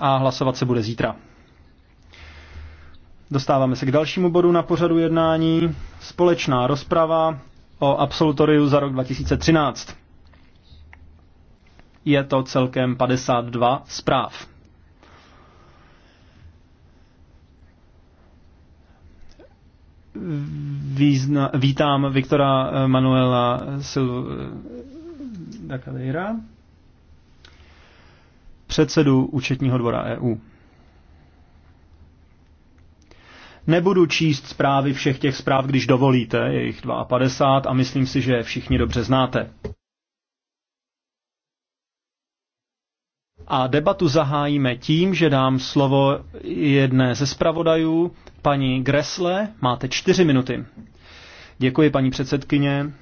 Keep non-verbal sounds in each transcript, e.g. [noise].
a hlasovat se bude zítra. Dostáváme se k dalšímu bodu na pořadu jednání. Společná rozprava o absolutoriu za rok 2013. Je to celkem 52 zpráv. vítám Viktora Manuela Silva da Calera předsedu účetního dvora EU. Nebudu číst zprávy všech těch zpráv, když dovolíte, je jich 52 a myslím si, že je všichni dobře znáte. A debatu zahájíme tím, že dám slovo jedné ze zpravodajů, paní Gresle. Máte čtyři minuty. Děkuji, paní předsedkyně.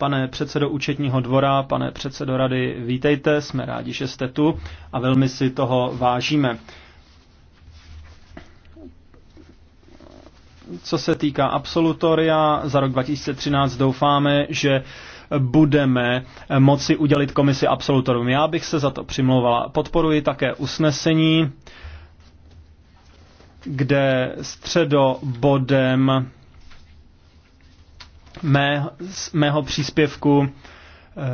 Pane předsedo účetního dvora, pane předsedo rady, vítejte, jsme rádi, že jste tu a velmi si toho vážíme. Co se týká absolutoria, za rok 2013 doufáme, že budeme moci udělit komisi absolutorium. Já bych se za to přimlouvala. Podporuji také usnesení, kde středobodem mé, mého příspěvku eh,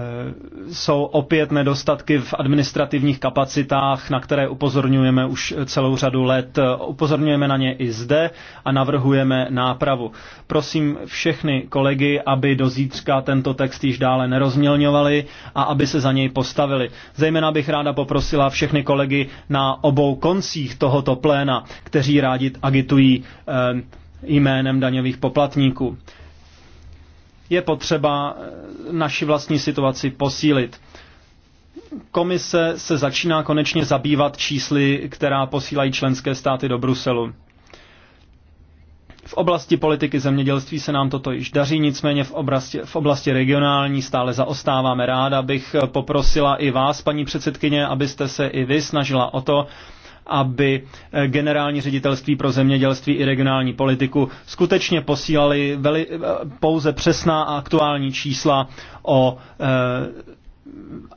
jsou opět nedostatky v administrativních kapacitách, na které upozorňujeme už celou řadu let. Upozorňujeme na ně i zde a navrhujeme nápravu. Prosím všechny kolegy, aby do zítřka tento text již dále nerozmělňovali a aby se za něj postavili. Zejména bych ráda poprosila všechny kolegy na obou koncích tohoto pléna, kteří rádi agitují eh, jménem daňových poplatníků je potřeba eh, naši vlastní situaci posílit. Komise se začíná konečně zabývat čísly, která posílají členské státy do Bruselu. V oblasti politiky zemědělství se nám toto již daří, nicméně v oblasti, v oblasti regionální stále zaostáváme. Ráda bych poprosila i vás, paní předsedkyně, abyste se i vy snažila o to, aby eh, generální ředitelství pro zemědělství i regionální politiku skutečně posílali veli, eh, pouze přesná a aktuální čísla o e,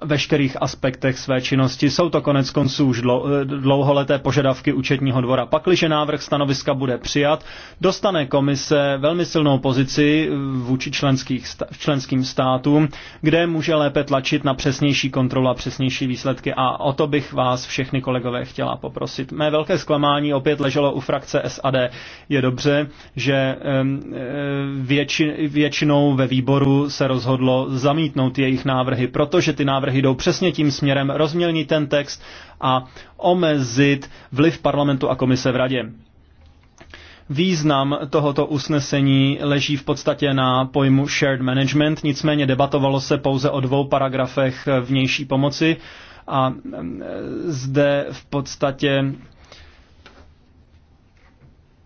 veškerých aspektech své činnosti. Jsou to konec konců už eh, dlouholeté požadavky účetního dvora. Pakliže návrh stanoviska bude přijat, dostane komise velmi silnou pozici vůči členských, členským státům, kde může lépe tlačit na přesnější kontrolu a přesnější výsledky. A o to bych vás všechny kolegové chtěla poprosit. Mé velké zklamání opět leželo u frakce SAD. Je dobře, že eh, většinou ve výboru se rozhodlo zamítnout jejich návrhy, proto protože ty návrhy jdou přesně tím směrem rozmělnit ten text a omezit vliv parlamentu a komise v radě. Význam tohoto usnesení leží v podstatě na pojmu shared management, nicméně debatovalo se pouze o dvou paragrafech vnější pomoci a mm, zde v podstatě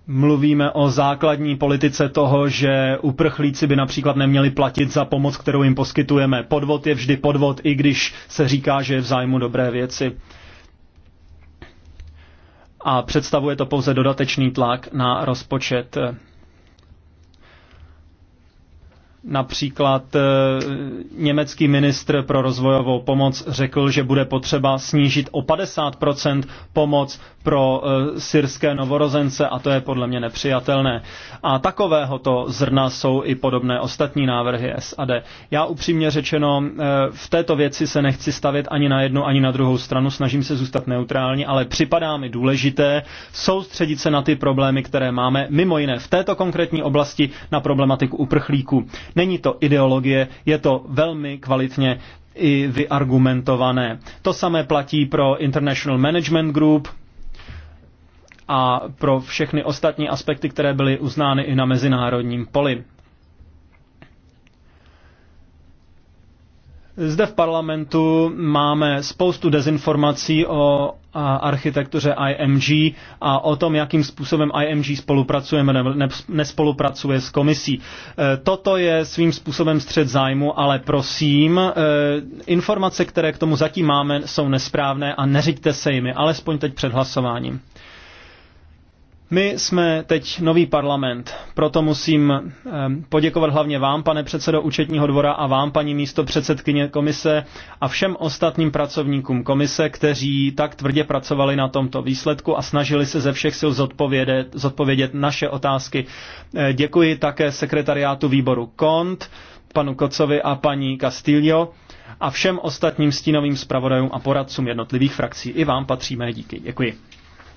mluvíme o základní politice toho, že uprchlíci by například neměli platit za pomoc, kterou jim poskytujeme. Podvod je vždy podvod, i když se říká, že je v zájmu dobré věci. A představuje to pouze dodatečný tlak na rozpočet Například eh, německý ministr pro rozvojovou pomoc řekl, že bude potřeba snížit o 50 pomoc pro eh, syrské novorozence a to je podle mě nepřijatelné. A takovéhoto zrna jsou i podobné ostatní návrhy SAD. Já upřímně řečeno eh, v této věci se nechci stavět ani na jednu, ani na druhou stranu, snažím se zůstat neutrální, ale připadá mi důležité soustředit se na ty problémy, které máme, mimo jiné v této konkrétní oblasti na problematiku uprchlíků. Není to ideologie, je to velmi kvalitně i vyargumentované. To samé platí pro International Management Group a pro všechny ostatní aspekty, které byly uznány i na mezinárodním poli. Zde v parlamentu máme spoustu dezinformací o architektuře IMG a o tom, jakým způsobem IMG spolupracujeme nebo nespolupracuje s komisí. E, toto je svým způsobem střed zájmu, ale prosím, e, informace, které k tomu zatím máme, jsou nesprávné a neřiďte se jimi, alespoň teď před hlasováním. My jsme teď nový parlament, proto musím eh, poděkovat hlavně vám, pane předsedo účetního dvora a vám, paní místo předsedkyně komise a všem ostatním pracovníkům komise, kteří tak tvrdě pracovali na tomto výsledku a snažili se ze všech sil zodpovědět, zodpovědět naše otázky. Eh, děkuji také sekretariátu výboru KONT, panu Kocovi a paní Castillo a všem ostatním stínovým zpravodajům a poradcům jednotlivých frakcí. I vám patří mé díky. Děkuji.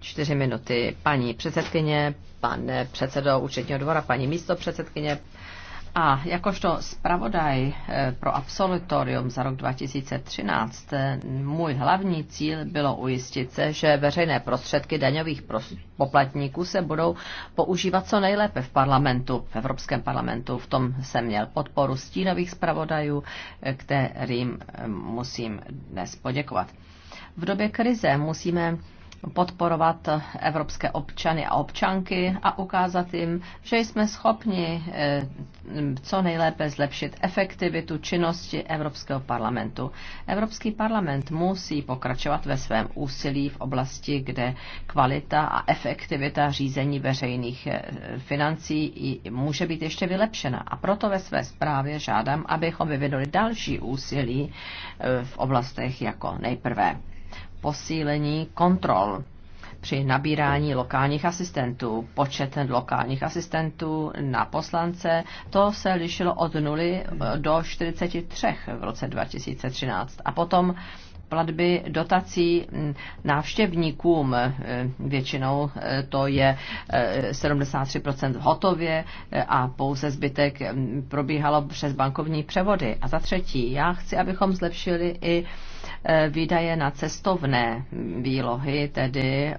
čtyři minuty. Paní předsedkyně, pane předsedo účetního dvora, paní místo předsedkyně, a jakožto zpravodaj eh, pro absolutorium za rok 2013, eh, můj hlavní cíl bylo ujistit se, že veřejné prostředky daňových poplatníků se budou používat co nejlépe v parlamentu, v Evropském parlamentu. V tom jsem měl podporu stínových zpravodajů, eh, kterým musím dnes poděkovat. V době krize musíme podporovat evropské občany a občanky a ukázat jim, že jsme schopni eh, co nejlépe zlepšit efektivitu činnosti Evropského parlamentu. Evropský parlament musí pokračovat ve svém úsilí v oblasti, kde kvalita a efektivita řízení veřejných eh, financí může být ještě vylepšena. A proto ve své zprávě žádám, abychom vyvinuli další úsilí eh, v oblastech jako nejprve posílení kontrol při nabírání lokálních asistentů. Počet lokálních asistentů na poslance, to se lišilo od 0 eh, do 43 v roce 2013. A potom platby dotací mm, návštěvníkům. Eh, většinou eh, to je 73% hotově a pouze zbytek mm, probíhalo přes bankovní převody. A za třetí, já chci, abychom zlepšili i Eh, výdaje na cestovné výlohy, tedy eh,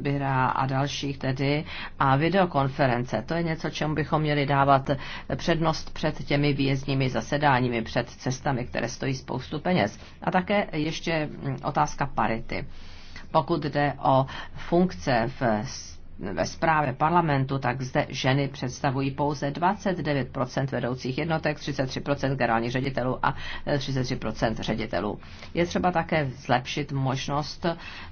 Byra a dalších tedy a videokonference. To je něco, čemu bychom měli dávat přednost před těmi výjezdními zasedáními, před cestami, které stojí spoustu peněz. A také ještě hm, otázka parity. Pokud jde o funkce v ve zprávě parlamentu, tak zde ženy představují pouze 29% vedoucích jednotek, 33% generálních ředitelů a 33% eh, ředitelů. Je třeba také zlepšit možnost,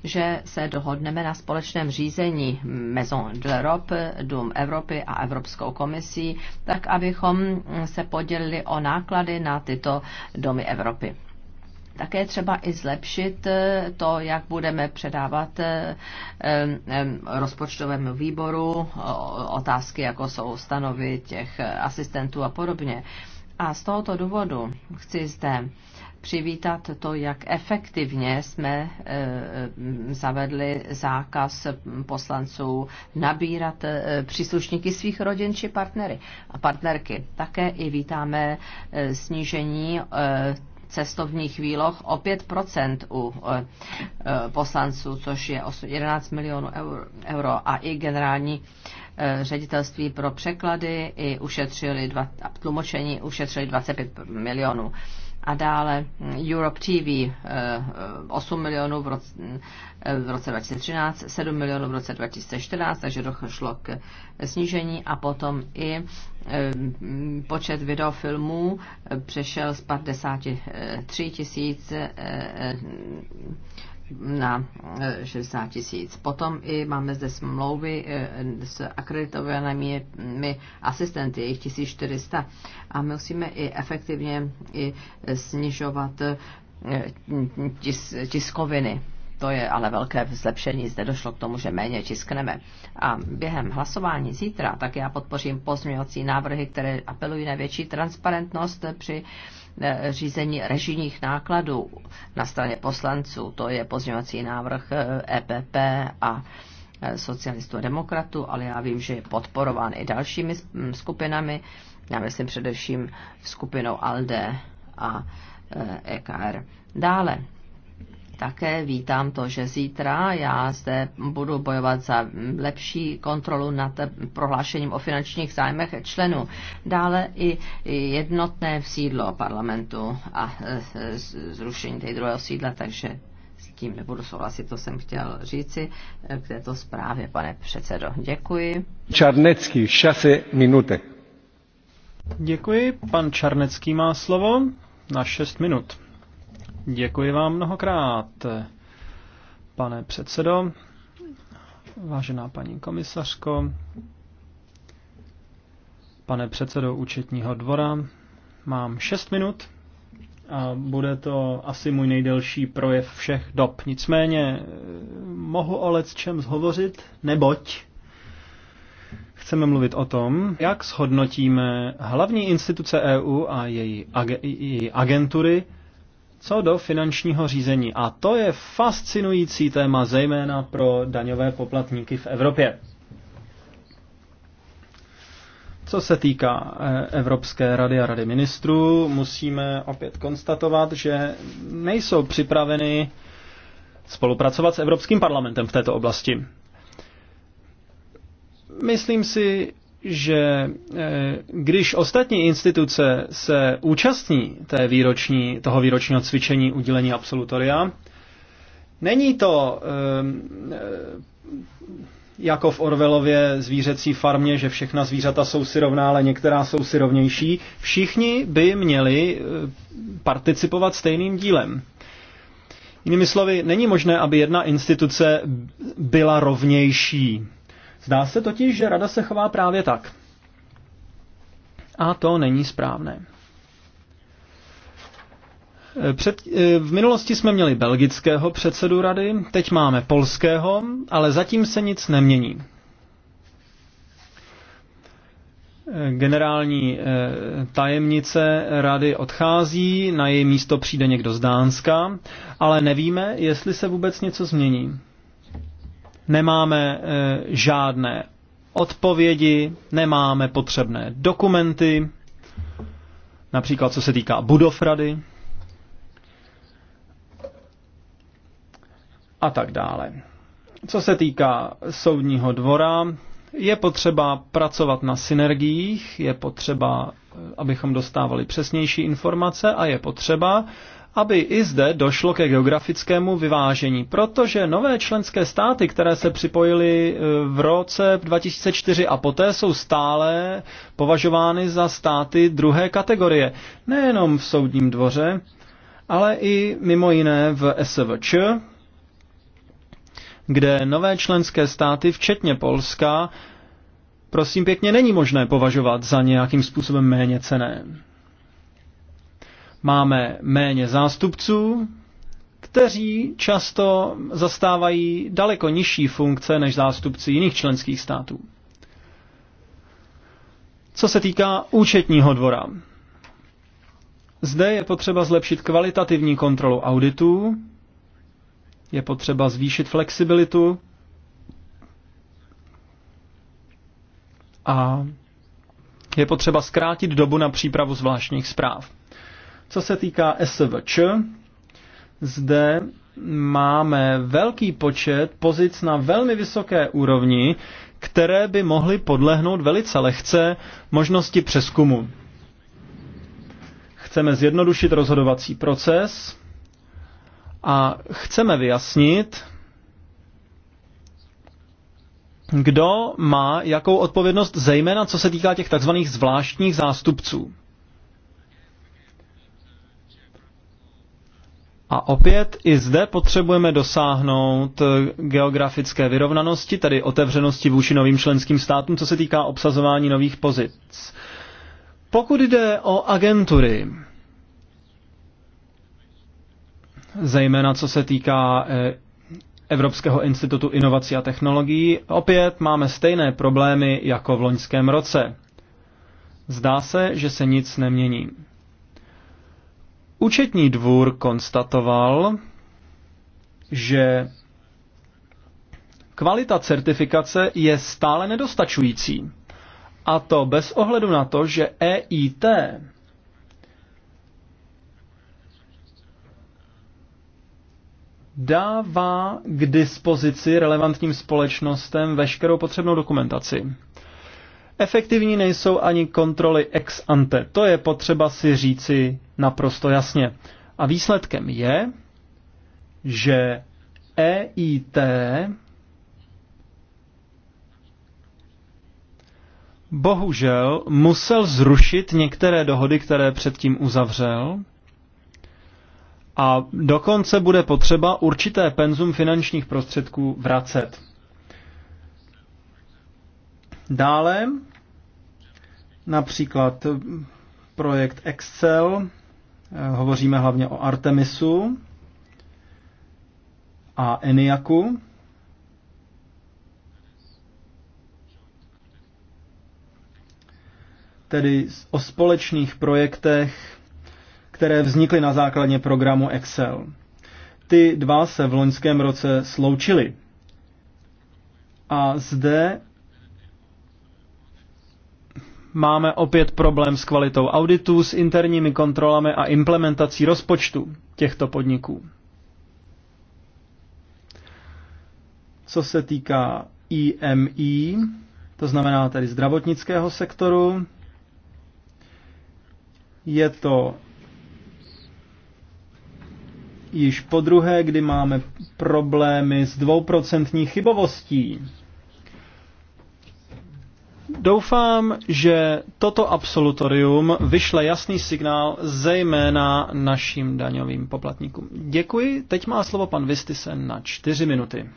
že se dohodneme na společném řízení Maison de l'Europe, Dům Evropy a Evropskou komisí, tak abychom se podělili o náklady na tyto domy Evropy. Také třeba i zlepšit eh, to, jak budeme předávat eh, rozpočtovému výboru otázky, jako jsou stanovy těch eh, asistentů a podobně. A z tohoto důvodu chci zde přivítat to, jak efektivně jsme zavedli zákaz poslanců nabírat příslušníky svých rodin či partnery a partnerky. Také i vítáme snížení cestovních výloh o 5% u e, e, poslanců, což je 11 milionů euro a i generální e, ředitelství pro překlady i ušetřili, tlumočení ušetřili 25 milionů a dále hm, Europe TV 8 eh, eh, milionů v roce, eh, v roce 2013, 7 milionů v roce 2014, takže došlo k snížení a potom i hm, počet videofilmů přešel z 53 tisíc na 60 eh, tisíc. Potom i máme zde smlouvy eh, s akreditovanými mm, asistenty, jejich 1400 a my musíme i efektivně i snižovat eh, tis, tiskoviny. To je ale velké zlepšení. Zde došlo k tomu, že méně tiskneme. A během hlasování zítra tak já podpořím pozměňovací návrhy, které apelují na větší transparentnost při Eh, řízení režijních nákladů na straně poslanců. To je pozměňovací návrh EPP eh, e a eh, socialistů a demokratů, ale já vím, že je podporován i dalšími mm, skupinami, já myslím především skupinou ALDE a EKR. E Dále také vítám to, že zítra já zde budu bojovat za lepší kontrolu nad prohlášením o finančních zájmech členů. Dále i jednotné sídlo parlamentu a zrušení té druhého sídla, takže s tím nebudu souhlasit, to jsem chtěl říci k této zprávě, pane předsedo. Děkuji. Čarnecký, 6 minutek. Děkuji, pan Čarnecký má slovo na 6 minut. Děkuji vám mnohokrát, pane předsedo, vážená paní komisařko, pane předsedo účetního dvora. Mám šest minut a bude to asi můj nejdelší projev všech dob. Nicméně mohu o čem zhovořit, neboť chceme mluvit o tom, jak shodnotíme hlavní instituce EU a její, ag- její agentury co do finančního řízení. A to je fascinující téma, zejména pro daňové poplatníky v Evropě. Co se týká eh, Evropské rady a rady ministrů, musíme opět konstatovat, že nejsou připraveny spolupracovat s Evropským parlamentem v této oblasti. Myslím si, že e, když ostatní instituce se účastní té výroční, toho výročního cvičení udělení absolutoria, není to e, jako v Orvelově zvířecí farmě, že všechna zvířata jsou si rovná, ale některá jsou si rovnější. Všichni by měli e, participovat stejným dílem. Jinými slovy, není možné, aby jedna instituce byla rovnější Zdá se totiž, že rada se chová právě tak. A to není správné. Eh, před, eh, v minulosti jsme měli belgického předsedu rady, teď máme polského, ale zatím se nic nemění. Eh, generální tajemnice rady odchází, na její místo přijde někdo z Dánska, ale nevíme, jestli se vůbec něco změní nemáme eh, žádné odpovědi, nemáme potřebné dokumenty, například co se týká budov rady a tak dále. Co se týká soudního dvora, je potřeba pracovat na synergiích, je potřeba, eh, abychom dostávali přesnější informace a je potřeba, aby i zde došlo ke geografickému vyvážení, protože nové členské státy, které se připojily e, v roce 2004 a poté jsou stále považovány za státy druhé kategorie, nejenom v soudním dvoře, ale i mimo jiné v SVČ, kde nové členské státy, včetně Polska, prosím pěkně není možné považovat za nějakým způsobem méně cené. Máme méně zástupců, kteří často zastávají daleko nižší funkce než zástupci jiných členských států. Co se týká účetního dvora, zde je potřeba zlepšit kvalitativní kontrolu auditů, je potřeba zvýšit flexibilitu a je potřeba zkrátit dobu na přípravu zvláštních zpráv. Co se týká SVČ, zde máme velký počet pozic na velmi vysoké úrovni, které by mohly podlehnout velice lehce možnosti přeskumu. Chceme zjednodušit rozhodovací proces a chceme vyjasnit, kdo má jakou odpovědnost, zejména co se týká těch tzv. zvláštních zástupců. A opět i zde potřebujeme dosáhnout eh, geografické vyrovnanosti, tedy otevřenosti vůči novým členským státům, co se týká obsazování nových pozic. Pokud jde o agentury, zejména co se týká eh, Evropského institutu inovací a technologií, opět máme stejné problémy jako v loňském roce. Zdá se, že se nic nemění. Účetní dvůr konstatoval, že kvalita certifikace je stále nedostačující. A to bez ohledu na to, že EIT dává k dispozici relevantním společnostem veškerou potřebnou dokumentaci. Efektivní nejsou ani kontroly ex ante. To je potřeba si říci naprosto jasně. A výsledkem je, že EIT bohužel musel zrušit některé dohody, které předtím uzavřel, a dokonce bude potřeba určité penzum finančních prostředků vracet. Dále například projekt Excel Eh, hovoříme hlavně o Artemisu a Eniaku. Tedy o společných projektech, které vznikly na základě programu Excel. Ty dva se v loňském roce sloučily. A zde máme opět problém s kvalitou auditů, s interními kontrolami a implementací rozpočtu těchto podniků. Co se týká IMI, to znamená tedy zdravotnického sektoru, je to již po druhé, kdy máme problémy s dvouprocentní chybovostí Doufám, že toto absolutorium vyšle jasný signál zejména našim daňovým poplatníkům. Děkuji. Teď má slovo pan Vistisen na čtyři minuty.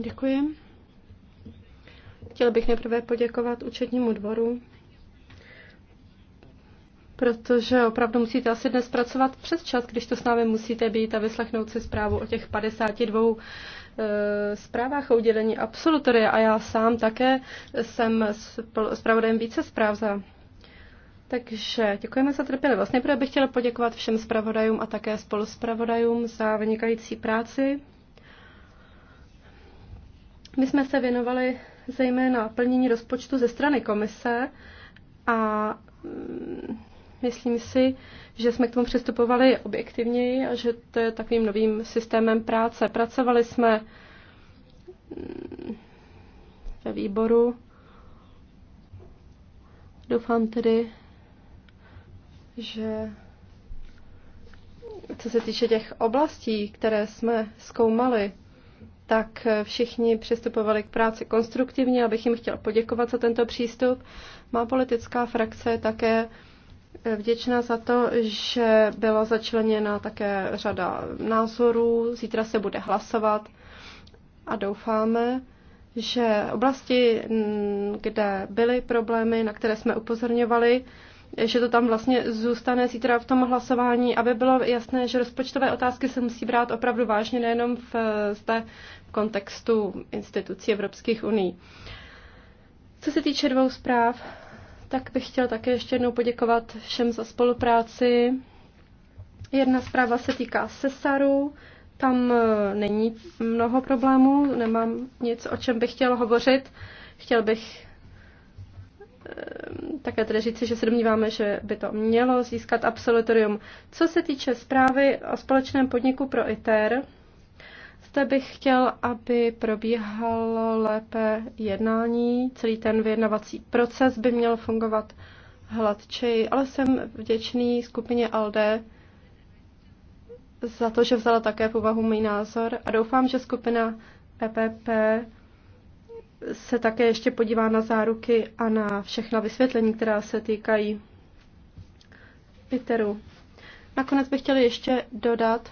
Děkuji. Chtěl bych nejprve poděkovat účetnímu dvoru, protože opravdu musíte asi dnes pracovat přes čas, když to s námi musíte být a vyslechnout si zprávu o těch 52 Eh, zprávách o udělení absolutoria a já sám také jsem zpravodajem více zpráv za takže děkujeme za trpělivost. Nejprve bych chtěla poděkovat všem zpravodajům a také spoluzpravodajům za vynikající práci. My jsme se věnovali zejména plnění rozpočtu ze strany komise a mm, Myslím si, že jsme k tomu přistupovali objektivněji a že to je takovým novým systémem práce. Pracovali jsme mm, ve výboru. Doufám tedy, že co se týče těch oblastí, které jsme zkoumali, tak všichni přistupovali k práci konstruktivně, abych jim chtěl poděkovat za tento přístup. Má politická frakce také vděčná za to, že byla začleněna také řada názorů. Zítra se bude hlasovat a doufáme, že oblasti, kde byly problémy, na které jsme upozorňovali, že to tam vlastně zůstane zítra v tom hlasování, aby bylo jasné, že rozpočtové otázky se musí brát opravdu vážně, nejenom v, zde v kontextu institucí Evropských uní. Co se týče dvou zpráv, tak bych chtěl také ještě jednou poděkovat všem za spolupráci. Jedna zpráva se týká Sesaru. Tam e, není mnoho problémů, nemám nic, o čem bych chtěl hovořit. Chtěl bych e, také tedy říci, že se domníváme, že by to mělo získat absolutorium. Co se týče zprávy o společném podniku pro ITER, jste bych chtěl, aby probíhalo lépe jednání. Celý ten vyjednavací proces by měl fungovat hladčeji, ale jsem vděčný skupině ALDE za to, že vzala také v úvahu můj názor a doufám, že skupina EPP se také ještě podívá na záruky a na všechna vysvětlení, která se týkají ITERu. Nakonec bych chtěl ještě dodat,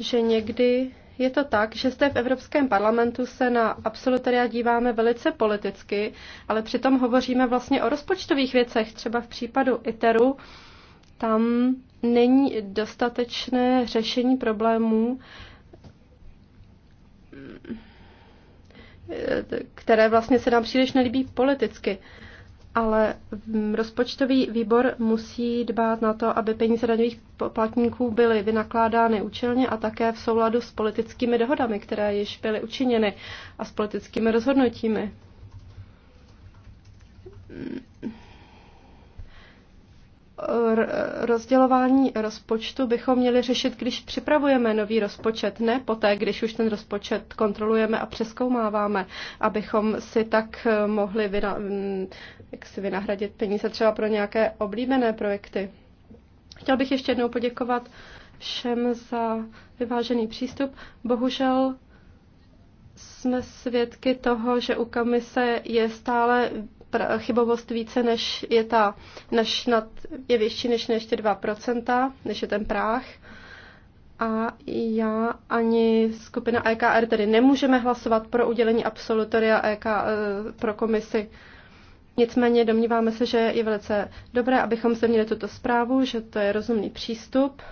že někdy je to tak, že zde v Evropském parlamentu se na absolutoria díváme velice politicky, ale přitom hovoříme vlastně o rozpočtových věcech. Třeba v případu ITERu tam není dostatečné řešení problémů, které vlastně se nám příliš nelíbí politicky. Uh, ale rozpočtový výbor musí dbát na to, aby peníze daňových poplatníků byly vynakládány účelně a také v souladu s politickými dohodami, které již byly učiněny a s politickými rozhodnutími rozdělování rozpočtu bychom měli řešit, když připravujeme nový rozpočet, ne poté, když už ten rozpočet kontrolujeme a přeskoumáváme, abychom si tak eh, mohli vyna, mm, jak si vynahradit peníze třeba pro nějaké oblíbené projekty. Chtěl bych ještě jednou poděkovat všem za vyvážený přístup. Bohužel jsme svědky toho, že u komise je stále chybovost více, než je ta, než nad, je větší než, než 2%, než je ten práh. A já ani skupina EKR tedy nemůžeme hlasovat pro udělení absolutoria EK eh, pro komisi. Nicméně domníváme se, že je velice dobré, abychom se měli tuto zprávu, že to je rozumný přístup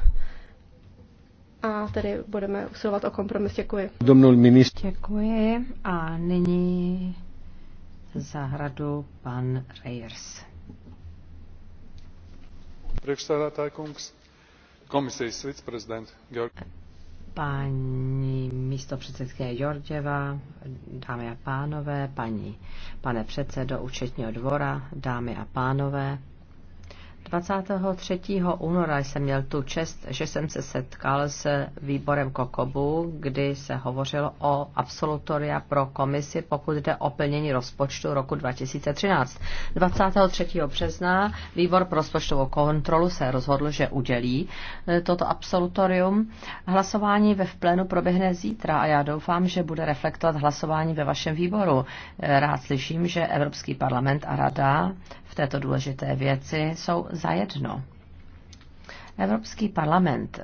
a tedy budeme usilovat o kompromis. Děkuji. Domnul ministr. Děkuji a nyní zahradu pan Reyers. Paní místo předsedkyně Georgieva, dámy a pánové, paní, pane předsedo účetního dvora, dámy a pánové, 23. února jsem měl tu čest, že jsem se setkal s výborem Kokobu, kdy se hovořilo o absolutoria pro komisi, pokud jde o plnění rozpočtu roku 2013. 23. března výbor pro rozpočtovou kontrolu se rozhodl, že udělí e, toto absolutorium. Hlasování ve plénu proběhne zítra a já doufám, že bude reflektovat hlasování ve vašem výboru. E, rád slyším, že Evropský parlament a rada této důležité věci jsou zajedno. Evropský parlament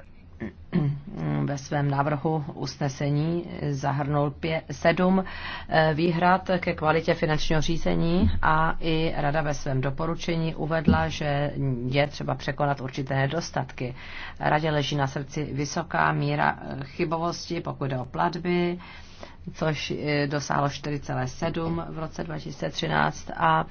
[clears throat] ve svém návrhu usnesení zahrnul pě- sedm eh, výhrad ke kvalitě finančního řízení a i Rada ve svém doporučení uvedla, že je třeba překonat určité nedostatky. Radě leží na srdci vysoká míra chybovosti, pokud jde o platby, což eh, dosáhlo 4,7 v roce 2013 a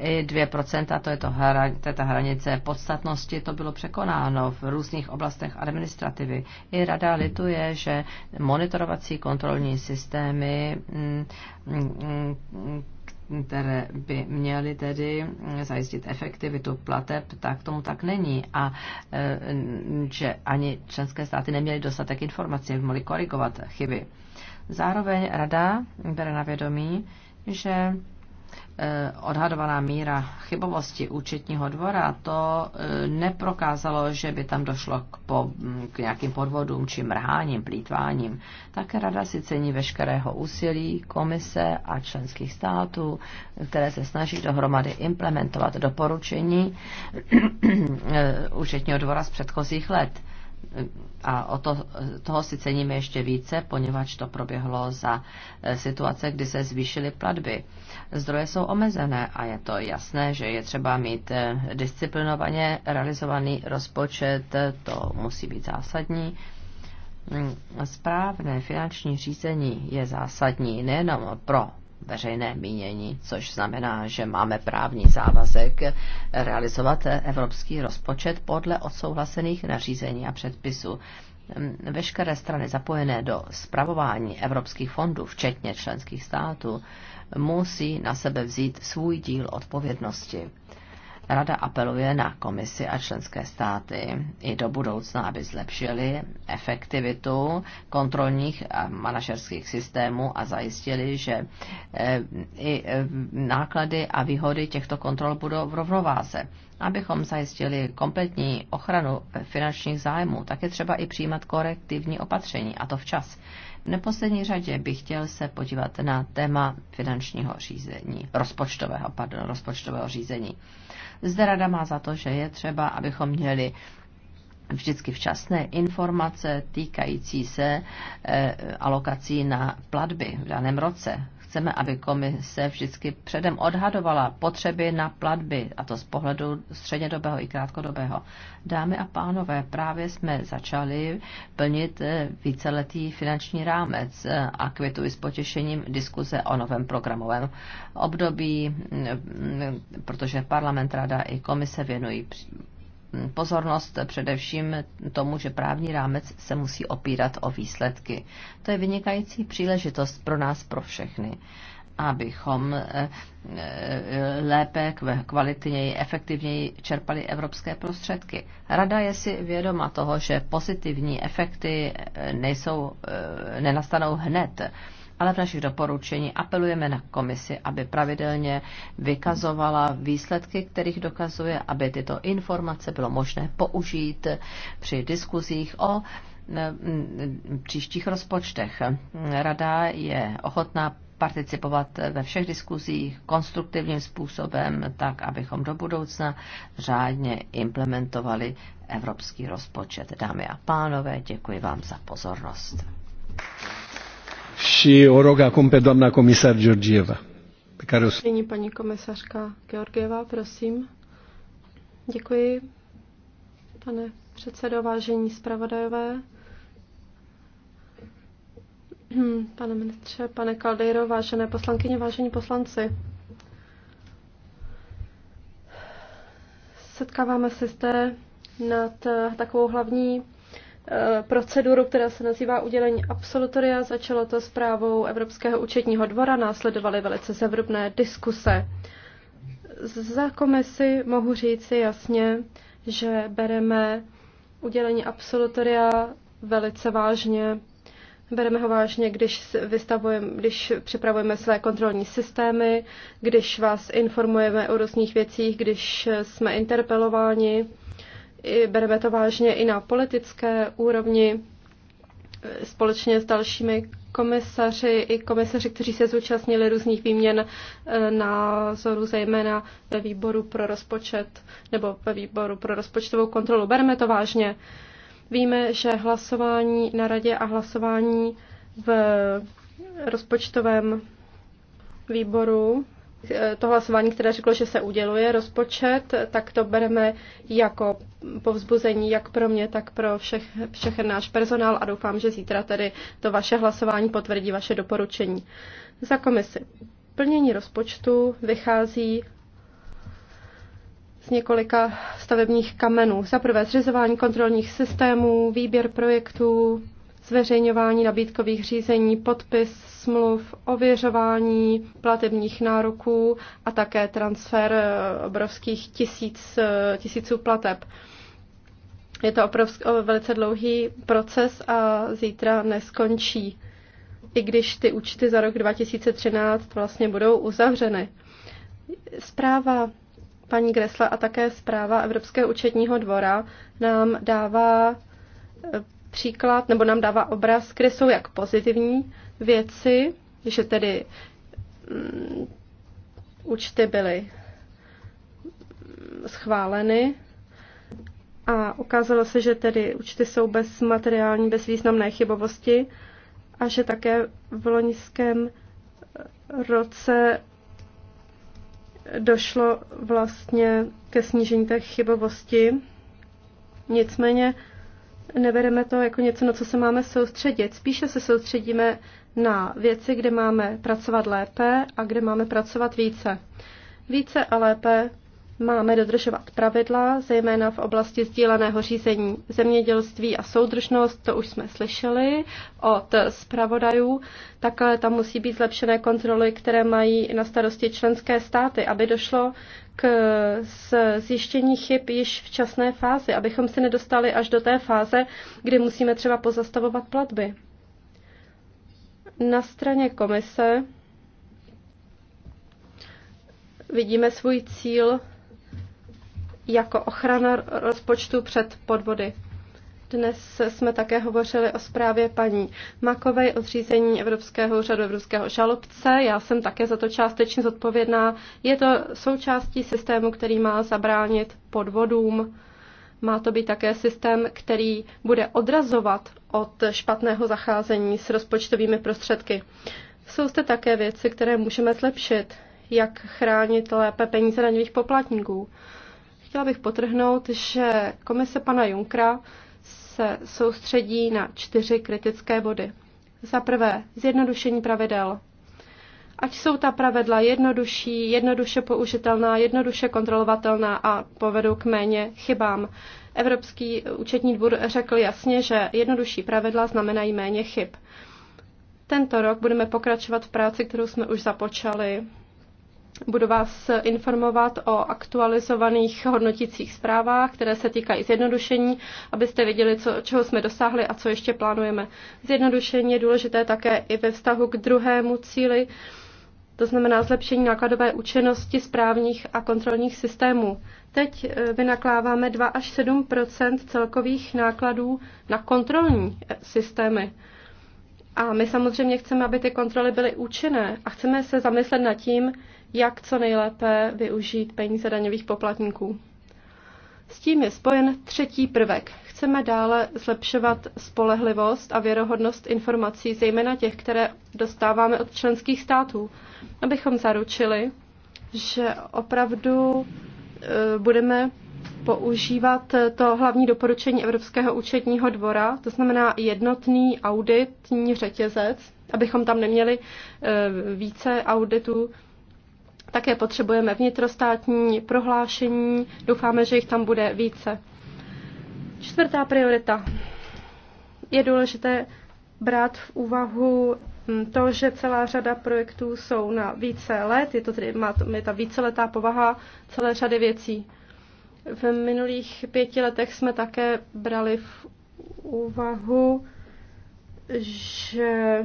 2%, to je, to, hra, to je ta hranice podstatnosti, to bylo překonáno v různých oblastech administrativy. I rada lituje, že monitorovací kontrolní systémy mm, mm, mm, které by měly tedy zajistit efektivitu plateb, tak tomu tak není. A eh, že ani členské státy neměly dostatek informací, mohly korigovat chyby. Zároveň rada bere na vědomí, že e, odhadovaná míra chybovosti účetního dvora, to e, neprokázalo, že by tam došlo k, po, k nějakým podvodům či mrháním, plítváním. Také rada si cení veškerého úsilí komise a členských států, které se snaží dohromady implementovat doporučení e, účetního dvora z předchozích let a o to, toho si ceníme ještě více, poněvadž to proběhlo za eh, situace, kdy se zvýšily platby. Zdroje jsou omezené a je to jasné, že je třeba mít eh, disciplinovaně realizovaný rozpočet, eh, to musí být zásadní. Mm, správné finanční řízení je zásadní nejenom pro veřejné mínění, což znamená, že máme právní závazek realizovat evropský rozpočet podle odsouhlasených nařízení a předpisů. Veškeré strany zapojené do spravování evropských fondů, včetně členských států, musí na sebe vzít svůj díl odpovědnosti. Rada apeluje na komisi a členské státy i do budoucna, aby zlepšili efektivitu kontrolních a manažerských systémů a zajistili, že eh, i eh, náklady a výhody těchto kontrol budou v rovnováze. Abychom zajistili kompletní ochranu finančních zájmů, tak je třeba i přijímat korektivní opatření, a to včas. V neposlední řadě bych chtěl se podívat na téma finančního řízení, rozpočtového, pardon, rozpočtového řízení. Zde rada má za to, že je třeba, abychom měli vždycky včasné informace týkající se eh, alokací na platby v daném roce. Chceme, aby komise vždycky předem odhadovala potřeby na platby, a to z pohledu střednědobého i krátkodobého. Dámy a pánové, právě jsme začali plnit eh, víceletý finanční rámec eh, a kvituji s potěšením diskuze o novém programovém období, mm, mm, protože parlament, rada i komise věnují pozornost především tomu, že právní rámec se musí opírat o výsledky. To je vynikající příležitost pro nás, pro všechny abychom eh, eh, lépe, kvalitněji, efektivněji čerpali evropské prostředky. Rada je si vědoma toho, že pozitivní efekty eh, nejsou, nenastanou hned ale v našich doporučení apelujeme na komisi, aby pravidelně vykazovala výsledky, kterých dokazuje, aby tyto informace bylo možné použít při diskuzích o příštích rozpočtech. Rada je ochotná participovat ve všech diskuzích konstruktivním způsobem, tak abychom do budoucna řádně implementovali evropský rozpočet. Dámy a pánové, děkuji vám za pozornost și o rog acum pe doamna comisar Georgieva. Pe care o... Nyní paní komisařka Georgieva, prosím. Děkuji, pane předsedo, vážení zpravodajové. [clears throat] Pane ministře, pane Kaldejro, vážené poslankyně, vážení poslanci. Setkáváme se zde nad takovou hlavní Eh, proceduru, která se nazývá udělení absolutoria. Začalo to zprávou Evropského účetního dvora, následovaly velice zevrubné diskuse. Za komisi mohu říci jasně, že bereme udělení absolutoria velice vážně. Bereme ho vážně, když, vystavujeme, když připravujeme své kontrolní systémy, když vás informujeme o různých věcích, když jsme interpelováni bereme to vážně i na politické úrovni e, společně s dalšími komisaři i komisaři, kteří se zúčastnili různých výměn e, názorů, zejména ve výboru pro rozpočet nebo ve výboru pro rozpočtovou kontrolu. Bereme to vážně. Víme, že hlasování na radě a hlasování v rozpočtovém výboru Eh, to hlasování, které řeklo, že se uděluje rozpočet, tak to bereme jako povzbuzení jak pro mě, tak pro všech, všech náš personál a doufám, že zítra tedy to vaše hlasování potvrdí vaše doporučení. Za komisi. Plnění rozpočtu vychází z několika stavebních kamenů. Za prvé zřizování kontrolních systémů, výběr projektů, zveřejňování nabídkových řízení, podpis smluv, ověřování platebních nároků a také transfer eh, obrovských tisíc, eh, tisíců plateb. Je to obrovský, velice dlouhý proces a zítra neskončí, i když ty účty za rok 2013 vlastně budou uzavřeny. Zpráva paní Gresla a také zpráva Evropského účetního dvora nám dává eh, příklad, nebo nám dává obraz, kde jsou jak pozitivní věci, že tedy mm, účty byly mm, schváleny a ukázalo se, že tedy účty jsou bez materiální, bez významné chybovosti a že také v loňském roce došlo vlastně ke snížení té chybovosti. Nicméně nebereme to jako něco, na co se máme soustředit. Spíše se soustředíme na věci, kde máme pracovat lépe a kde máme pracovat více. Více a lépe máme dodržovat pravidla, zejména v oblasti sdíleného řízení zemědělství a soudržnost, to už jsme slyšeli od zpravodajů. Takhle tam musí být zlepšené kontroly, které mají na starosti členské státy, aby došlo k zjištění chyb již v časné fázi, abychom se nedostali až do té fáze, kdy musíme třeba pozastavovat platby. Na straně komise vidíme svůj cíl jako ochrana rozpočtu před podvody. Dnes jsme také hovořili o zprávě paní Makovej o zřízení Evropského úřadu Evropského žalobce. Já jsem také za to částečně zodpovědná. Je to součástí systému, který má zabránit podvodům. Má to být také systém, který bude odrazovat od špatného zacházení s rozpočtovými prostředky. Jsou zde také věci, které můžeme zlepšit, jak chránit lépe peníze daňových poplatníků. Chtěla bych potrhnout, že komise pana Junkra se soustředí na čtyři kritické body. Za prvé, zjednodušení pravidel. Ať jsou ta pravidla jednodušší, jednoduše použitelná, jednoduše kontrolovatelná a povedou k méně chybám. Evropský účetní dvůr řekl jasně, že jednodušší pravidla znamenají méně chyb. Tento rok budeme pokračovat v práci, kterou jsme už započali Budu vás informovat o aktualizovaných hodnotících zprávách, které se týkají zjednodušení, abyste viděli, co, čeho jsme dosáhli a co ještě plánujeme. Zjednodušení je důležité také i ve vztahu k druhému cíli, to znamená zlepšení nákladové účinnosti správních a kontrolních systémů. Teď eh, vynakláváme 2 až 7 celkových nákladů na kontrolní eh, systémy. A my samozřejmě chceme, aby ty kontroly byly účinné a chceme se zamyslet nad tím, jak co nejlépe využít peníze daňových poplatníků. S tím je spojen třetí prvek. Chceme dále zlepšovat spolehlivost a věrohodnost informací, zejména těch, které dostáváme od členských států, abychom zaručili, že opravdu e, budeme používat to hlavní doporučení Evropského účetního dvora, to znamená jednotný auditní řetězec, abychom tam neměli e, více auditů, také potřebujeme vnitrostátní prohlášení. Doufáme, že jich tam bude více. Čtvrtá priorita. Je důležité brát v úvahu hm, to, že celá řada projektů jsou na více let, je to tedy, má to, je ta víceletá povaha celé řady věcí. V minulých pěti letech jsme také brali v úvahu, že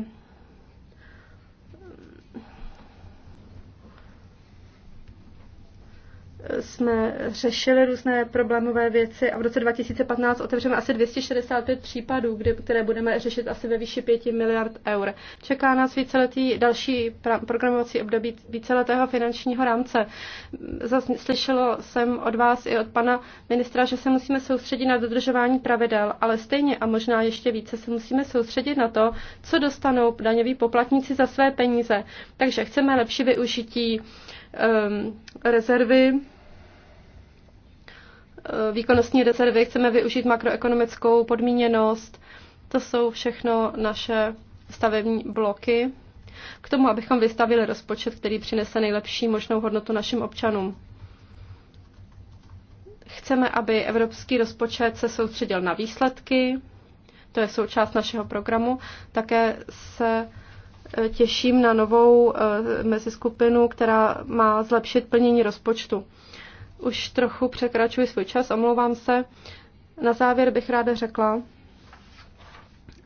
jsme řešili různé problémové věci a v roce 2015 otevřeme asi 265 případů, kdy, které budeme řešit asi ve výši 5 miliard eur. Čeká nás víceletý další programovací období víceletého finančního rámce. Zas, slyšelo jsem od vás i od pana ministra, že se musíme soustředit na dodržování pravidel, ale stejně a možná ještě více se musíme soustředit na to, co dostanou daňoví poplatníci za své peníze. Takže chceme lepší využití uh, Ehm, rezervy, eh, výkonnostní rezervy, chceme využít makroekonomickou podmíněnost. To jsou všechno naše stavební bloky k tomu, abychom vystavili rozpočet, který přinese nejlepší možnou hodnotu našim občanům. Chceme, aby evropský rozpočet se soustředil na výsledky, to je součást našeho programu, také se Eh, těším na novou eh, meziskupinu, která má zlepšit plnění rozpočtu. Už trochu překračuji svůj čas, omlouvám se. Na závěr bych ráda řekla,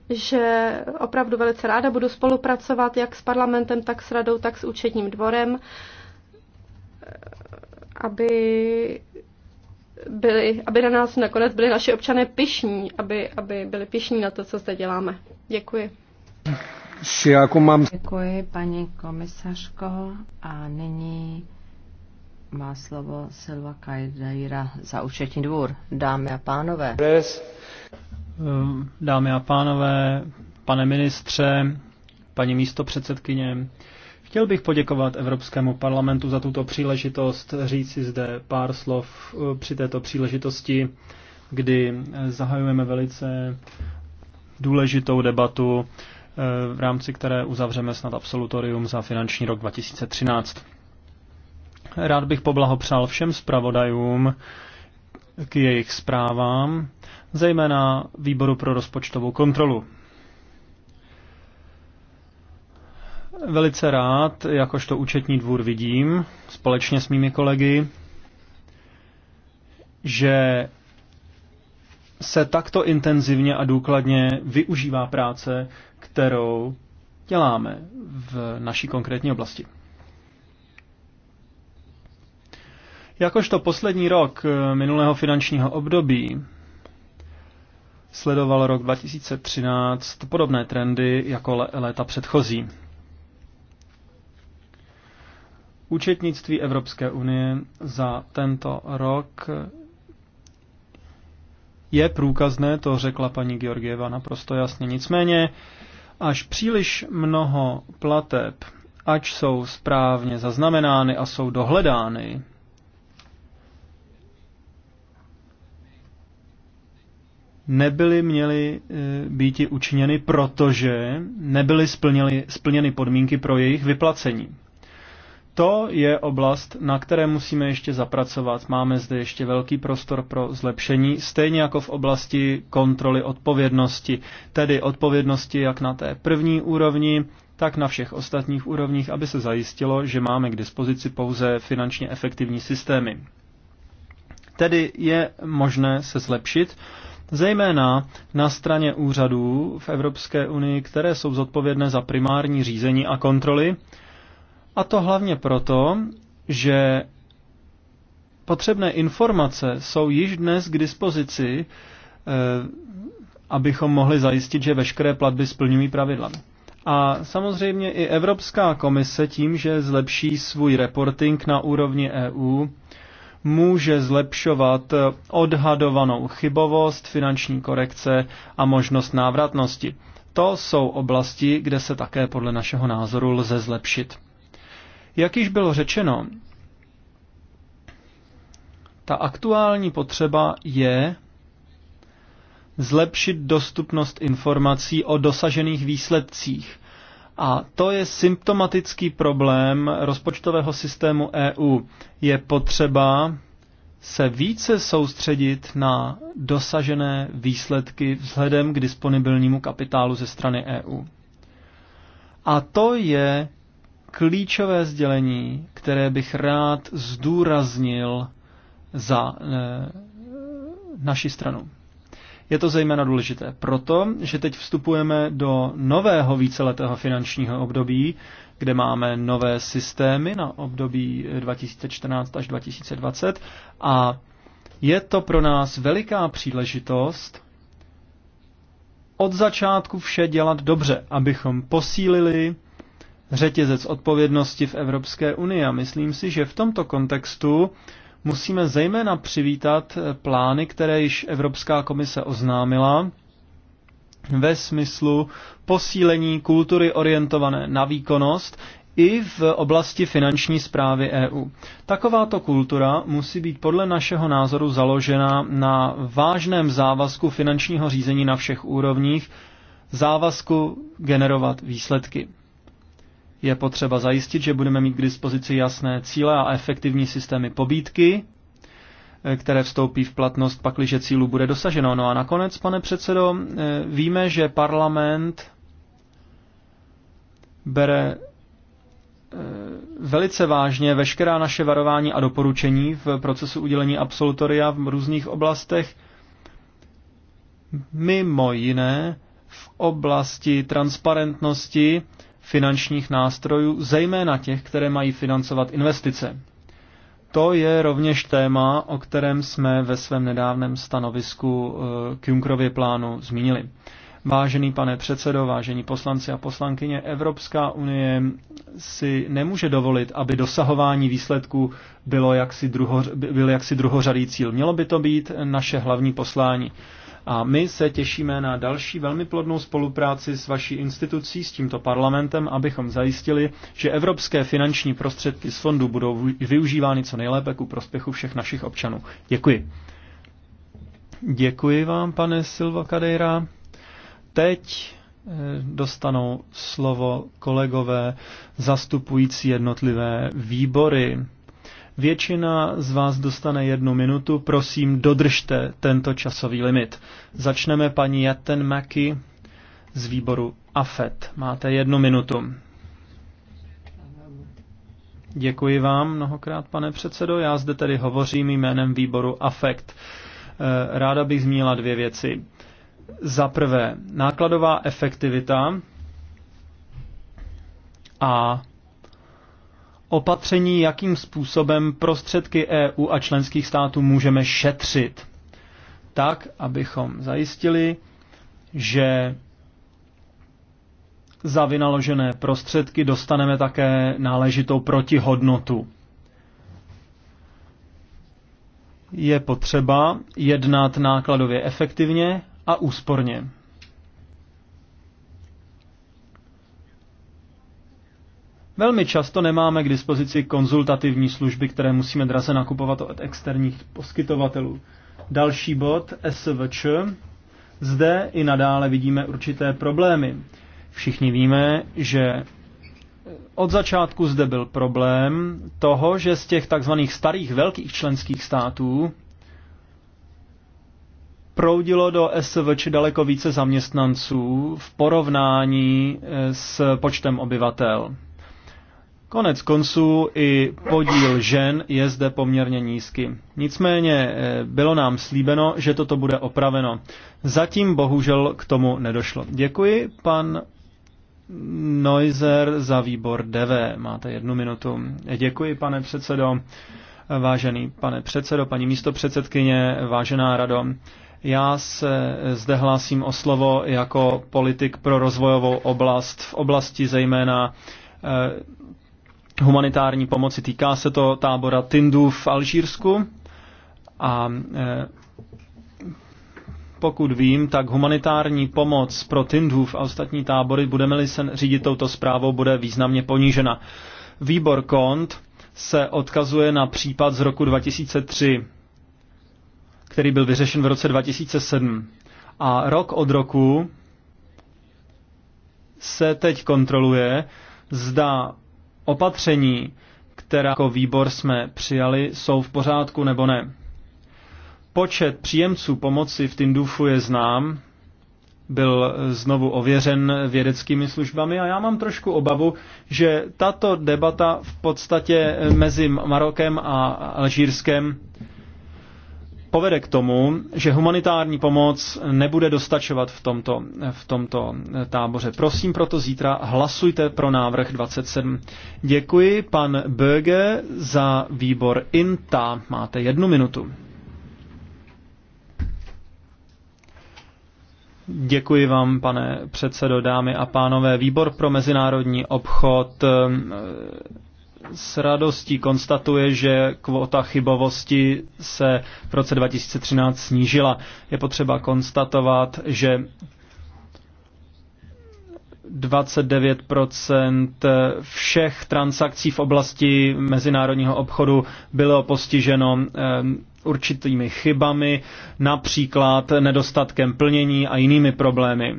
že opravdu velice ráda budu spolupracovat jak s parlamentem, tak s radou, tak s účetním dvorem, eh, aby, byli, aby na nás nakonec byli naši občané pišní, aby, aby byli pišní na to, co zde děláme. Děkuji. Jako Děkuji, paní komisařko. A nyní má slovo Silva Kajdaira za účetní dvůr. Dámy a pánové. Ehm, dámy a pánové, pane ministře, paní místopředsedkyně, chtěl bych poděkovat Evropskému parlamentu za tuto příležitost říci zde pár slov eh, při této příležitosti, kdy eh, zahajujeme velice důležitou debatu v rámci které uzavřeme snad absolutorium za finanční rok 2013. Rád bych poblahopřál všem zpravodajům k jejich zprávám, zejména Výboru pro rozpočtovou kontrolu. Velice rád, jakožto účetní dvůr vidím, společně s mými kolegy, že se takto intenzivně a důkladně využívá práce, kterou děláme v naší konkrétní oblasti. Jakožto poslední rok minulého finančního období sledoval rok 2013 podobné trendy jako léta předchozí. Účetnictví Evropské unie za tento rok je průkazné, to řekla paní Georgieva naprosto jasně. Nicméně Až příliš mnoho plateb, ať jsou správně zaznamenány a jsou dohledány, nebyly měly e, být učiněny, protože nebyly splněny, splněny podmínky pro jejich vyplacení to je oblast, na které musíme ještě zapracovat. Máme zde ještě velký prostor pro zlepšení, stejně jako v oblasti kontroly odpovědnosti, tedy odpovědnosti jak na té první úrovni, tak na všech ostatních úrovních, aby se zajistilo, že máme k dispozici pouze finančně efektivní systémy. Tedy je možné se zlepšit, zejména na straně úřadů v Evropské unii, které jsou zodpovědné za primární řízení a kontroly, a to hlavně proto, že potřebné informace jsou již dnes k dispozici, eh, abychom mohli zajistit, že veškeré platby splňují pravidla. A samozřejmě i Evropská komise tím, že zlepší svůj reporting na úrovni EU, může zlepšovat odhadovanou chybovost, finanční korekce a možnost návratnosti. To jsou oblasti, kde se také podle našeho názoru lze zlepšit. Jak již bylo řečeno, ta aktuální potřeba je zlepšit dostupnost informací o dosažených výsledcích. A to je symptomatický problém rozpočtového systému EU. Je potřeba se více soustředit na dosažené výsledky vzhledem k disponibilnímu kapitálu ze strany EU. A to je klíčové sdělení, které bych rád zdůraznil za e, naši stranu. Je to zejména důležité proto, že teď vstupujeme do nového víceletého finančního období, kde máme nové systémy na období 2014 až 2020 a je to pro nás veliká příležitost od začátku vše dělat dobře, abychom posílili řetězec odpovědnosti v Evropské unii a myslím si, že v tomto kontextu musíme zejména přivítat eh, plány, které již Evropská komise oznámila ve smyslu posílení kultury orientované na výkonnost i v oblasti finanční zprávy EU. Takováto kultura musí být podle našeho názoru založena na vážném závazku finančního řízení na všech úrovních, závazku generovat výsledky. Je potřeba zajistit, že budeme mít k dispozici jasné cíle a efektivní systémy pobídky, eh, které vstoupí v platnost, pakliže cílu bude dosaženo. No a nakonec, pane předsedo, eh, víme, že parlament bere eh, velice vážně veškerá naše varování a doporučení v procesu udělení absolutoria v různých oblastech, mimo jiné v oblasti transparentnosti finančních nástrojů, zejména těch, které mají financovat investice. To je rovněž téma, o kterém jsme ve svém nedávném stanovisku eh, k Junkrově plánu zmínili. Vážený pane předsedo, vážení poslanci a poslankyně, Evropská unie si nemůže dovolit, aby dosahování výsledků bylo jaksi, druho, byl jaksi druhořadý cíl. Mělo by to být naše hlavní poslání. A my se těšíme na další velmi plodnou spolupráci s vaší institucí, s tímto parlamentem, abychom zajistili, že evropské finanční prostředky z fondu budou využívány co nejlépe ku prospěchu všech našich občanů. Děkuji. Děkuji vám, pane Silva Kadeira. Teď eh, dostanou slovo kolegové zastupující jednotlivé výbory. Většina z vás dostane jednu minutu, prosím dodržte tento časový limit. Začneme paní Jatten Maki z výboru AFET. Máte jednu minutu. Děkuji vám mnohokrát, pane předsedo. Já zde tedy hovořím jménem výboru Afet. Eh, ráda bych zmínila dvě věci. Za prvé, nákladová efektivita a opatření, jakým způsobem prostředky EU a členských států můžeme šetřit, tak, abychom zajistili, že za vynaložené prostředky dostaneme také náležitou protihodnotu. Je potřeba jednat nákladově efektivně a úsporně. Velmi často nemáme k dispozici konzultativní služby, které musíme draze nakupovat od externích poskytovatelů. Další bod, SVČ. Zde i nadále vidíme určité problémy. Všichni víme, že od začátku zde byl problém toho, že z těch takzvaných starých velkých členských států proudilo do SVČ daleko více zaměstnanců v porovnání eh, s počtem obyvatel. Konec konců i podíl žen je zde poměrně nízký. Nicméně eh, bylo nám slíbeno, že toto bude opraveno. Zatím bohužel k tomu nedošlo. Děkuji, pan Noizer za výbor DV. Máte jednu minutu. Děkuji, pane předsedo. Vážený pane předsedo, paní místo předsedkyně vážená rado. Já se zde hlásím o slovo jako politik pro rozvojovou oblast v oblasti zejména eh, humanitární pomoci. Týká se to tábora Tindu v Alžírsku a eh, pokud vím, tak humanitární pomoc pro Tindův a ostatní tábory, budeme-li se řídit touto zprávou, bude významně ponížena. Výbor KONT se odkazuje na případ z roku 2003, který byl vyřešen v roce 2007. A rok od roku se teď kontroluje, zda opatření, která jako výbor jsme přijali, jsou v pořádku nebo ne. Počet příjemců pomoci v Tindufu je znám, byl znovu ověřen vědeckými službami a já mám trošku obavu, že tato debata v podstatě mezi Marokem a Alžírskem povede k tomu, že humanitární pomoc nebude dostačovat v tomto, v tomto táboře. Prosím proto zítra hlasujte pro návrh 27. Děkuji pan Böge za výbor INTA. Máte jednu minutu. Děkuji vám, pane předsedo, dámy a pánové. Výbor pro mezinárodní obchod s radostí konstatuje, že kvota chybovosti se v roce 2013 snížila. Je potřeba konstatovat, že 29 všech transakcí v oblasti mezinárodního obchodu bylo postiženo ehm, určitými chybami, například nedostatkem plnění a jinými problémy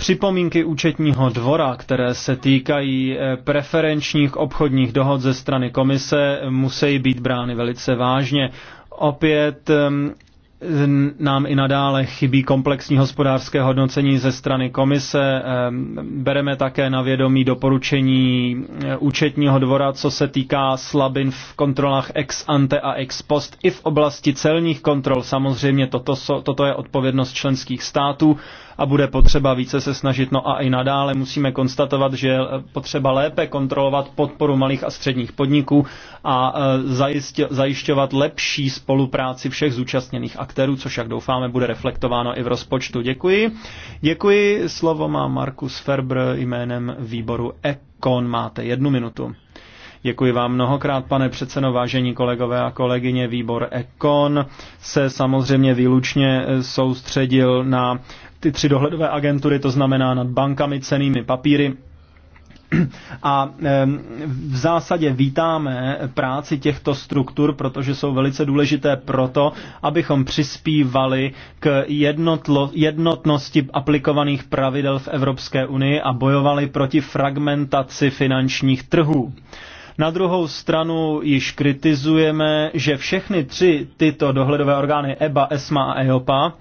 připomínky účetního dvora, které se týkají eh, preferenčních obchodních dohod ze strany komise, musí být brány velice vážně. Opět ehm, nám i nadále chybí komplexní hospodářské hodnocení ze strany komise. Ehm, bereme také na vědomí doporučení eh, účetního dvora, co se týká slabin v kontrolách ex ante a ex post i v oblasti celních kontrol. Samozřejmě toto, toto je odpovědnost členských států a bude potřeba více se snažit. No a i nadále musíme konstatovat, že potřeba lépe kontrolovat podporu malých a středních podniků a e, zajistě, zajišťovat lepší spolupráci všech zúčastněných aktérů, což jak doufáme bude reflektováno i v rozpočtu. Děkuji. Děkuji. Slovo má Markus Ferbr jménem výboru Ekon. Máte jednu minutu. Děkuji vám mnohokrát, pane předsedo, vážení kolegové a kolegyně. Výbor Ekon se samozřejmě výlučně e, soustředil na ty tři dohledové agentury, to znamená nad bankami, cenými papíry. A v zásadě vítáme práci těchto struktur, protože jsou velice důležité proto, abychom přispívali k jednotlo, jednotnosti aplikovaných pravidel v Evropské unii a bojovali proti fragmentaci finančních trhů. Na druhou stranu již kritizujeme, že všechny tři tyto dohledové orgány EBA, ESMA a EOPA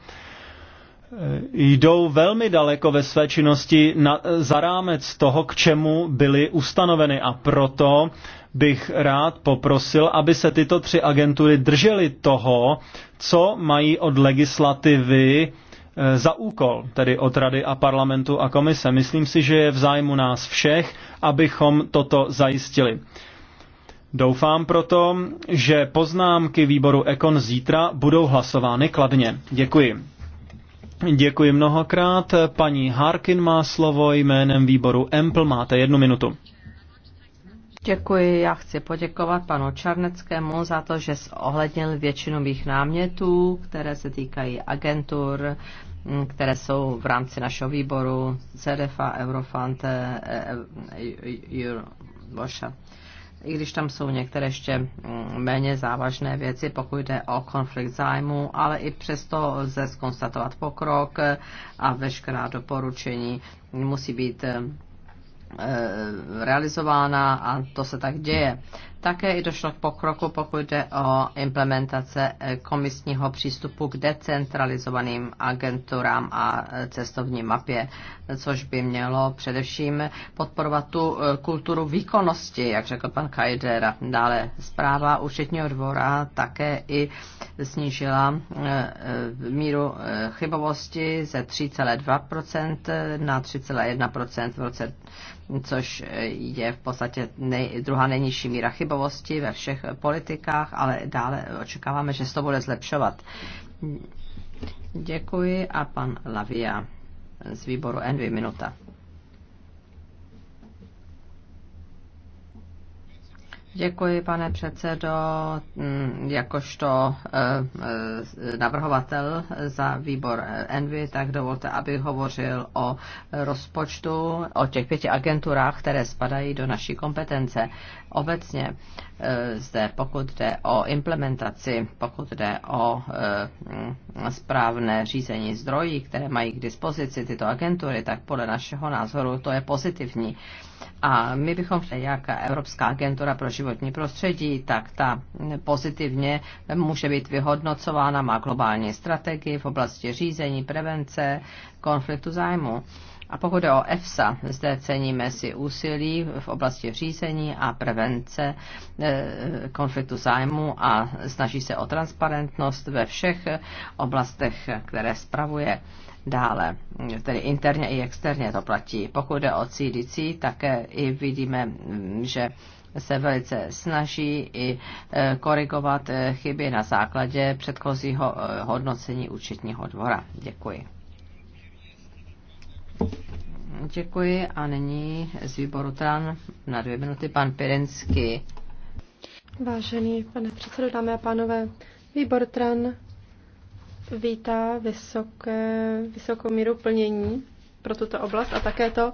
Eh, jdou velmi daleko ve své činnosti na, eh, za rámec toho, k čemu byly ustanoveny. A proto bych rád poprosil, aby se tyto tři agentury držely toho, co mají od legislativy eh, za úkol, tedy od Rady a parlamentu a komise. Myslím si, že je v zájmu nás všech, abychom toto zajistili. Doufám proto, že poznámky výboru Ekon zítra budou hlasovány kladně. Děkuji. Děkuji mnohokrát. Paní Harkin má slovo jménem výboru EMPL. Máte jednu minutu. Děkuji, já chci poděkovat panu Čarneckému za to, že ohlednil většinu mých námětů, které se týkají agentur, které jsou v rámci našeho výboru CDFA, Eurofant, Euro. E, e, eh, e, eh, i když tam jsou některé ještě mm, méně závažné věci, pokud jde o konflikt zájmu, ale i přesto lze skonstatovat pokrok a veškerá doporučení musí být eh, realizována a to se tak děje. Také i došlo k pokroku, pokud jde o implementace eh, komisního přístupu k decentralizovaným agenturám a eh, cestovní mapě, což by mělo především podporovat tu eh, kulturu výkonnosti, jak řekl pan Kajder. Dále zpráva účetního dvora také i snížila míru chybovosti ze 3,2% na 3,1% v roce což je v podstatě nej, druhá nejnižší míra chybovosti ve všech politikách, ale dále očekáváme, že se to bude zlepšovat. Děkuji a pan Lavia z výboru Envy Minuta. Děkuji, pane předsedo. Mm, jakožto eh, eh, navrhovatel za výbor Envy, tak dovolte, aby hovořil o rozpočtu, o těch pěti agenturách, které spadají do naší kompetence obecně eh, zde, pokud jde o implementaci, pokud jde o eh, mm, správné řízení zdrojí, které mají k dispozici tyto agentury, tak podle našeho názoru to je pozitivní. A my bychom, jak Evropská agentura pro životní prostředí, tak ta pozitivně může být vyhodnocována, má globální strategii v oblasti řízení, prevence, konfliktu zájmu. A pokud o EFSA, zde ceníme si úsilí v oblasti řízení a prevence e, konfliktu zájmu a snaží se o transparentnost ve všech oblastech, které spravuje dále, tedy interně i externě to platí. Pokud jde o CDC, také i vidíme, mm, že se velice snaží i e, korigovat e, chyby na základě předchozího hodnocení účetního dvora. Děkuji. Děkuji a nyní z výboru TAN na dvě minuty pan Pirensky. Vážený pane předsedo, dámy a pánové, výbor TRAN vítá vysoké, vysokou míru plnění pro tuto oblast a také to,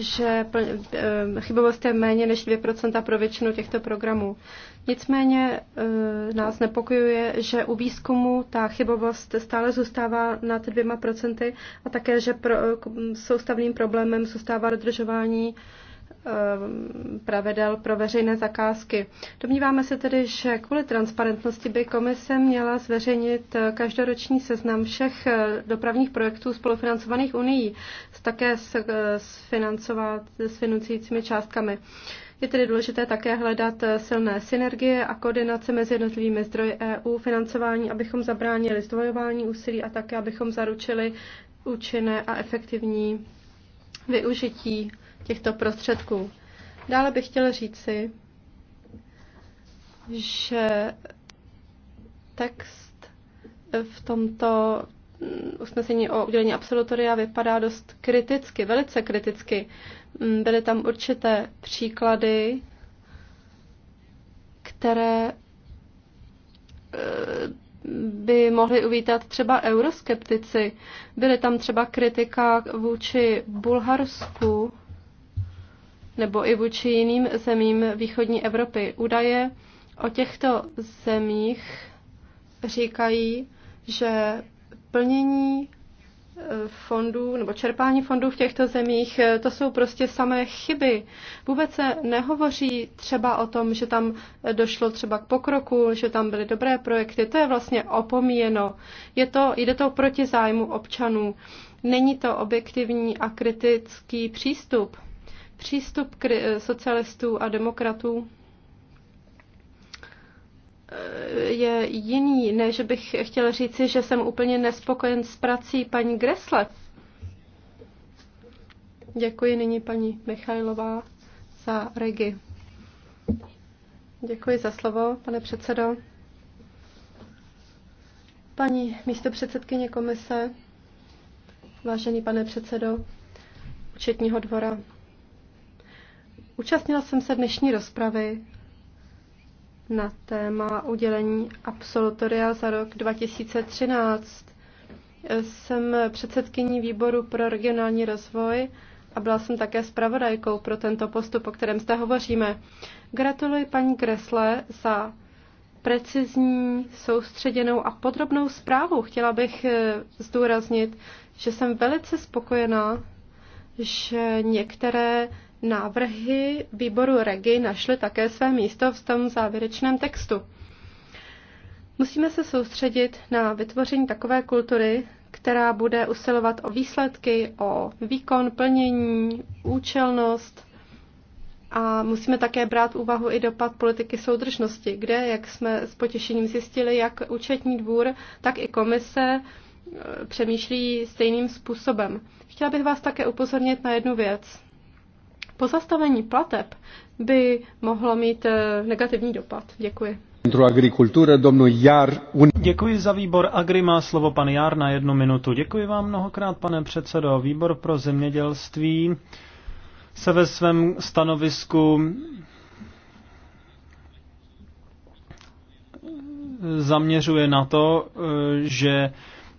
že eh, chybovost je méně než 2% pro většinu těchto programů. Nicméně eh, nás nepokojuje, že u výzkumu ta chybovost stále zůstává nad 2% a také, že pro, soustavným problémem zůstává dodržování Eh, pravidel pro veřejné zakázky. Domníváme se tedy, že kvůli transparentnosti by komise měla zveřejnit eh, každoroční seznam všech eh, dopravních projektů spolufinancovaných Unii, také s, s, financovat, s financujícími částkami. Je tedy důležité také hledat silné synergie a koordinace mezi jednotlivými zdroji EU, financování, abychom zabránili zdvojování úsilí a také abychom zaručili účinné a efektivní využití těchto prostředků. Dále bych chtěl říci, že text v tomto usnesení o udělení absolutoria vypadá dost kriticky, velice kriticky. Byly tam určité příklady, které eh, by mohli uvítat třeba euroskeptici. Byly tam třeba kritika vůči Bulharsku, nebo i vůči jiným zemím východní Evropy. Údaje o těchto zemích říkají, že plnění eh, fondů nebo čerpání fondů v těchto zemích, eh, to jsou prostě samé chyby. Vůbec se nehovoří třeba o tom, že tam došlo třeba k pokroku, že tam byly dobré projekty. To je vlastně opomíjeno. Je to, jde to proti zájmu občanů. Není to objektivní a kritický přístup. Přístup k eh, socialistů a demokratů eh, je jiný, než bych chtěl říci, že jsem úplně nespokojen s prací paní Gresle. Děkuji nyní paní Michajlová za regi. Děkuji za slovo, pane předsedo. Paní místopředsedkyně komise, vážený pane předsedo účetního dvora, Účastnila jsem se dnešní rozpravy na téma udělení absolutoria za rok 2013. Jsem předsedkyní výboru pro regionální rozvoj a byla jsem také zpravodajkou pro tento postup, o kterém zde hovoříme. Gratuluji paní Kresle za precizní, soustředěnou a podrobnou zprávu. Chtěla bych eh, zdůraznit, že jsem velice spokojená, že některé návrhy výboru REGI našly také své místo v tom závěrečném textu. Musíme se soustředit na vytvoření takové kultury, která bude usilovat o výsledky, o výkon, plnění, účelnost a musíme také brát v úvahu i dopad politiky soudržnosti, kde, jak jsme s potěšením zjistili, jak účetní dvůr, tak i komise e, přemýšlí stejným způsobem. Chtěla bych vás také upozornit na jednu věc pozastavení plateb by mohlo mít eh, negativní dopad. Děkuji. Děkuji za výbor Agri, má slovo pan Jár na jednu minutu. Děkuji vám mnohokrát, pane předsedo. Výbor pro zemědělství se ve svém stanovisku zaměřuje na to, eh, že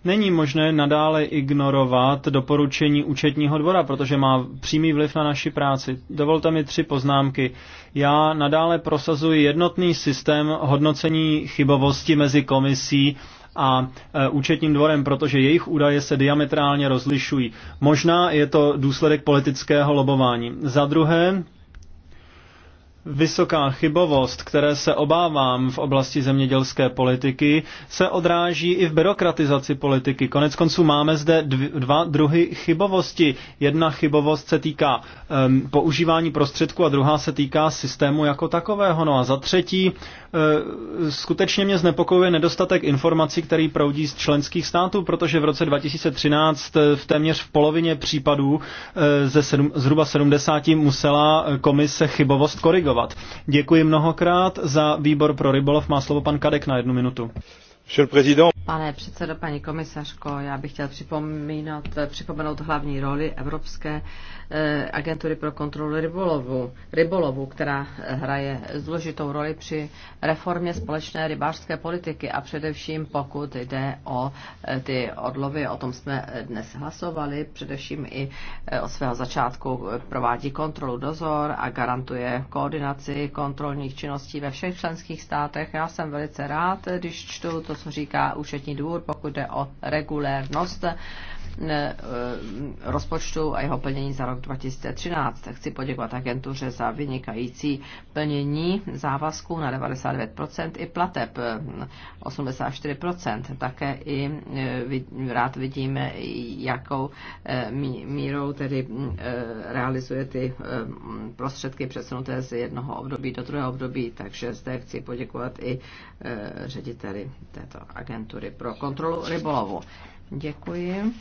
Není možné nadále ignorovat doporučení účetního dvora, protože má přímý vliv na naši práci. Dovolte mi tři poznámky. Já nadále prosazuji jednotný systém hodnocení chybovosti mezi komisí a e, účetním dvorem, protože jejich údaje se diametrálně rozlišují. Možná je to důsledek politického lobování. Za druhé, Vysoká chybovost, které se obávám v oblasti zemědělské politiky, se odráží i v byrokratizaci politiky. Konec konců máme zde dva druhy chybovosti. Jedna chybovost se týká um, používání prostředku a druhá se týká systému jako takového. No a za třetí, uh, skutečně mě znepokojuje nedostatek informací, který proudí z členských států, protože v roce 2013 e, v téměř v polovině případů uh, ze sedm, zhruba 70 musela komise chybovost korigovat korigovat. Děkuji mnohokrát za výbor pro rybolov. Má slovo pan Kadek na jednu minutu. Pane předsedo, paní komisařko, já bych chtěl připomenout hlavní roli Evropské eh, agentury pro kontrolu rybolovu, rybolovu, která eh, hraje důležitou roli při reformě společné rybářské politiky a především pokud jde o eh, ty odlovy, o tom jsme dnes hlasovali, především i od svého začátku provádí kontrolu dozor a garantuje koordinaci kontrolních činností ve všech členských státech. Já jsem velice rád, když čtu to, co říká účetní dvůr, pokud jde o regulérnost Eh, rozpočtu a jeho plnění za rok 2013. Chci poděkovat agentuře za vynikající plnění závazků na 99% i plateb 84%. Eh, Také i eh, rád vidíme, jakou mírou tedy realizuje ty prostředky přesunuté z jednoho období do druhého období, takže zde chci poděkovat i řediteli této agentury pro kontrolu rybolovu. Děkuji.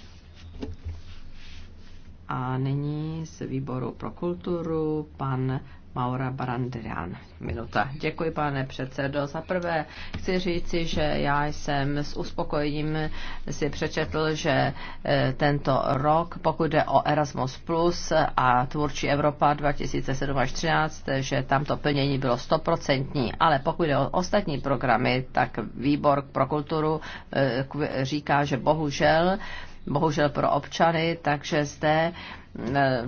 A nyní z výboru pro kulturu pan Maura Barandrian. Minuta. Děkuji, pane předsedo. Za prvé chci říci, že já jsem s uspokojením si přečetl, že e, tento rok, pokud jde o Erasmus Plus a Tvůrčí Evropa 2007 až 2013, že tamto plnění bylo stoprocentní, ale pokud jde o ostatní programy, tak Výbor pro kulturu e, říká, že bohužel bohužel pro občany, takže zde eh,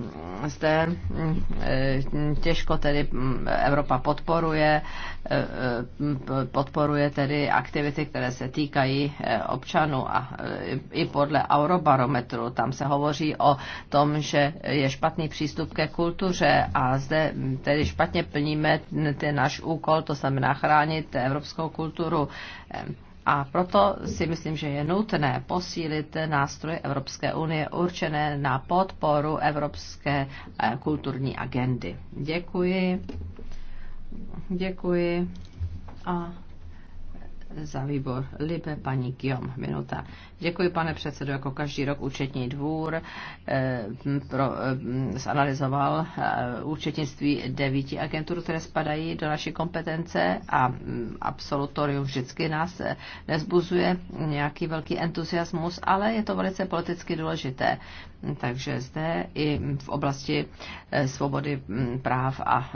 zde eh, těžko tedy mm, Evropa podporuje, eh, podporuje tedy aktivity, které se týkají občanů a i podle Eurobarometru tam se hovoří o tom, že je špatný přístup ke kultuře a zde tedy špatně plníme ten náš úkol, to znamená chránit evropskou kulturu a proto si myslím, že je nutné posílit nástroje Evropské unie určené na podporu evropské eh, kulturní agendy. Děkuji. Děkuji. A za výbor Libe paní Kiom. Minuta. Děkuji, pane předsedo. Jako každý rok účetní dvůr eh, pro, eh, zanalizoval eh, účetnictví devíti agentur, které spadají do naší kompetence a absolutorium vždycky nás nezbuzuje nějaký velký entuziasmus, ale je to velice politicky důležité. Takže zde i v oblasti svobody práv a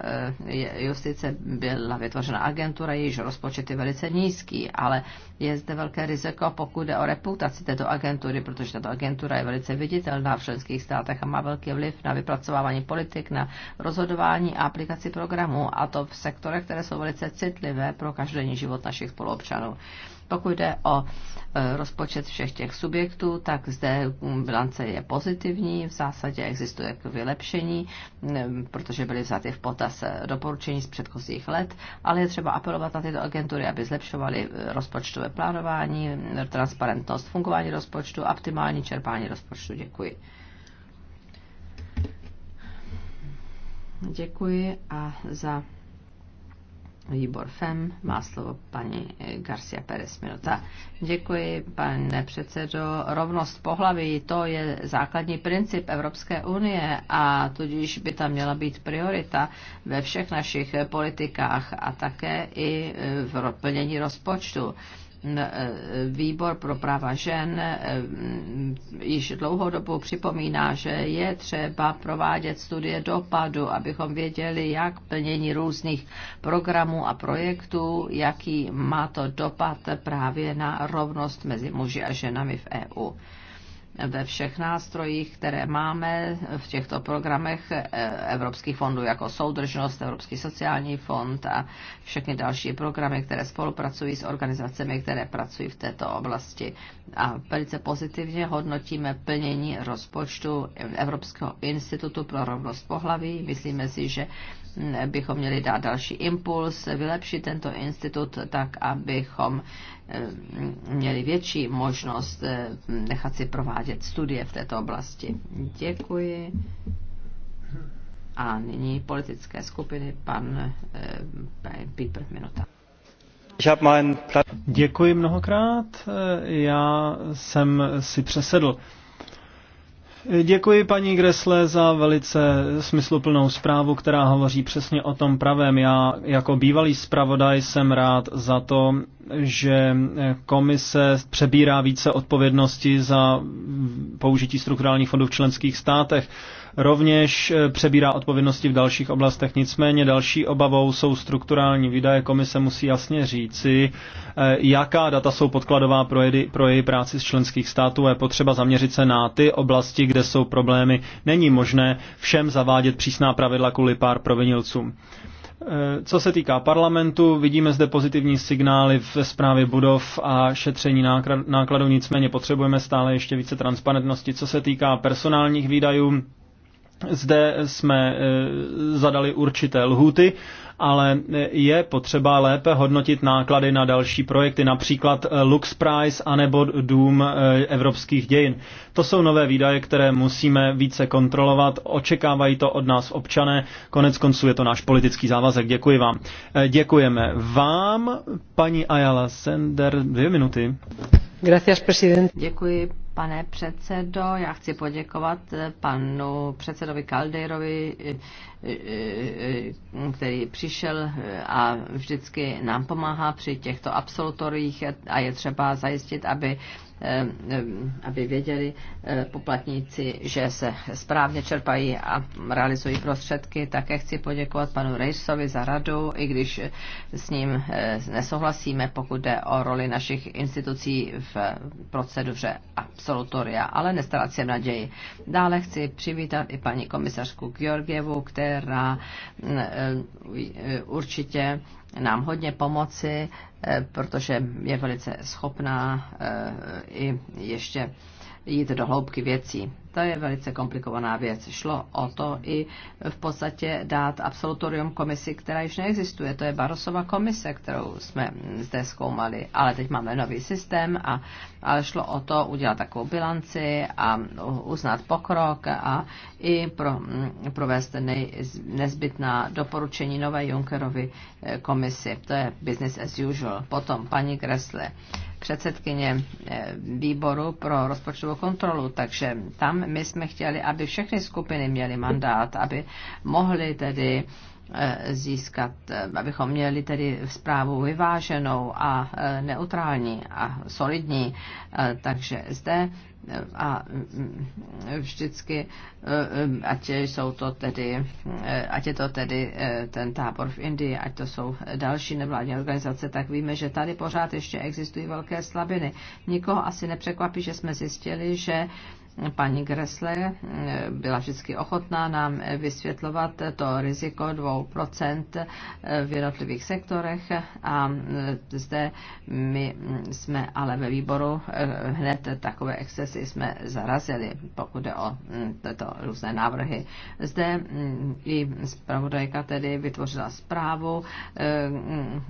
justice byla vytvořena agentura, jejíž rozpočet je velice nízký, ale je zde velké riziko, pokud jde o reputaci této agentury, protože tato agentura je velice viditelná v členských státech a má velký vliv na vypracovávání politik, na rozhodování a aplikaci programů, a to v sektorech, které jsou velice citlivé pro každodenní život našich spoluobčanů. Pokud jde o e, rozpočet všech těch subjektů, tak zde mm, bilance je pozitivní, v zásadě existuje k vylepšení, mm, protože byly vzaty v potaz e, doporučení z předchozích let, ale je třeba apelovat na tyto agentury, aby zlepšovaly e, rozpočtové plánování, mm, transparentnost fungování rozpočtu, optimální čerpání rozpočtu. Děkuji. Děkuji a za Výbor FEM má slovo paní eh, Garcia Pérez Minuta. Děkuji, pane předsedo. Rovnost pohlaví, to je základní princip Evropské unie a tudíž by tam měla být priorita ve všech našich politikách a také i eh, v plnění rozpočtu. Eh, výbor pro práva žen eh, mm, již dlouhou dobu připomíná, že je třeba provádět studie dopadu, abychom věděli, jak plnění různých programů a projektů, jaký má to dopad právě na rovnost mezi muži a ženami v EU ve všech nástrojích, které máme v těchto programech e, evropských fondů, jako Soudržnost, Evropský sociální fond a všechny další programy, které spolupracují s organizacemi, které pracují v této oblasti. A velice pozitivně hodnotíme plnění rozpočtu Evropského institutu pro rovnost pohlaví. Myslíme si, že bychom měli dát další impuls, vylepšit tento institut tak, abychom měli větší možnost eh, nechat si provádět studie v této oblasti. Děkuji. A nyní politické skupiny, pan eh, Piper minuta. Děkuji mnohokrát. Eh, já jsem si přesedl Děkuji paní Gresle za velice smysluplnou zprávu, která hovoří přesně o tom pravém. Já jako bývalý zpravodaj jsem rád za to, že komise přebírá více odpovědnosti za použití strukturálních fondů v členských státech rovněž eh, přebírá odpovědnosti v dalších oblastech. Nicméně další obavou jsou strukturální výdaje. Komise musí jasně říci, eh, jaká data jsou podkladová pro, jedy, pro její práci z členských států. Je potřeba zaměřit se na ty oblasti, kde jsou problémy. Není možné všem zavádět přísná pravidla kvůli pár provinilcům. Eh, co se týká parlamentu, vidíme zde pozitivní signály v zprávě budov a šetření nákladů, nicméně potřebujeme stále ještě více transparentnosti. Co se týká personálních výdajů, zde jsme eh, zadali určité lhuty, ale eh, je potřeba lépe hodnotit náklady na další projekty, například eh, Lux Prize anebo Dům evropských dějin. To jsou nové výdaje, které musíme více kontrolovat, očekávají to od nás občané, konec konců je to náš politický závazek. Děkuji vám. Děkujeme vám, paní Ayala Sender, dvě minuty. Gracias, Děkuji, Pane předsedo, já chci poděkovat eh, panu předsedovi Kaldejrovi, eh, eh, který přišel a vždycky nám pomáhá při těchto absolutorích a je třeba zajistit, aby aby věděli e, poplatníci, že se správně čerpají a realizují prostředky. Také chci poděkovat panu Rejsovi za radu, i když s ním e, nesouhlasíme, pokud jde o roli našich institucí v proceduře absolutoria, ale nestarat se naději. Dále chci přivítat i paní komisařku Georgievu, která e, určitě nám hodně pomoci, eh, protože je velice schopná eh, i ještě jít do hloubky věcí. To je velice komplikovaná věc. Šlo o to i v podstatě dát absolutorium komisi, která již neexistuje. To je Barosova komise, kterou jsme zde zkoumali. Ale teď máme nový systém, a, ale šlo o to udělat takovou bilanci a uznat pokrok a i pro, provést nej, nezbytná doporučení nové Junckerovy eh, komisi. To je business as usual. Potom paní Kresle předsedkyně eh, výboru pro rozpočtovou kontrolu, takže tam my jsme chtěli, aby všechny skupiny měly mandát, aby mohly tedy eh, získat, eh, abychom měli tedy zprávu vyváženou a neutrální a solidní. Takže zde a mm, vždycky, mm, ať jsou to tedy, mm, ať je to tedy ten tábor v Indii, ať to jsou další nevládní organizace, tak víme, že tady pořád ještě existují velké slabiny. Nikoho asi nepřekvapí, že jsme zjistili, že Paní Gressle eh, byla vždycky ochotná nám eh, vysvětlovat to riziko 2% eh, v jednotlivých sektorech a zde my hm, jsme ale ve výboru hned takové excesy jsme zarazili, pokud jde o hm, tyto různé návrhy. Zde hm, i zpravodajka tedy vytvořila zprávu,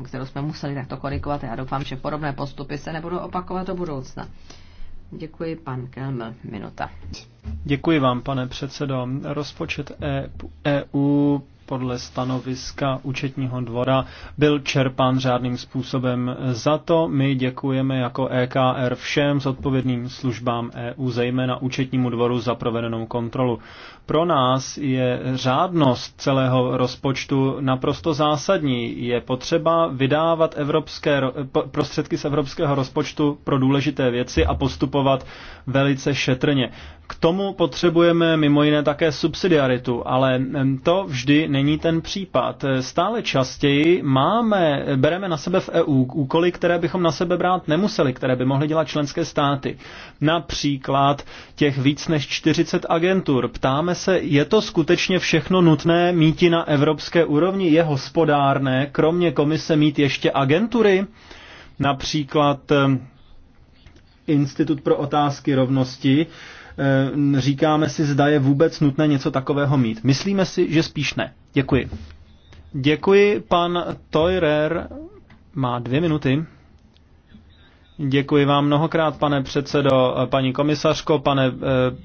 kterou jsme museli takto korikovat. Já doufám, že podobné postupy se nebudou opakovat do budoucna. Děkuji, pan Kelmel, minuta. Děkuji vám, pane předsedo. Rozpočet EU e podle stanoviska účetního dvora byl čerpán řádným způsobem. Za to my děkujeme jako EKR všem zodpovědným službám EU, zejména účetnímu dvoru za provedenou kontrolu. Pro nás je řádnost celého rozpočtu naprosto zásadní. Je potřeba vydávat evropské, prostředky z evropského rozpočtu pro důležité věci a postupovat velice šetrně. K tomu potřebujeme mimo jiné také subsidiaritu, ale to vždy není ten případ. Stále častěji máme, bereme na sebe v EU úkoly, které bychom na sebe brát nemuseli, které by mohly dělat členské státy. Například těch víc než 40 agentur. Ptáme se, je to skutečně všechno nutné mít na evropské úrovni? Je hospodárné, kromě komise, mít ještě agentury? Například eh, Institut pro otázky rovnosti. Eh, říkáme si, zda je vůbec nutné něco takového mít. Myslíme si, že spíš ne. Děkuji. Děkuji, pan Teurer má dvě minuty. Děkuji vám mnohokrát, pane předsedo, paní komisařko, pane eh,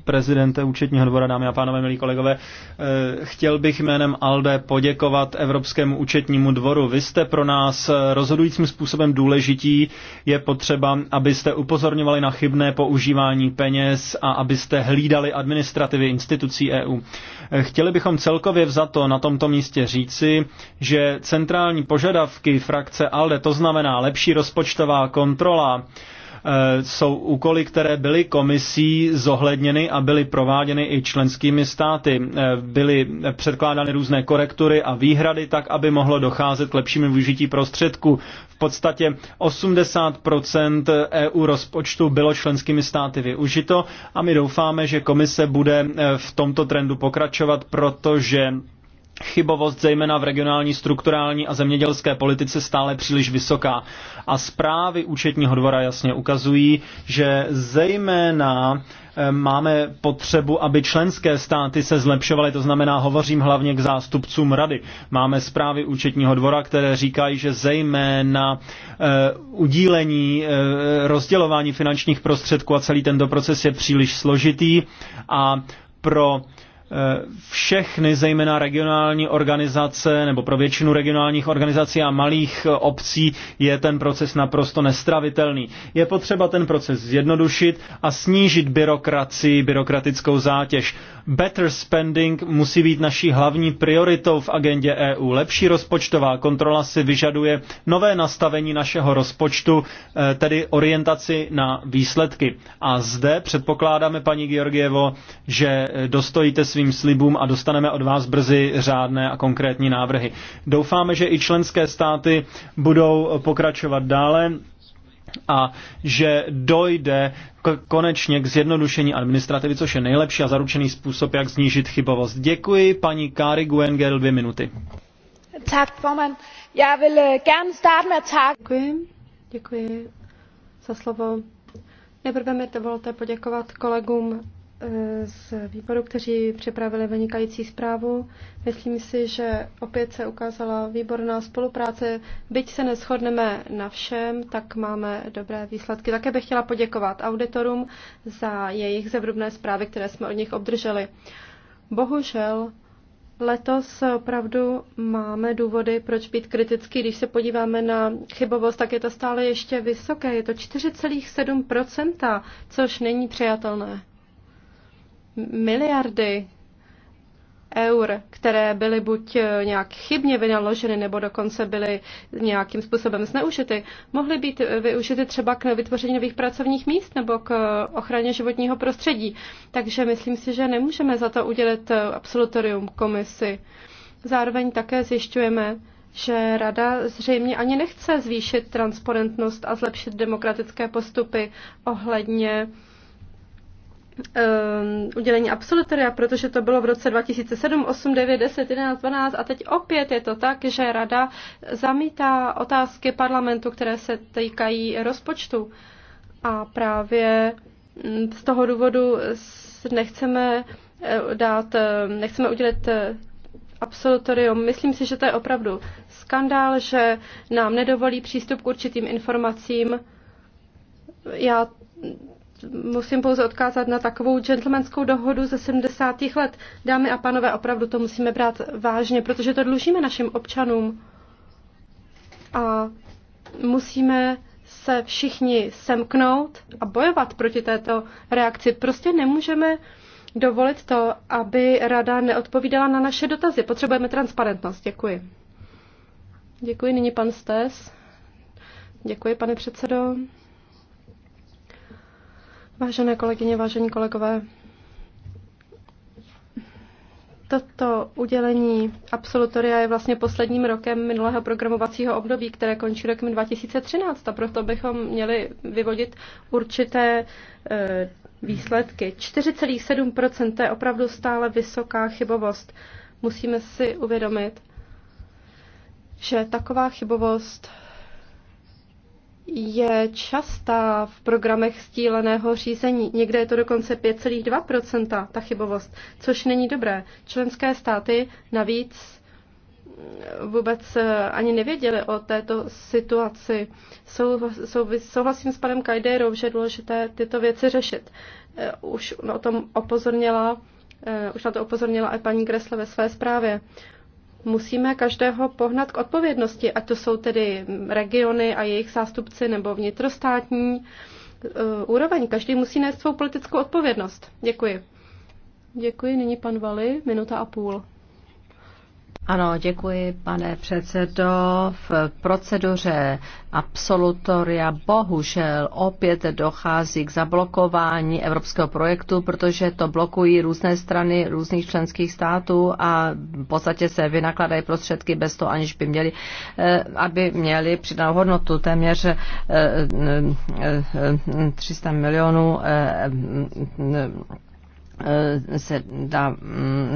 prezidente účetního dvora, dámy a pánové, milí kolegové. Eh, chtěl bych jménem ALDE poděkovat Evropskému účetnímu dvoru. Vy jste pro nás eh, rozhodujícím způsobem důležití. Je potřeba, abyste upozorňovali na chybné používání peněz a abyste hlídali administrativy institucí EU. Chtěli bychom celkově vzato na tomto místě říci, že centrální požadavky frakce ALDE, to znamená lepší rozpočtová kontrola, Eh, jsou úkoly, které byly komisí zohledněny a byly prováděny i členskými státy. Eh, byly předkládány různé korektury a výhrady tak, aby mohlo docházet k lepšímu využití prostředků. V podstatě 80% EU rozpočtu bylo členskými státy využito a my doufáme, že komise bude eh, v tomto trendu pokračovat, protože chybovost zejména v regionální, strukturální a zemědělské politice stále příliš vysoká. A zprávy účetního dvora jasně ukazují, že zejména eh, máme potřebu, aby členské státy se zlepšovaly, to znamená, hovořím hlavně k zástupcům rady. Máme zprávy účetního dvora, které říkají, že zejména eh, udílení, eh, rozdělování finančních prostředků a celý tento proces je příliš složitý a pro všechny, zejména regionální organizace, nebo pro většinu regionálních organizací a malých eh, obcí je ten proces naprosto nestravitelný. Je potřeba ten proces zjednodušit a snížit byrokracii, byrokratickou zátěž. Better spending musí být naší hlavní prioritou v agendě EU. Lepší rozpočtová kontrola si vyžaduje nové nastavení našeho rozpočtu, eh, tedy orientaci na výsledky. A zde předpokládáme, paní Georgievo, že eh, dostojíte svým svým slibům a dostaneme od vás brzy řádné a konkrétní návrhy. Doufáme, že i členské státy budou pokračovat dále a že dojde k, konečně k zjednodušení administrativy, což je nejlepší a zaručený způsob, jak snížit chybovost. Děkuji paní Kári Guengel, dvě minuty. Tak, forman. Já vil eh, gerne starte med tak. Děkuji. Děkuji za slovo. Nejprve mi dovolte poděkovat kolegům z výboru, kteří připravili vynikající zprávu. Myslím si, že opět se ukázala výborná spolupráce. Byť se neschodneme na všem, tak máme dobré výsledky. Také bych chtěla poděkovat auditorům za jejich zevrubné zprávy, které jsme od nich obdrželi. Bohužel letos opravdu máme důvody, proč být kritický. Když se podíváme na chybovost, tak je to stále ještě vysoké. Je to 4,7%, což není přijatelné miliardy eur, které byly buď eh, nějak chybně vynaloženy nebo dokonce byly nějakým způsobem zneužity, mohly být eh, využity třeba k vytvoření nových pracovních míst nebo k eh, ochraně životního prostředí. Takže myslím si, že nemůžeme za to udělat absolutorium komisi. Zároveň také zjišťujeme, že rada zřejmě ani nechce zvýšit transparentnost a zlepšit demokratické postupy ohledně um, udělení absolutoria, protože to bylo v roce 2007, 8, 9, 10, 11, 12 a teď opět je to tak, že rada zamítá otázky parlamentu, které se týkají rozpočtu. A právě hm, z toho důvodu nechceme eh, dát, eh, nechceme udělat eh, absolutorium. Myslím si, že to je opravdu skandál, že nám nedovolí přístup k určitým informacím. Já musím pouze odkázat na takovou gentlemanskou dohodu ze 70. let. Dámy a pánové, opravdu to musíme brát vážně, protože to dlužíme našim občanům. A musíme se všichni semknout a bojovat proti této reakci. Prostě nemůžeme dovolit to, aby rada neodpovídala na naše dotazy. Potřebujeme transparentnost. Děkuji. Děkuji. Nyní pan Stes. Děkuji, pane předsedo. Vážené kolegyně, vážení kolegové, toto udělení absolutoria je vlastně posledním rokem minulého programovacího období, které končí rokem 2013 a proto bychom měli vyvodit určité eh, výsledky. 4,7% to je opravdu stále vysoká chybovost. Musíme si uvědomit, že taková chybovost je častá v programech stíleného řízení. Někde je to dokonce 5,2 ta chybovost, což není dobré. Členské státy navíc vůbec eh, ani nevěděli o této situaci. Sou, sou, souhlasím s panem Kajderou, že je důležité tyto věci řešit. Eh, už o tom opozornila, eh, už na to opozornila i paní Gresle ve své zprávě musíme každého pohnat k odpovědnosti, ať to jsou tedy regiony a jejich zástupci nebo vnitrostátní eh, úroveň. Každý musí nést svou politickou odpovědnost. Děkuji. Děkuji. Nyní pan Vali, minuta a půl. Ano, děkuji, pane předsedo. V proceduře absolutoria bohužel opět dochází k zablokování evropského projektu, protože to blokují různé strany různých členských států a v podstatě se vynakladají prostředky bez toho, aniž by měli, eh, aby měli přidanou hodnotu téměř 300 eh, eh, milionů Eh, se dá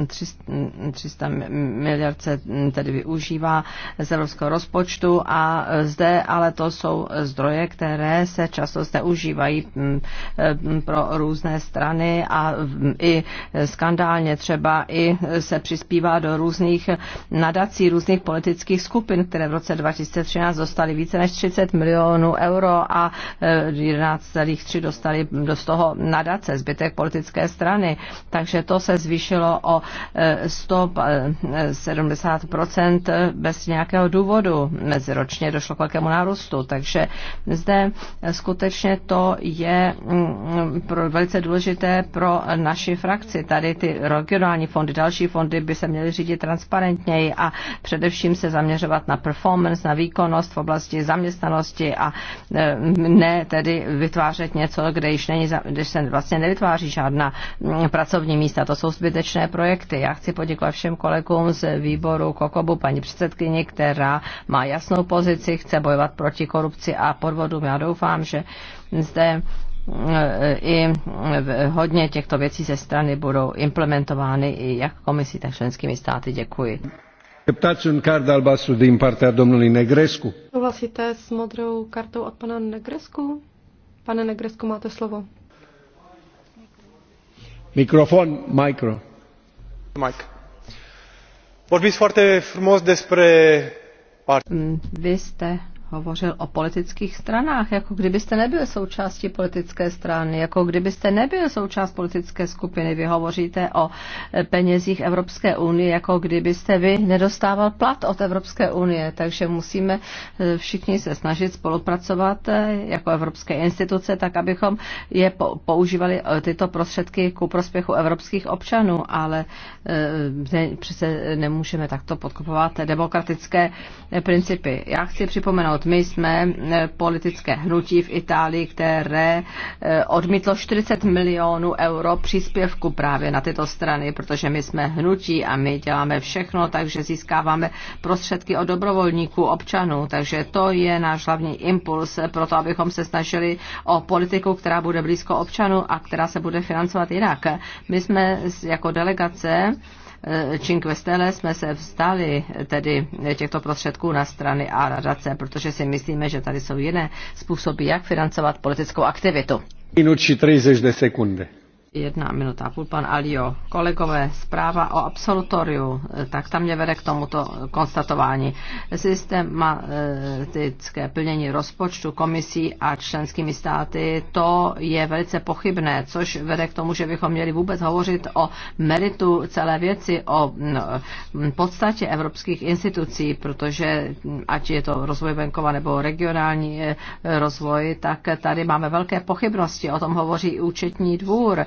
300 mm, miliard se tedy využívá z evropského rozpočtu a eh, zde ale to jsou zdroje, které se často zde užívají mm, eh, pro různé strany a mm, i skandálně třeba i se přispívá do různých nadací, různých politických skupin, které v roce 2013 dostali více než 30 milionů euro a 11,3 dostali z toho nadace, zbytek politické strany takže to se zvýšilo o 170% e, e, bez nějakého důvodu. Meziročně došlo k velkému nárůstu, takže zde skutečně to je mm, pro, velice důležité pro naši frakci. Tady ty regionální fondy, další fondy by se měly řídit transparentněji a především se zaměřovat na performance, na výkonnost v oblasti zaměstnanosti a e, ne tedy vytvářet něco, kde již není, kde se vlastně nevytváří žádná mm, pracovní místa. To jsou zbytečné projekty. Já chci poděkovat všem kolegům z výboru Kokobu, paní předsedkyni, která má jasnou pozici, chce bojovat proti korupci a podvodům. Já doufám, že zde e, i hodně těchto věcí ze strany budou implementovány i jak komisí, tak členskými státy. Děkuji. Acceptați un card albastru din partea domnului Negrescu. Souhlasíte s modrou kartou od pana Negresku? Pane Negresku, máte slovo. Mike. Vorbiți foarte frumos despre... Mm, Vy jste hovořil o politických stranách, jako kdybyste nebyl součástí politické strany, jako kdybyste nebyl součást politické skupiny. Vy hovoříte o eh, penězích Evropské unie, jako kdybyste vy nedostával plat od Evropské unie. Takže musíme eh, všichni se snažit spolupracovat eh, jako evropské instituce, tak abychom je používali tyto prostředky ku prospěchu evropských občanů, ale ne, přece nemůžeme takto podkopovat demokratické principy. Já chci připomenout, my jsme e, politické hnutí v Itálii, které e, odmítlo 40 milionů euro příspěvku právě na tyto strany, protože my jsme hnutí a my děláme všechno, takže získáváme prostředky od dobrovolníků, občanů. Takže to je náš hlavní impuls pro to, abychom se snažili o politiku, která bude blízko občanů a která se bude financovat jinak. My jsme jako delegace Eh, Cinque Stelle jsme se vstali tedy těchto prostředků na strany a řadce, protože si myslíme, že tady jsou jiné způsoby, jak financovat politickou aktivitu. Minut 30 sekundy jedna minuta půl, pan Alio. Kolegové, zpráva o absolutoriu, eh, tak tam mě vede k tomuto konstatování. Systematické plnění rozpočtu komisí a členskými státy, to je velice pochybné, což vede k tomu, že bychom měli vůbec hovořit o meritu celé věci, o no, podstatě evropských institucí, protože hm, ať je to rozvoj venkova nebo regionální eh, rozvoj, tak tady máme velké pochybnosti. O tom hovoří účetní dvůr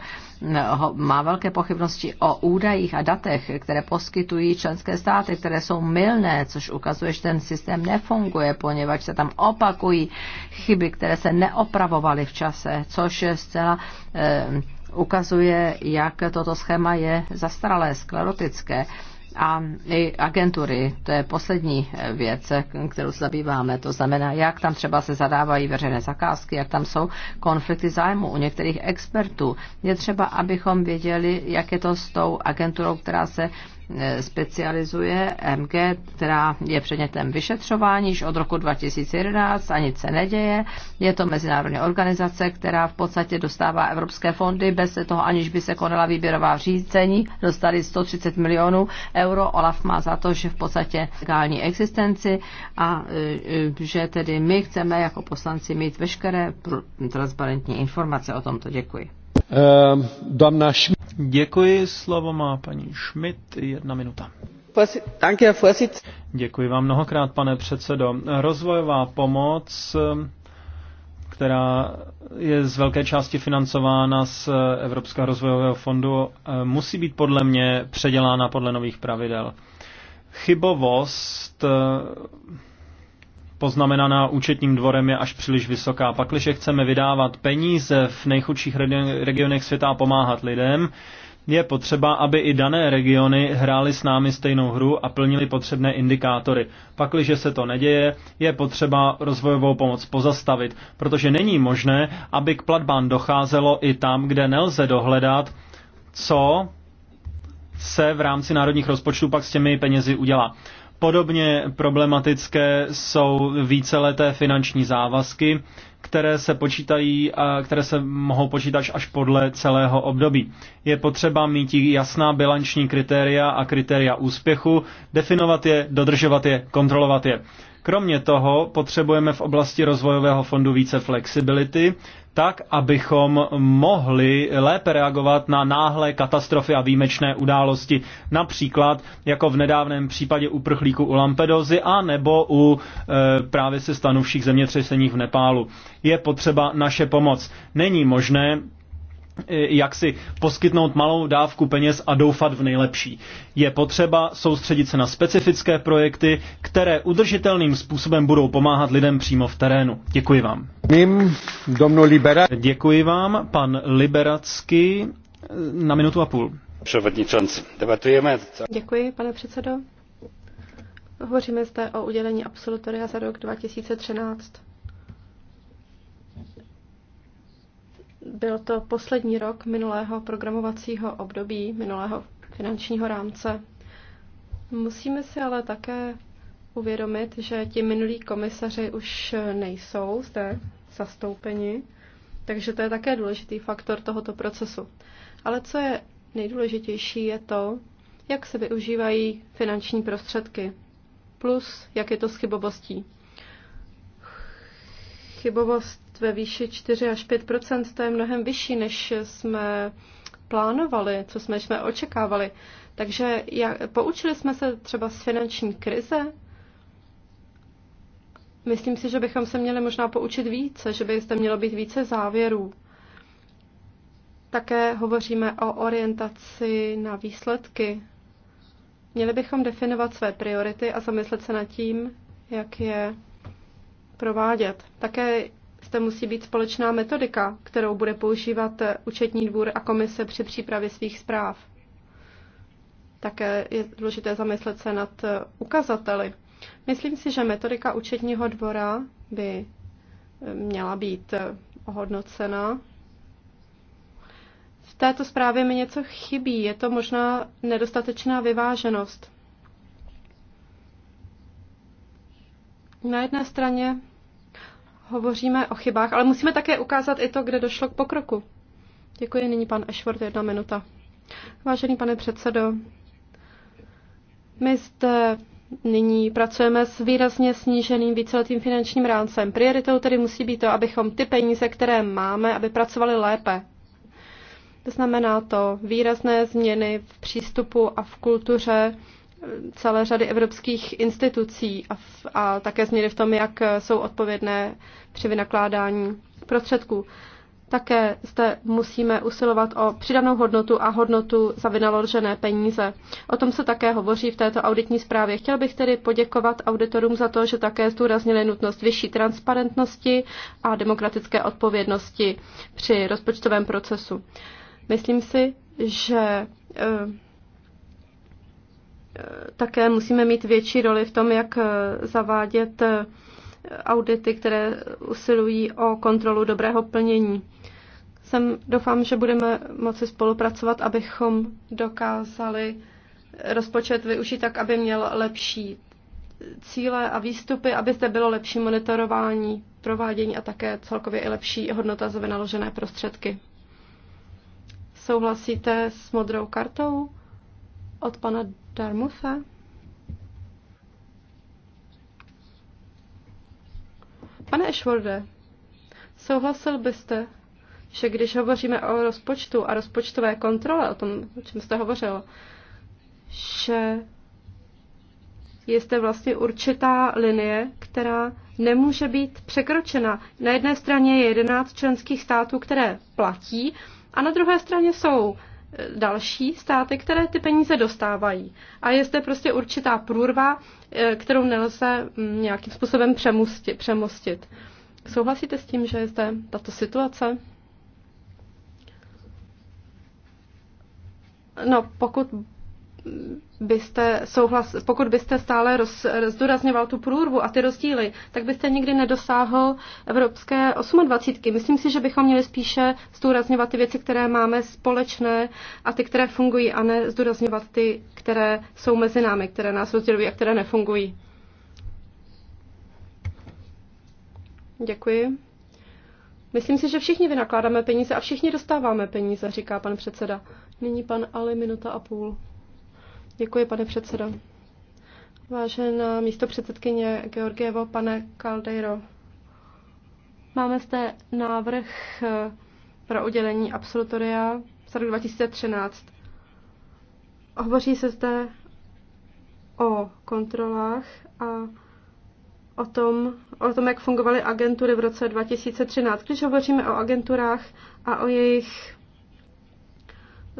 má velké pochybnosti o údajích a datech, které poskytují členské státy, které jsou mylné, což ukazuje, že ten systém nefunguje, poněvadž se tam opakují chyby, které se neopravovaly v čase, což je zcela eh, ukazuje, jak toto schéma je zastaralé, sklerotické a i agentury, to je poslední věc, kterou se zabýváme, to znamená, jak tam třeba se zadávají veřejné zakázky, jak tam jsou konflikty zájmu u některých expertů. Je třeba, abychom věděli, jak je to s tou agenturou, která se E, specializuje MG, která je předmětem vyšetřování již od roku 2011 a nic se neděje. Je to mezinárodní organizace, která v podstatě dostává evropské fondy bez toho, aniž by se konala výběrová řízení. Dostali 130 milionů euro. Olaf má za to, že v podstatě legální existenci a e, e, že tedy my chceme jako poslanci mít veškeré transparentní informace o tomto. Děkuji. Ehm, Damna Děkuji, slovo má paní Schmidt, jedna minuta. Děkuji vám mnohokrát, pane předsedo. Rozvojová pomoc, ehm, která je z velké části financována z Evropského rozvojového fondu, ehm, musí být podle mě předělána podle nových pravidel. Chybovost poznamenaná účetním dvorem je až příliš vysoká. Pakliže chceme vydávat peníze v nejchudších regionech světa a pomáhat lidem, je potřeba, aby i dané regiony hrály s námi stejnou hru a plnili potřebné indikátory. Pakliže se to neděje, je potřeba rozvojovou pomoc pozastavit, protože není možné, aby k platbám docházelo i tam, kde nelze dohledat, co se v rámci národních rozpočtů pak s těmi penězi udělá. Podobně problematické jsou víceleté finanční závazky, které se počítají a které se mohou počítat až podle celého období. Je potřeba mít jasná bilanční kritéria a kritéria úspěchu, definovat je, dodržovat je, kontrolovat je. Kromě toho potřebujeme v oblasti rozvojového fondu více flexibility, tak, abychom mohli lépe reagovat na náhlé katastrofy a výjimečné události, například jako v nedávném případě prchlíku u Lampedozy a nebo u e, právě se stanovších zemětřesení v Nepálu. Je potřeba naše pomoc. Není možné, Eh, jak si poskytnout malou dávku peněz a doufat v nejlepší. Je potřeba soustředit se na specifické projekty, které udržitelným způsobem budou pomáhat lidem přímo v terénu. Děkuji vám. Děkuji vám, pan Liberacky, na minutu a půl. Debatujeme. Děkuji, pane předsedo. Hovoříme zde o udělení absolutoria za rok 2013. Byl to poslední rok minulého programovacího období, minulého finančního rámce. Musíme si ale také uvědomit, že ti minulí komisaři už nejsou zde zastoupeni, takže to je také důležitý faktor tohoto procesu. Ale co je nejdůležitější, je to, jak se využívají finanční prostředky, plus jak je to s chybobostí chybovost ve výši 4 až 5 to je mnohem vyšší, než jsme plánovali, co jsme, jsme očekávali. Takže jak, poučili jsme se třeba z finanční krize? Myslím si, že bychom se měli možná poučit více, že by zde mělo být více závěrů. Také hovoříme o orientaci na výsledky. Měli bychom definovat své priority a zamyslet se nad tím, jak je provádět. Také zde musí být společná metodika, kterou bude používat účetní dvůr a komise při přípravě svých zpráv. Také je důležité zamyslet se nad ukazateli. Myslím si, že metodika účetního dvora by měla být ohodnocena. V této zprávě mi něco chybí, je to možná nedostatečná vyváženost. Na jedné straně hovoříme o chybách, ale musíme také ukázat i to, kde došlo k pokroku. Děkuji, nyní pan Ashford, jedna minuta. Vážený pane předsedo, my zde nyní pracujeme s výrazně sníženým víceletým finančním rámcem. Prioritou tedy musí být to, abychom ty peníze, které máme, aby pracovali lépe. To znamená to výrazné změny v přístupu a v kultuře celé řady evropských institucí a, v, a také změny v tom, jak jsou odpovědné při vynakládání prostředků. Také zde musíme usilovat o přidanou hodnotu a hodnotu za vynaložené peníze. O tom se také hovoří v této auditní zprávě. Chtěl bych tedy poděkovat auditorům za to, že také zdůraznili nutnost vyšší transparentnosti a demokratické odpovědnosti při rozpočtovém procesu. Myslím si, že eh, také musíme mít větší roli v tom, jak eh, zavádět eh, audity, které usilují o kontrolu dobrého plnění. Jsem, doufám, že budeme moci spolupracovat, abychom dokázali rozpočet využít tak, aby měl lepší cíle a výstupy, aby zde bylo lepší monitorování, provádění a také celkově i lepší hodnota za vynaložené prostředky. Souhlasíte s modrou kartou od pana Musa. Pane Ešvolde, souhlasil byste, že když hovoříme o rozpočtu a rozpočtové kontrole, o tom, o čem jste hovořil, že je zde vlastně určitá linie, která nemůže být překročena. Na jedné straně je 11 členských států, které platí, a na druhé straně jsou další státy, které ty peníze dostávají. A je zde prostě určitá průrva, eh, kterou nelze mm, nějakým způsobem přemostit. Souhlasíte s tím, že je zde tato situace? No, pokud byste souhlas, pokud byste stále roz, zdůrazňoval tu průrvu a ty rozdíly, tak byste nikdy nedosáhl evropské 28. Myslím si, že bychom měli spíše zdůrazňovat ty věci, které máme společné a ty, které fungují, a ne zdůrazňovat ty, které jsou mezi námi, které nás rozdělují a které nefungují. Děkuji. Myslím si, že všichni vynakládáme peníze a všichni dostáváme peníze, říká pan předseda. Nyní pan Ali minuta a půl. Děkuji, pane předsedo. Vážená místo předsedkyně Georgievo, pane Caldeiro, máme zde návrh eh, pro udělení absolutoria z roku 2013. Hovoří se zde o kontrolách a o tom, o tom, jak fungovaly agentury v roce 2013. Když hovoříme o agenturách a o jejich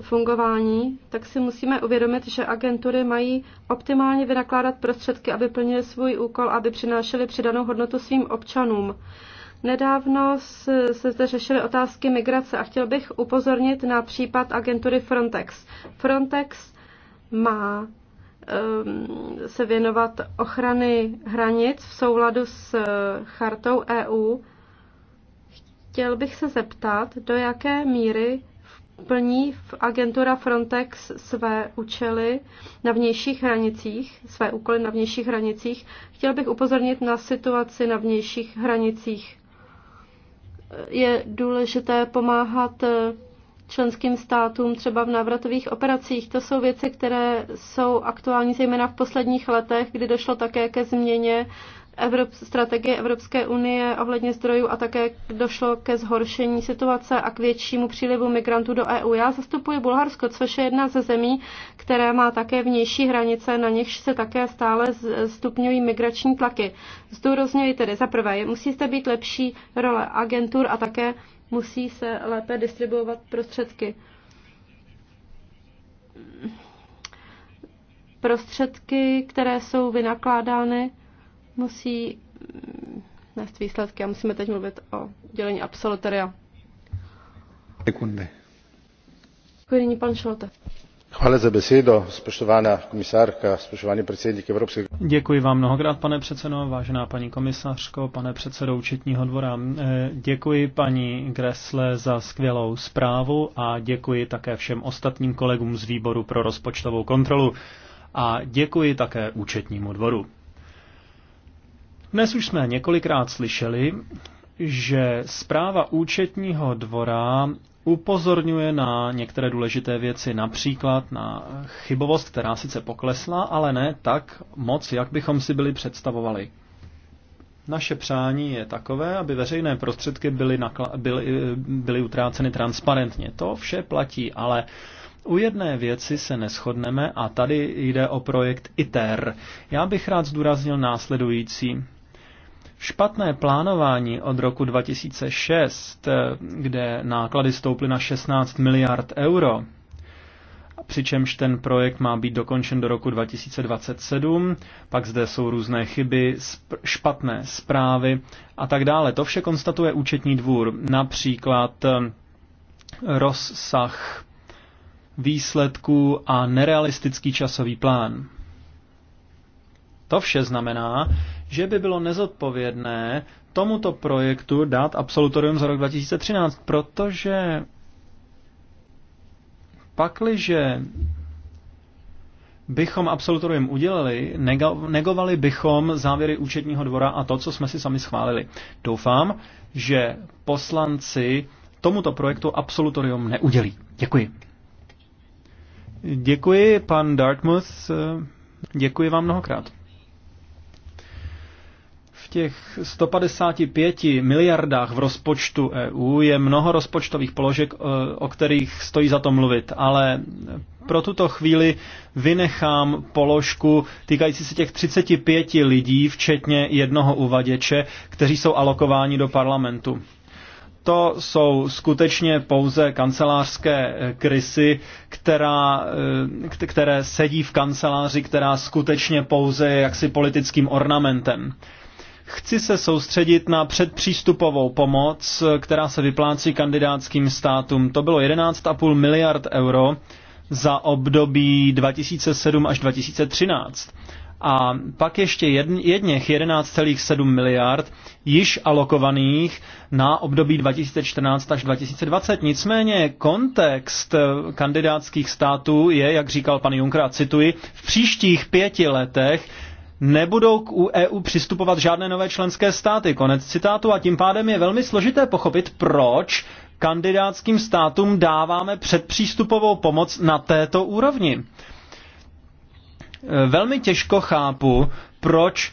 fungování, tak si musíme uvědomit, že agentury mají optimálně vynakládat prostředky, aby plnili svůj úkol, aby přinášely přidanou hodnotu svým občanům. Nedávno se zde řešily otázky migrace a chtěl bych upozornit na případ agentury Frontex. Frontex má um, se věnovat ochrany hranic v souladu s eh, chartou EU. Chtěl bych se zeptat, do jaké míry plní agentura Frontex své účely na vnějších hranicích, své úkoly na vnějších hranicích. Chtěl bych upozornit na situaci na vnějších hranicích. Je důležité pomáhat eh, členským státům třeba v návratových operacích. To jsou věci, které jsou aktuální zejména v posledních letech, kdy došlo také ke změně uh, Evrop, strategie Evropské unie ohledně zdrojů a také došlo ke zhoršení situace a k většímu přílivu migrantů do EU. Já zastupuji Bulharsko, což je jedna ze zemí, které má také vnější hranice, na nichž se také stále stupňují migrační tlaky. Zdůrazňuji tedy za prvé, musí zde být lepší role agentur a také musí se lépe distribuovat prostředky. Prostředky, které jsou vynakládány musí mm, nést výsledky a musíme teď mluvit o dělení absolutoria. Sekundy. Děkuji, nyní pan Šolte. Hvala za besedo, spoštovaná komisárka, spoštovaný předsedník Evropského. Děkuji vám mnohokrát, pane předsedo, vážená paní komisařko, pane předsedo účetního dvora. Eh, děkuji paní Gresle za skvělou zprávu a děkuji také všem ostatním kolegům z výboru pro rozpočtovou kontrolu a děkuji také účetnímu dvoru. Dnes už jsme několikrát slyšeli, že zpráva účetního dvora upozorňuje na některé důležité věci, například na chybovost, která sice poklesla, ale ne tak moc, jak bychom si byli představovali. Naše přání je takové, aby veřejné prostředky byly, nakla- byly, byly utráceny transparentně. To vše platí, ale u jedné věci se neschodneme a tady jde o projekt ITER. Já bych rád zdůraznil následující. Špatné plánování od roku 2006, eh, kde náklady stouply na 16 miliard euro, přičemž ten projekt má být dokončen do roku 2027, pak zde jsou různé chyby, špatné zprávy a tak dále. To vše konstatuje účetní dvůr, například eh, rozsah výsledků a nerealistický časový plán. To vše znamená, že by bylo nezodpovědné tomuto projektu dát absolutorium za rok 2013, protože pakliže bychom absolutorium udělali, negovali bychom závěry účetního dvora a to, co jsme si sami schválili. Doufám, že poslanci tomuto projektu absolutorium neudělí. Děkuji. Děkuji, pan Dartmouth. Děkuji vám mnohokrát těch 155 miliardách v rozpočtu EU je mnoho rozpočtových položek, e, o kterých stojí za to mluvit, ale pro tuto chvíli vynechám položku týkající se těch 35 lidí, včetně jednoho uvaděče, kteří jsou alokováni do parlamentu. To jsou skutečně pouze kancelářské e, krysy, která, e, které sedí v kanceláři, která skutečně pouze je jaksi politickým ornamentem. Chci se soustředit na předpřístupovou pomoc, která se vyplácí kandidátským státům. To bylo 11,5 miliard euro za období 2007 až 2013. A pak ještě jedněch 11,7 miliard již alokovaných na období 2014 až 2020. Nicméně kontext eh, kandidátských států je, jak říkal pan Juncker, a cituji, v příštích pěti letech nebudou k EU e přistupovat žádné nové členské státy. Konec citátu. A tím pádem je velmi složité pochopit, proč kandidátským státům dáváme předpřístupovou pomoc na této úrovni. E, velmi těžko chápu, proč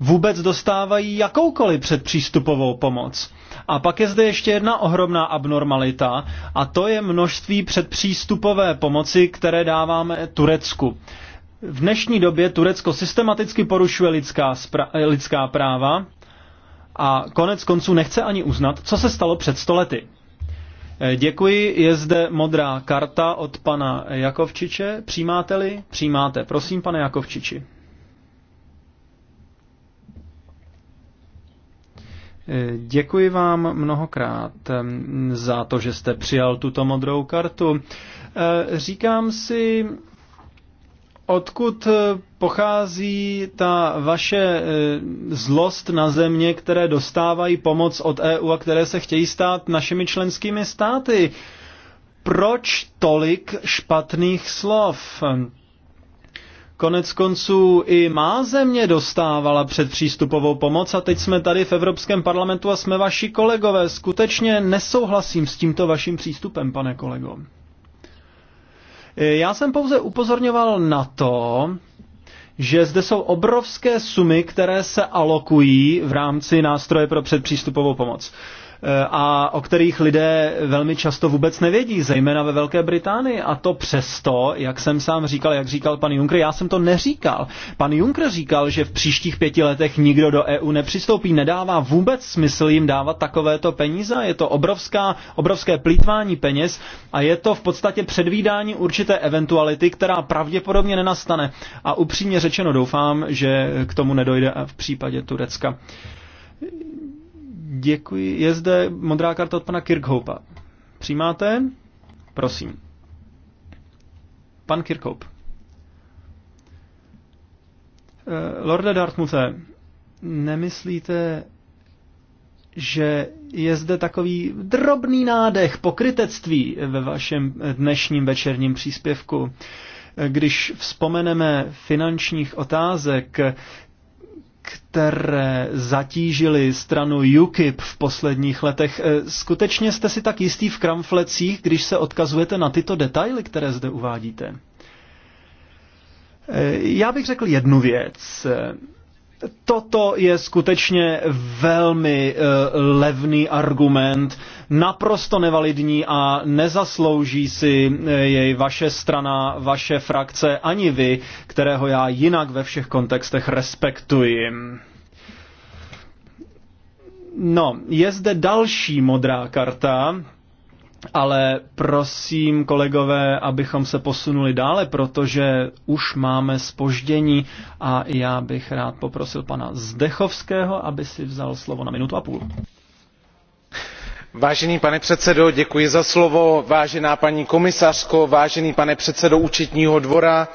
vůbec dostávají jakoukoliv předpřístupovou pomoc. A pak je zde ještě jedna ohromná abnormalita a to je množství předpřístupové pomoci, které dáváme Turecku. V dnešní době Turecko systematicky porušuje lidská, eh, lidská práva a konec konců nechce ani uznat, co se stalo před stolety. Eh, děkuji, je zde modrá karta od pana Jakovčiče. Přijímáte-li? Přijímáte. Prosím, pane Jakovčiči. Eh, děkuji vám mnohokrát ehm, za to, že jste přijal tuto modrou kartu. Říkám si, Odkud eh, pochází ta vaše eh, zlost na země, které dostávají pomoc od EU a které se chtějí stát našimi členskými státy? Proč tolik špatných slov? Konec konců i má země dostávala předpřístupovou pomoc a teď jsme tady v Evropském parlamentu a jsme vaši kolegové. Skutečně nesouhlasím s tímto vaším přístupem, pane kolego. Eh, já jsem pouze upozorňoval na to, že zde jsou obrovské sumy, které se alokují v rámci nástroje pro předpřístupovou pomoc. Eh, a o kterých lidé velmi často vůbec nevědí, zejména ve Velké Británii. A to přesto, jak jsem sám říkal, jak říkal pan Juncker, já jsem to neříkal. Pan Juncker říkal, že v příštích pěti letech nikdo do EU nepřistoupí. Nedává vůbec smysl jim dávat takovéto peníze. Je to obrovská, obrovské plítvání peněz a je to v podstatě předvídání určité eventuality, která pravděpodobně nenastane. A upřímně řečeno doufám, že k tomu nedojde v případě Turecka. Děkuji. Je zde modrá karta od pana Kirkhopa. Přijímáte? Prosím. Pan Kirkhope. Eh, Lorde Dartmouthe, nemyslíte, že je zde takový drobný nádech pokrytectví ve vašem dnešním večerním příspěvku? Eh, když vzpomeneme finančních otázek, které zatížily stranu UKIP v posledních letech. Eh, skutečně jste si tak jistý v kramflecích, když se odkazujete na tyto detaily, které zde uvádíte? Eh, já bych řekl jednu věc. Toto je skutečně velmi eh, levný argument naprosto nevalidní a nezaslouží si eh, jej vaše strana, vaše frakce, ani vy, kterého já jinak ve všech kontextech respektuji. No, je zde další modrá karta, ale prosím, kolegové, abychom se posunuli dále, protože už máme spoždění a já bych rád poprosil pana Zdechovského, aby si vzal slovo na minutu a půl vážený pane předsedající děkuji za slovo vážená paní komisařko vážený pane předsedo účetního dvora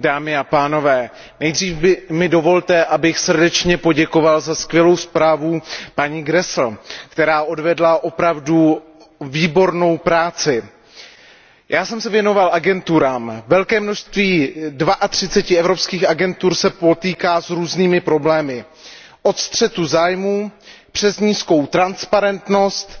dámy a pánové nejdřív mi dovolte abych srdečně poděkoval za skvělou zprávu paní grle která odvedla opravdu výbornou práci. já jsem se věnoval agenturám. velké množství dva evropských agentur se potýká s různými problémy od střetu zájmů přes nízkou transparentnost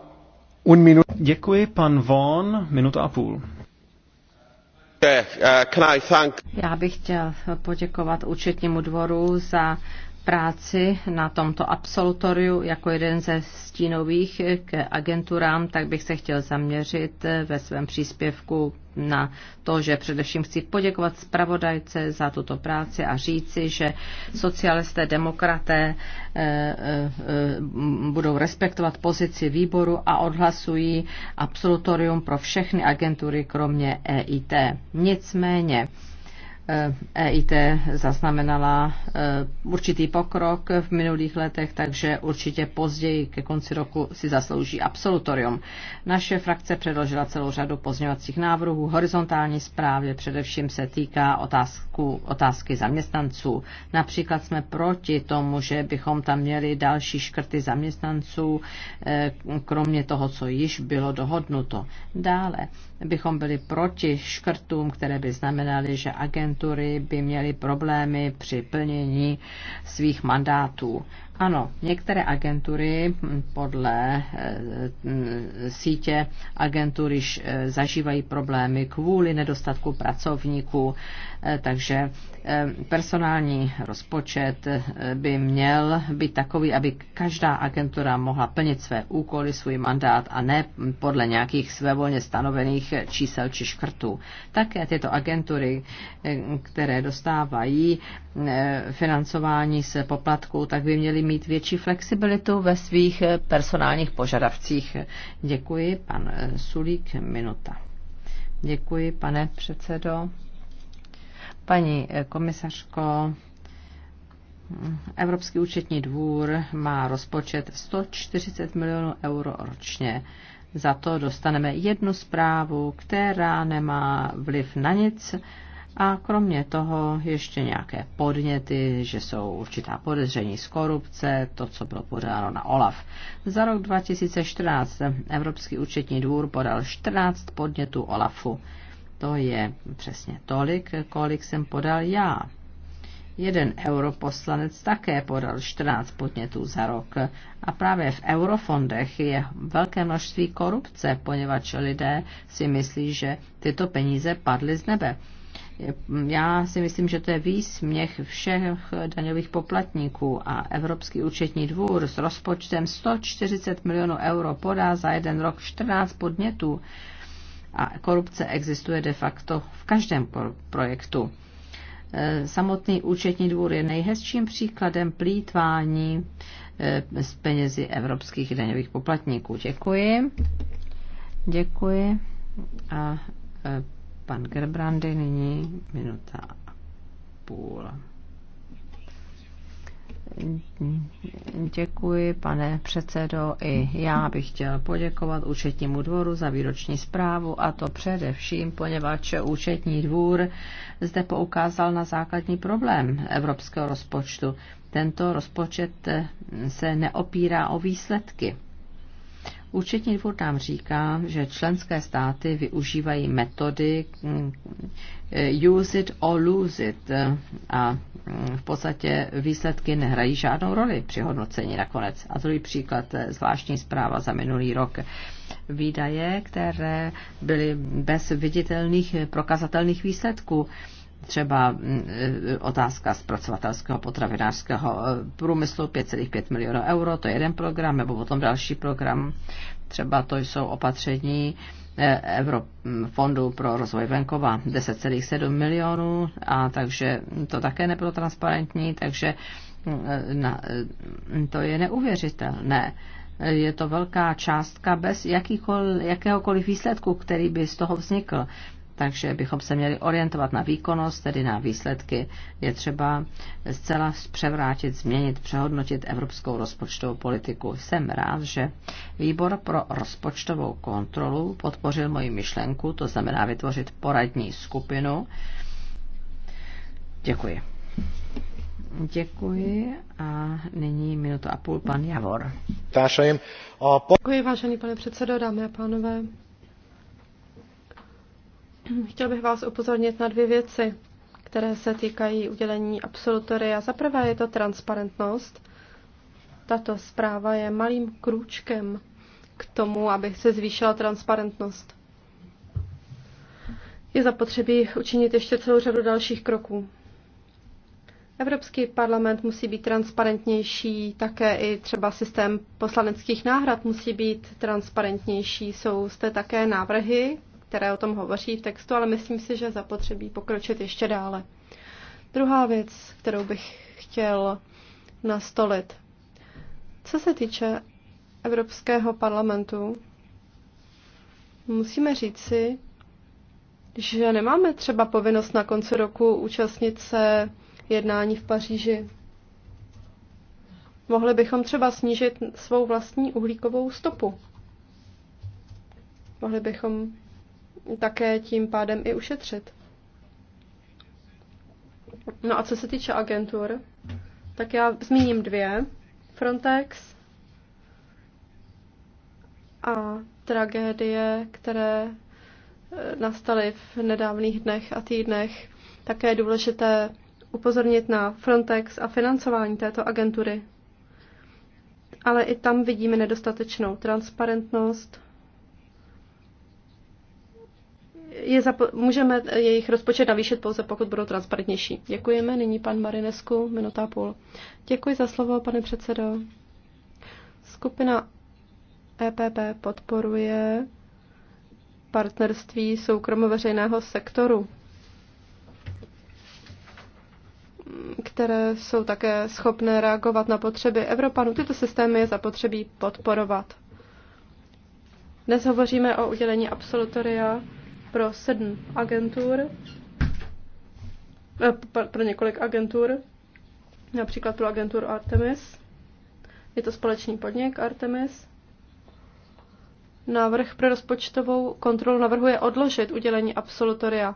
Děkuji, pan Von, minuta a půl. Eh, eh, Já bych chtěl poděkovat účetnímu dvoru za práci na tomto absolutoriu jako jeden ze stínových k agenturám, tak bych se chtěl zaměřit eh, ve svém příspěvku na to, že především chci poděkovat zpravodajce za tuto práci a říci, že socialisté, demokraté eh, eh, budou respektovat pozici výboru a odhlasují absolutorium pro všechny agentury, kromě EIT. Nicméně, EIT eh, e zaznamenala eh, určitý pokrok v minulých letech, takže určitě později ke konci roku si zaslouží absolutorium. Naše frakce předložila celou řadu pozměňovacích návrhů. Horizontální zprávě především se týká otázku, otázky zaměstnanců. Například jsme proti tomu, že bychom tam měli další škrty zaměstnanců, eh, kromě toho, co již bylo dohodnuto. Dále bychom byli proti škrtům, které by znamenaly, že agentury by měly problémy při plnění svých mandátů. Ano, některé agentury hm, podle eh, hm, sítě agentury eh, zažívají problémy kvůli nedostatku pracovníků, eh, takže personální rozpočet by měl být takový, aby každá agentura mohla plnit své úkoly, svůj mandát a ne hm, podle nějakých svévolně stanovených čísel či škrtů. Také tyto agentury, které dostávají financování se poplatků, tak by měli mít větší flexibilitu ve svých eh, personálních požadavcích. Děkuji, pan eh, Sulík, minuta. Děkuji, pane předsedo. Paní eh, komisařko, Evropský účetní dvůr má rozpočet 140 milionů euro ročně. Za to dostaneme jednu zprávu, která nemá vliv na nic, a kromě toho ještě nějaké podněty, že jsou určitá podezření z korupce, to, co bylo podáno na OLAF. Za rok 2014 Evropský účetní dvůr podal 14 podnětů OLAFu. To je přesně tolik, kolik jsem podal já. Jeden europoslanec také podal 14 podnětů za rok. A právě v eurofondech je velké množství korupce, poněvadž lidé si myslí, že tyto peníze padly z nebe. Já si myslím, že to je výsměch všech daňových poplatníků a Evropský účetní dvůr s rozpočtem 140 milionů euro podá za jeden rok 14 podnětů a korupce existuje de facto v každém projektu. Eh, samotný účetní dvůr je nejhezčím příkladem plítvání z eh, penězi evropských daňových poplatníků. Děkuji. Děkuji. A eh, Pan Gerbrandy nyní minuta a půl. Děkuji, pane předsedo. I já bych chtěl poděkovat účetnímu dvoru za výroční zprávu, a to především, poněvadž účetní dvůr zde poukázal na základní problém evropského rozpočtu. Tento rozpočet se neopírá o výsledky Účetní dvůr nám říká, že členské státy využívají metody eh, use it or lose it eh, a mm, v podstatě výsledky nehrají žádnou roli při hodnocení nakonec. A druhý příklad, eh, zvláštní zpráva za minulý rok. Výdaje, které byly bez viditelných prokazatelných výsledků třeba mm, eh, otázka zpracovatelského potravinářského eh, průmyslu 5,5 milionů euro, to je jeden program, nebo potom další program, třeba to jsou opatření Euro, eh, mm, fondu pro rozvoj venkova 10,7 milionů, a takže to také nebylo transparentní, takže mm, na, to je neuvěřitelné je to velká částka bez jakýkoliv, jakéhokoliv výsledku, který by z toho vznikl takže bychom se měli orientovat na výkonnost, tedy na výsledky. Je třeba zcela převrátit, změnit, přehodnotit evropskou rozpočtovou politiku. Jsem rád, že výbor pro rozpočtovou kontrolu podpořil moji myšlenku, to znamená vytvořit poradní skupinu. Děkuji. Děkuji a nyní minuta a půl pan Javor. Děkuji, vážený pane předsedo, dámy a pánové. Chtěl bych vás upozornit na dvě věci, které se týkají udělení absolutoria. Za prvé je to transparentnost. Tato zpráva je malým krůčkem k tomu, aby se zvýšila transparentnost. Je zapotřebí učinit ještě celou řadu dalších kroků. Evropský parlament musí být transparentnější, také i třeba systém poslaneckých náhrad musí být transparentnější. Jsou zde také návrhy které o tom hovoří v textu, ale myslím si, že zapotřebí pokročit ještě dále. Druhá věc, kterou bych chtěl nastolit. Co se týče Evropského parlamentu, musíme říci, že nemáme třeba povinnost na konci roku účastnit se jednání v Paříži. Mohli bychom třeba snížit svou vlastní uhlíkovou stopu. Mohli bychom také tím pádem i ušetřit. No a co se týče agentur, tak já zmíním dvě. Frontex a tragédie, které eh, nastaly v nedávných dnech a týdnech. Také je důležité upozornit na Frontex a financování této agentury. Ale i tam vidíme nedostatečnou transparentnost, je zapo- můžeme jejich rozpočet navýšit pouze, pokud budou transparentnější. Děkujeme. Nyní pan Marinesku, minuta a půl. Děkuji za slovo, pane předsedo. Skupina EPP podporuje partnerství soukromo-veřejného sektoru, které jsou také schopné reagovat na potřeby Evropanů. Tyto systémy je zapotřebí podporovat. Dnes hovoříme o udělení absolutoria pro sedm agentur, eh, pro několik agentur, například pro agenturu Artemis. Je to společný podnik Artemis. Návrh pro rozpočtovou kontrolu navrhuje odložit udělení absolutoria.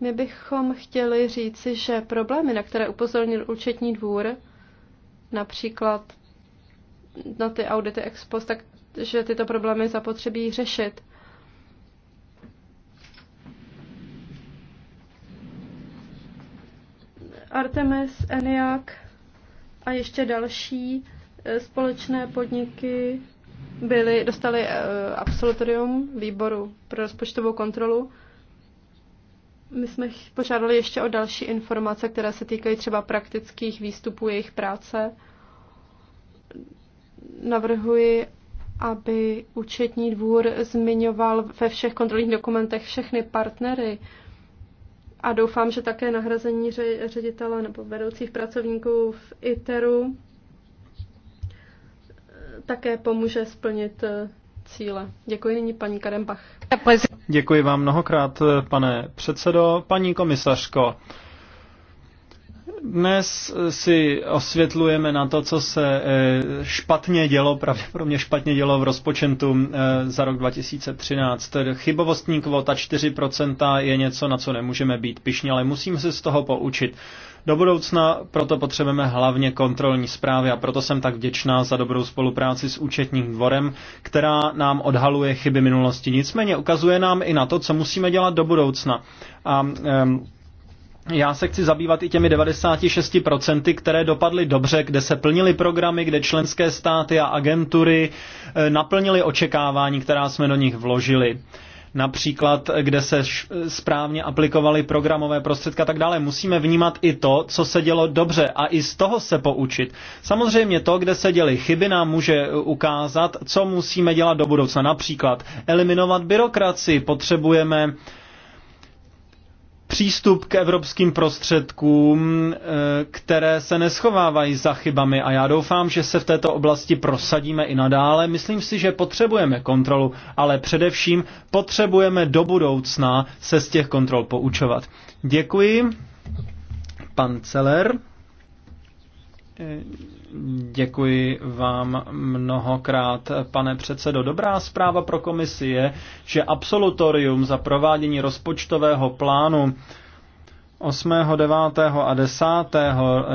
My bychom chtěli říci, že problémy, na které upozornil účetní dvůr, například na ty audity expos, takže tak že tyto problémy zapotřebí řešit. Artemis, Eniak a ještě další eh, společné podniky byly, dostali eh, absolutorium výboru pro rozpočtovou kontrolu. My jsme požádali ještě o další informace, které se týkají třeba praktických výstupů jejich práce. Navrhuji, aby účetní dvůr zmiňoval ve všech kontrolních dokumentech všechny partnery, a doufám, že také nahrazení ředitele nebo vedoucích pracovníků v ITERu eh, také pomůže splnit eh, cíle. Děkuji nyní paní Karembach. Děkuji vám mnohokrát, eh, pane předsedo. Paní komisařko, dnes si osvětlujeme na to, co se eh, špatně dělo, pravděpodobně špatně dělo v rozpočtu eh, za rok 2013. Chybovostní kvota 4% je něco, na co nemůžeme být pišní, ale musíme se z toho poučit. Do budoucna proto potřebujeme hlavně kontrolní zprávy a proto jsem tak vděčná za dobrou spolupráci s účetním dvorem, která nám odhaluje chyby minulosti. Nicméně ukazuje nám i na to, co musíme dělat do budoucna. A um, já se chci zabývat i těmi 96%, které dopadly dobře, kde se plnily programy, kde členské státy a agentury e, naplnily očekávání, která jsme do nich vložili například, kde se e, správně aplikovaly programové prostředky a tak dále. Musíme vnímat i to, co se dělo dobře a i z toho se poučit. Samozřejmě to, kde se děly chyby, nám může e, ukázat, co musíme dělat do budoucna. Například eliminovat byrokracii, potřebujeme přístup k evropským prostředkům, eh, které se neschovávají za chybami a já doufám, že se v této oblasti prosadíme i nadále. Myslím si, že potřebujeme kontrolu, ale především potřebujeme do budoucna se z těch kontrol poučovat. Děkuji. Pan Celer. Eh, Děkuji vám mnohokrát, pane předsedo. Dobrá zpráva pro komisi je, že absolutorium za provádění rozpočtového plánu 8., 9. a 10.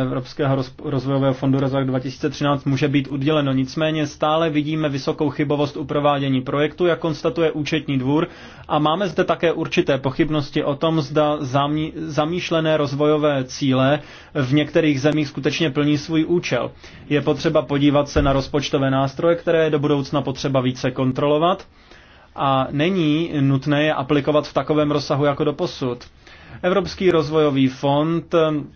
Evropského rozvojového fondu Rozvoj 2013 může být uděleno. Nicméně stále vidíme vysokou chybovost u provádění projektu, jak konstatuje účetní dvůr, a máme zde také určité pochybnosti o tom, zda zamí, zamýšlené rozvojové cíle v některých zemích skutečně plní svůj účel. Je potřeba podívat se na rozpočtové nástroje, které je do budoucna potřeba více kontrolovat a není nutné je aplikovat v takovém rozsahu jako do posud Evropský rozvojový fond ehm,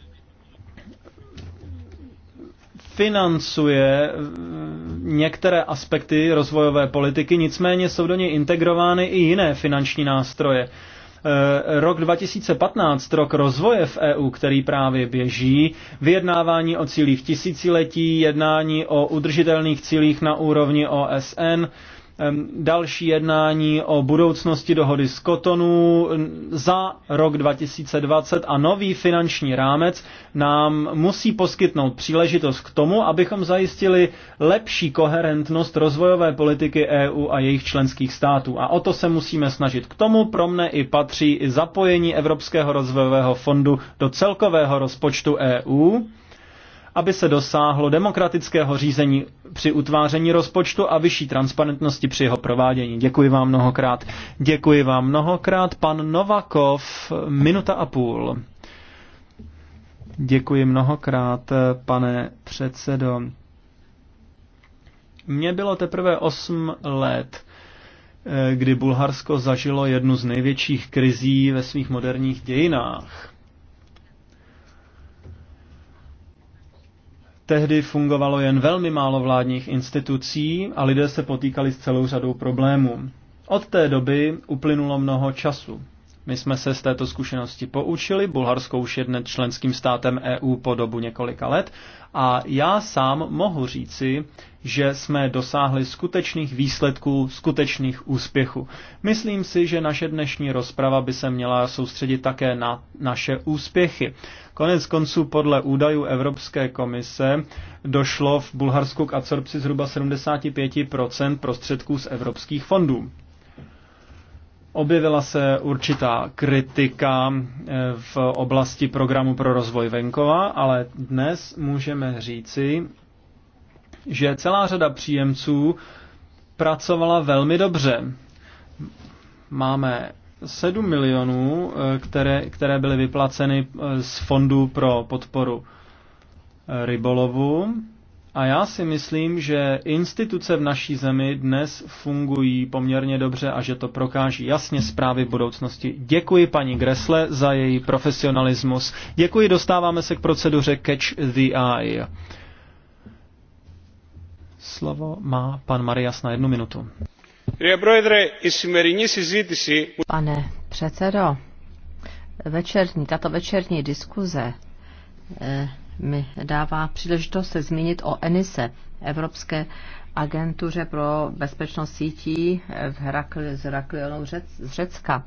financuje ehm, některé aspekty rozvojové politiky, nicméně jsou do něj integrovány i jiné finanční nástroje. Ehm, rok 2015, rok rozvoje v EU, který právě běží, vyjednávání o cílích tisíciletí, jednání o udržitelných cílích na úrovni OSN, další jednání o budoucnosti dohody z Kotonu za rok 2020 a nový finanční rámec nám musí poskytnout příležitost k tomu, abychom zajistili lepší koherentnost rozvojové politiky EU a jejich členských států. A o to se musíme snažit. K tomu pro mne i patří i zapojení Evropského rozvojového fondu do celkového rozpočtu EU aby se dosáhlo demokratického řízení při utváření rozpočtu a vyšší transparentnosti při jeho provádění. Děkuji vám mnohokrát. Děkuji vám mnohokrát. Pan Novakov, minuta a půl. Děkuji mnohokrát, pane předsedo. Mně bylo teprve 8 let, kdy Bulharsko zažilo jednu z největších krizí ve svých moderních dějinách. Tehdy fungovalo jen velmi málo vládních institucí a lidé se potýkali s celou řadou problémů. Od té doby uplynulo mnoho času. My jsme se z této zkušenosti poučili, Bulharsko už je dnes členským státem EU po dobu několika let a já sám mohu říci, že jsme dosáhli skutečných výsledků, skutečných úspěchů. Myslím si, že naše dnešní rozprava by se měla soustředit také na naše úspěchy. Konec konců podle údajů Evropské komise došlo v Bulharsku k absorpci zhruba 75% prostředků z evropských fondů. Objevila se určitá kritika eh, v oblasti programu pro rozvoj venkova, ale dnes můžeme říci, že celá řada příjemců pracovala velmi dobře. Máme 7 milionů, eh, které, které byly vyplaceny eh, z fondu pro podporu eh, rybolovu. A já si myslím, že instituce v naší zemi dnes fungují poměrně dobře a že to prokáží jasně zprávy v budoucnosti. Děkuji paní Gresle za její profesionalismus. Děkuji, dostáváme se k proceduře Catch the Eye. Slovo má pan Marias na jednu minutu. Pane předsedo, večerní, tato večerní diskuze eh, mi dává příležitost se zmínit o ENISE, Evropské agentuře pro bezpečnost sítí eh, v Herakl, z Heraklionu z Řecka.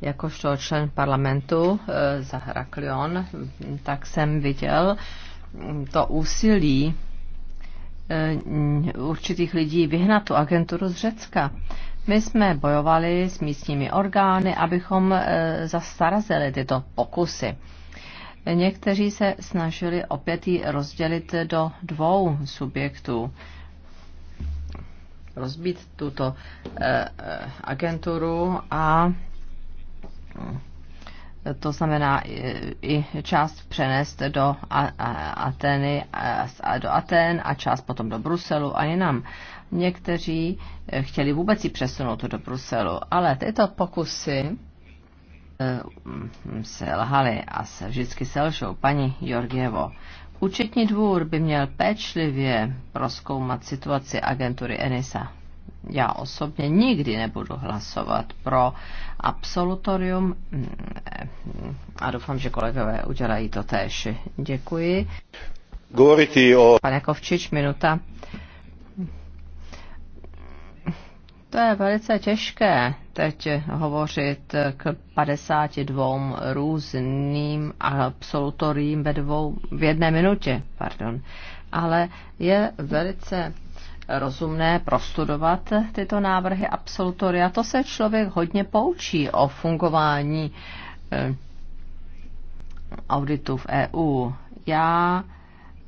Jakožto člen parlamentu eh, za Heraklion, tak jsem viděl to úsilí Eh, určitých lidí vyhnat tu agenturu z Řecka. My jsme bojovali s místními orgány, abychom eh, zastarazili tyto pokusy. Někteří se snažili opět ji rozdělit do dvou subjektů. Rozbít tuto eh, agenturu a to znamená i část přenést do Ateny, do Aten a část potom do Bruselu a jinam. Někteří eh, chtěli vůbec ji přesunout do Bruselu, ale tyto pokusy eh, se lhaly a se vždycky selžou. Paní Georgievo, Účetní dvůr by měl pečlivě proskoumat situaci agentury ENISA já osobně nikdy nebudu hlasovat pro absolutorium mm, a doufám, že kolegové udělají to též. Děkuji. Govoriti o... Pane Kovčič, minuta. To je velice těžké teď hovořit k 52 různým absolutorím ve dvou, v jedné minutě, pardon. Ale je velice rozumné prostudovat tyto návrhy absolutoria. To se člověk hodně poučí o fungování eh, auditu v EU. Já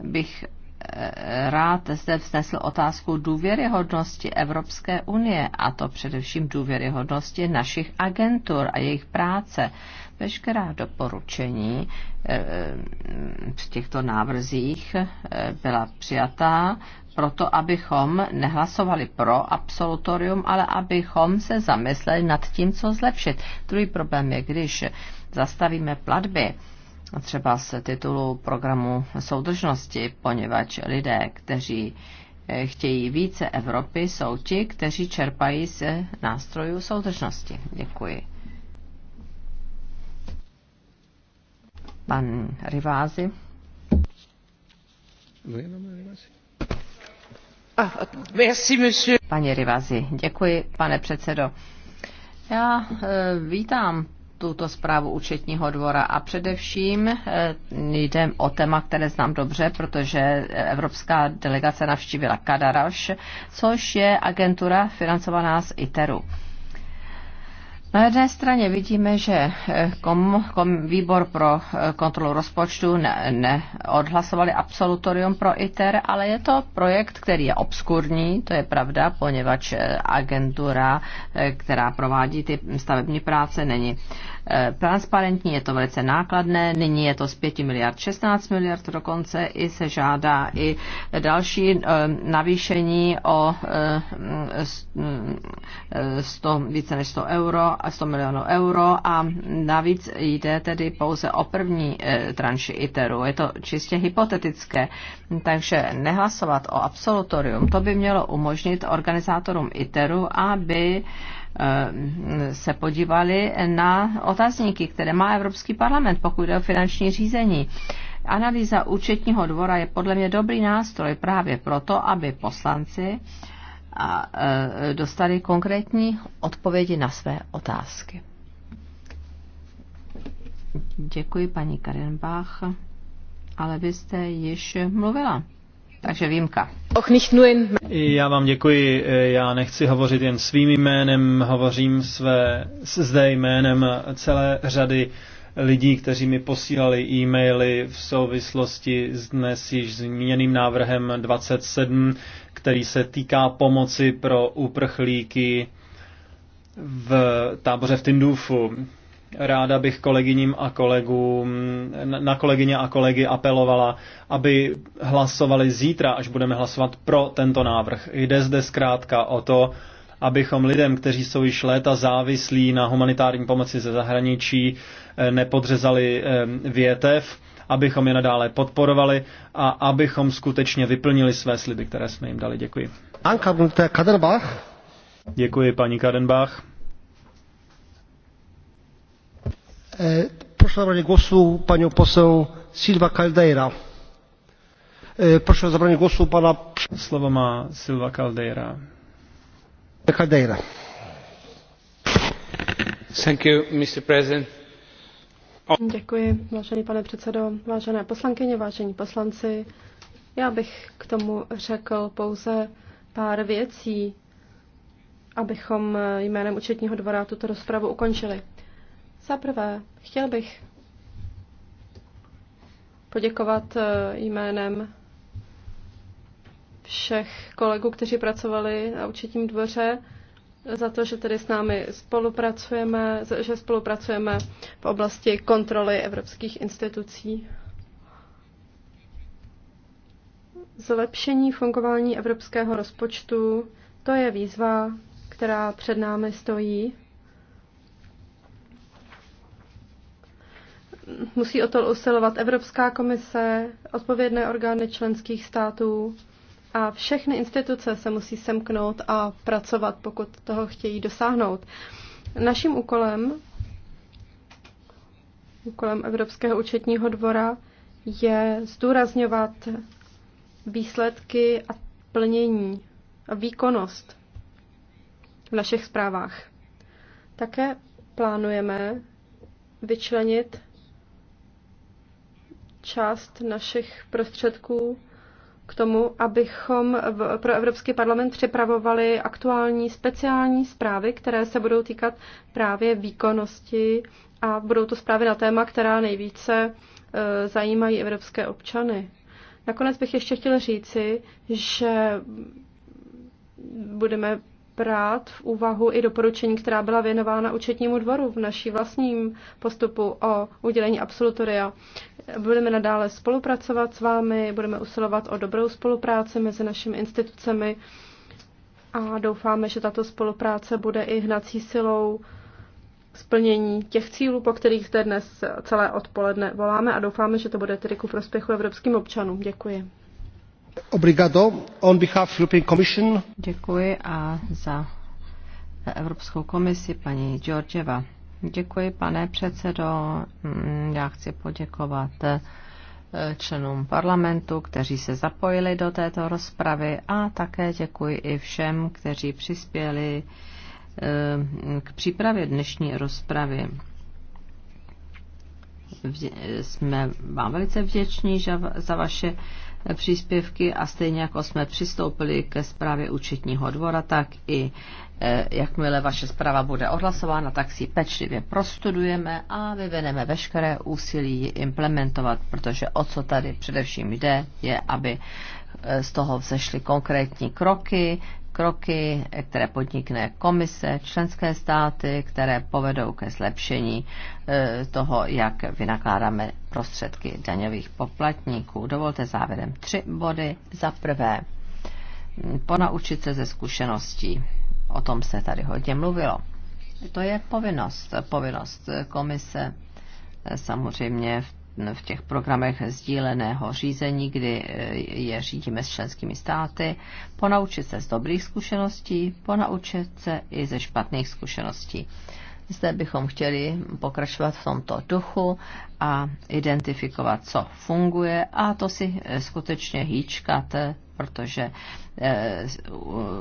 bych rád zde vznesl otázku důvěryhodnosti Evropské unie, a to především důvěryhodnosti našich agentur a jejich práce. Veškerá doporučení eh, eh, v těchto návrzích eh, byla přijatá proto, abychom nehlasovali pro absolutorium, ale abychom se zamysleli nad tím, co zlepšit. Druhý problém je, když zastavíme platby, třeba z titulu programu soudržnosti, poněvadž lidé, kteří eh, chtějí více Evropy, jsou ti, kteří čerpají z nástrojů soudržnosti. Děkuji. Pan Rivázi. No, ah, Paní Rivázi, děkuji, pane předsedo. Já eh, vítám tuto zprávu účetního dvora a především eh, jde o téma, které znám dobře, protože evropská delegace navštívila Kadaraš, což je agentura financovaná z ITERu. Na jedné straně vidíme, že eh, kom, kom, výbor pro eh, kontrolu rozpočtu neodhlasovali ne, absolutorium pro ITER, ale je to projekt, který je obskurní, to je pravda, poněvadž eh, agentura, která provádí ty stavební práce, není Eh, transparentní, je to velice nákladné, nyní je to z 5 miliard 16 miliard dokonce i se žádá i další eh, navýšení o 100, eh, více než 100 euro a 100 milionů euro a navíc jde tedy pouze o první tranši ITERu. Je to čistě hypotetické, takže nehlasovat o absolutorium, to by mělo umožnit organizátorům ITERu, aby se podívali na otazníky, které má Evropský parlament, pokud jde o finanční řízení. Analýza účetního dvora je podle mě dobrý nástroj právě proto, aby poslanci e, dostali konkrétní odpovědi na své otázky. Děkuji, paní Karenbach, ale vy jste již mluvila. Takže výjimka. Já vám děkuji. Já nechci hovořit jen svým jménem, hovořím své, zde jménem celé řady lidí, kteří mi posílali e-maily v souvislosti s dnes již zmíněným návrhem 27, který se týká pomoci pro uprchlíky v táboře v Tindufu. Ráda bych kolegyním a kolegům, na kolegyně a kolegy apelovala, aby hlasovali zítra, až budeme hlasovat pro tento návrh. Jde zde zkrátka o to, abychom lidem, kteří jsou již léta závislí na humanitární pomoci ze zahraničí, eh, nepodřezali eh, větev, abychom je nadále podporovali a abychom skutečně vyplnili své sliby, které jsme jim dali. Děkuji. Anka Děkuji, paní Kadenbach. E, proszę o zabranie głosu panią poseł Silva Caldeira. E, proszę o zabranie głosu pana... Slovo má Silva Caldeira. Caldeira. Thank you, Mr. President. Děkuji, vážený pane předsedo, vážené poslankyně, vážení poslanci. Já bych k tomu řekl pouze pár věcí, abychom jménem účetního dvora tuto rozpravu ukončili. Za prvé, chtěl bych poděkovat eh, jménem všech kolegů, kteří pracovali na určitím dvoře, za to, že tedy s námi spolupracujeme, že spolupracujeme v oblasti kontroly evropských institucí. Zlepšení fungování evropského rozpočtu, to je výzva, která před námi stojí. musí o to usilovat Evropská komise, odpovědné orgány členských států a všechny instituce se musí semknout a pracovat, pokud toho chtějí dosáhnout. Naším úkolem, úkolem Evropského účetního dvora, je zdůrazňovat výsledky a plnění a výkonnost v našich zprávách. Také plánujeme vyčlenit část našich prostředků k tomu, abychom pro Evropský parlament připravovali aktuální speciální zprávy, které se budou týkat právě výkonnosti a budou to zprávy na téma, která nejvíce e, zajímají evropské občany. Nakonec bych ještě chtěl říci, že budeme brát v úvahu i doporučení, která byla věnována účetnímu dvoru v naší vlastním postupu o udělení absolutoria. Budeme nadále spolupracovat s vámi, budeme usilovat o dobrou spolupráci mezi našimi institucemi a doufáme, že tato spolupráce bude i hnací silou splnění těch cílů, po kterých zde dnes celé odpoledne voláme a doufáme, že to bude tedy ku prospěchu evropským občanům. Děkuji. Děkuji a za Evropskou komisi paní Georgieva. Děkuji, pane předsedo. Já chci poděkovat eh, členům parlamentu, kteří se zapojili do této rozpravy a také děkuji i všem, kteří přispěli eh, k přípravě dnešní rozpravy. Jsme vám velice vděční za vaše příspěvky a stejně jako jsme přistoupili ke zprávě účetního dvora, tak i e, jakmile vaše zpráva bude odhlasována, tak si pečlivě prostudujeme a vyveneme veškeré úsilí ji implementovat, protože o co tady především jde, je, aby e, z toho vzešly konkrétní kroky, kroky, které podnikne komise, členské státy, které povedou ke zlepšení eh, toho, jak vynakládáme prostředky daňových poplatníků. Dovolte závěrem tři body. Za prvé, ponaučit se ze zkušeností. O tom se tady hodně mluvilo. To je povinnost, povinnost komise eh, samozřejmě v v těch programech sdíleného řízení, kdy e, je řídíme s členskými státy, ponaučit se z dobrých zkušeností, ponaučit se i ze špatných zkušeností. Zde bychom chtěli pokračovat v tomto duchu a identifikovat, co funguje a to si e, skutečně hýčkat, protože e,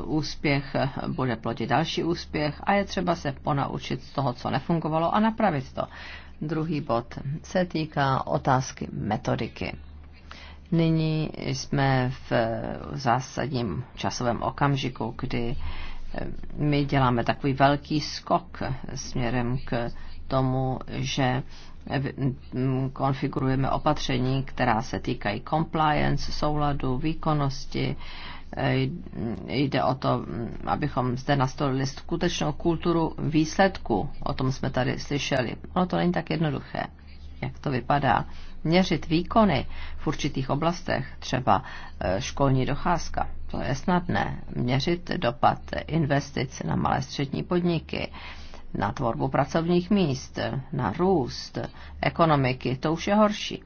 úspěch bude plodit další úspěch a je třeba se ponaučit z toho, co nefungovalo a napravit to. Druhý bod se týká otázky metodiky. Nyní jsme v zásadním časovém okamžiku, kdy eh, my děláme takový velký skok směrem k tomu, že eh, konfigurujeme opatření, která se týkají compliance, souladu, výkonnosti, jde o to, abychom zde nastolili skutečnou kulturu výsledku. O tom jsme tady slyšeli. Ono to není tak jednoduché, jak to vypadá. Měřit výkony v určitých oblastech, třeba e, školní docházka, to je snadné. Měřit dopad investic na malé střední podniky, na tvorbu pracovních míst, na růst ekonomiky, to už je horší.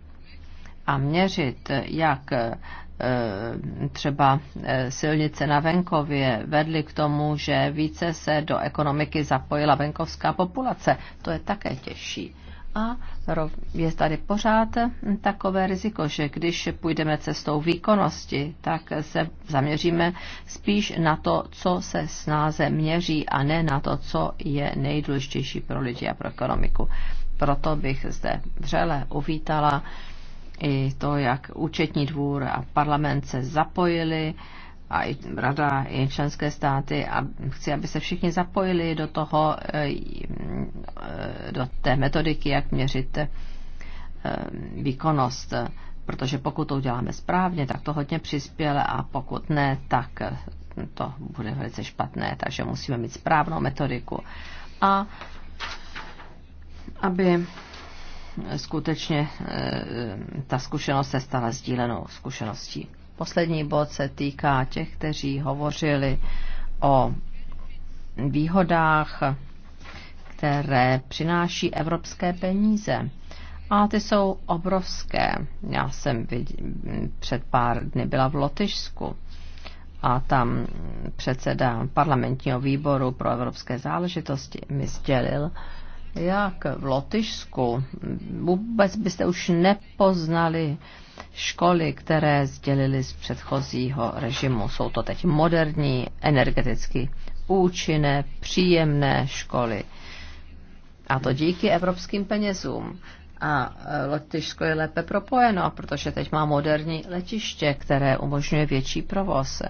A měřit, jak Eh, třeba eh, silnice na venkově vedly k tomu, že více se do ekonomiky zapojila venkovská populace. To je také těžší. A je tady pořád hm, takové riziko, že když půjdeme cestou výkonnosti, tak se zaměříme spíš na to, co se snáze měří a ne na to, co je nejdůležitější pro lidi a pro ekonomiku. Proto bych zde vřele uvítala i to, jak účetní dvůr a parlament se zapojili a i rada, i členské státy a chci, aby se všichni zapojili do toho, e, e, do té metodiky, jak měřit e, výkonnost. Protože pokud to uděláme správně, tak to hodně přispěle a pokud ne, tak to bude velice špatné. Takže musíme mít správnou metodiku. A aby skutečně eh, ta zkušenost se stala sdílenou zkušeností. Poslední bod se týká těch, kteří hovořili o výhodách, které přináší evropské peníze. A ty jsou obrovské. Já jsem před pár dny byla v Lotyšsku a tam předseda parlamentního výboru pro evropské záležitosti mi sdělil, jak v Lotyšsku vůbec byste už nepoznali školy, které sdělili z předchozího režimu. Jsou to teď moderní, energeticky účinné, příjemné školy. A to díky evropským penězům. A Lotyšsko je lépe propojeno, protože teď má moderní letiště, které umožňuje větší provoz.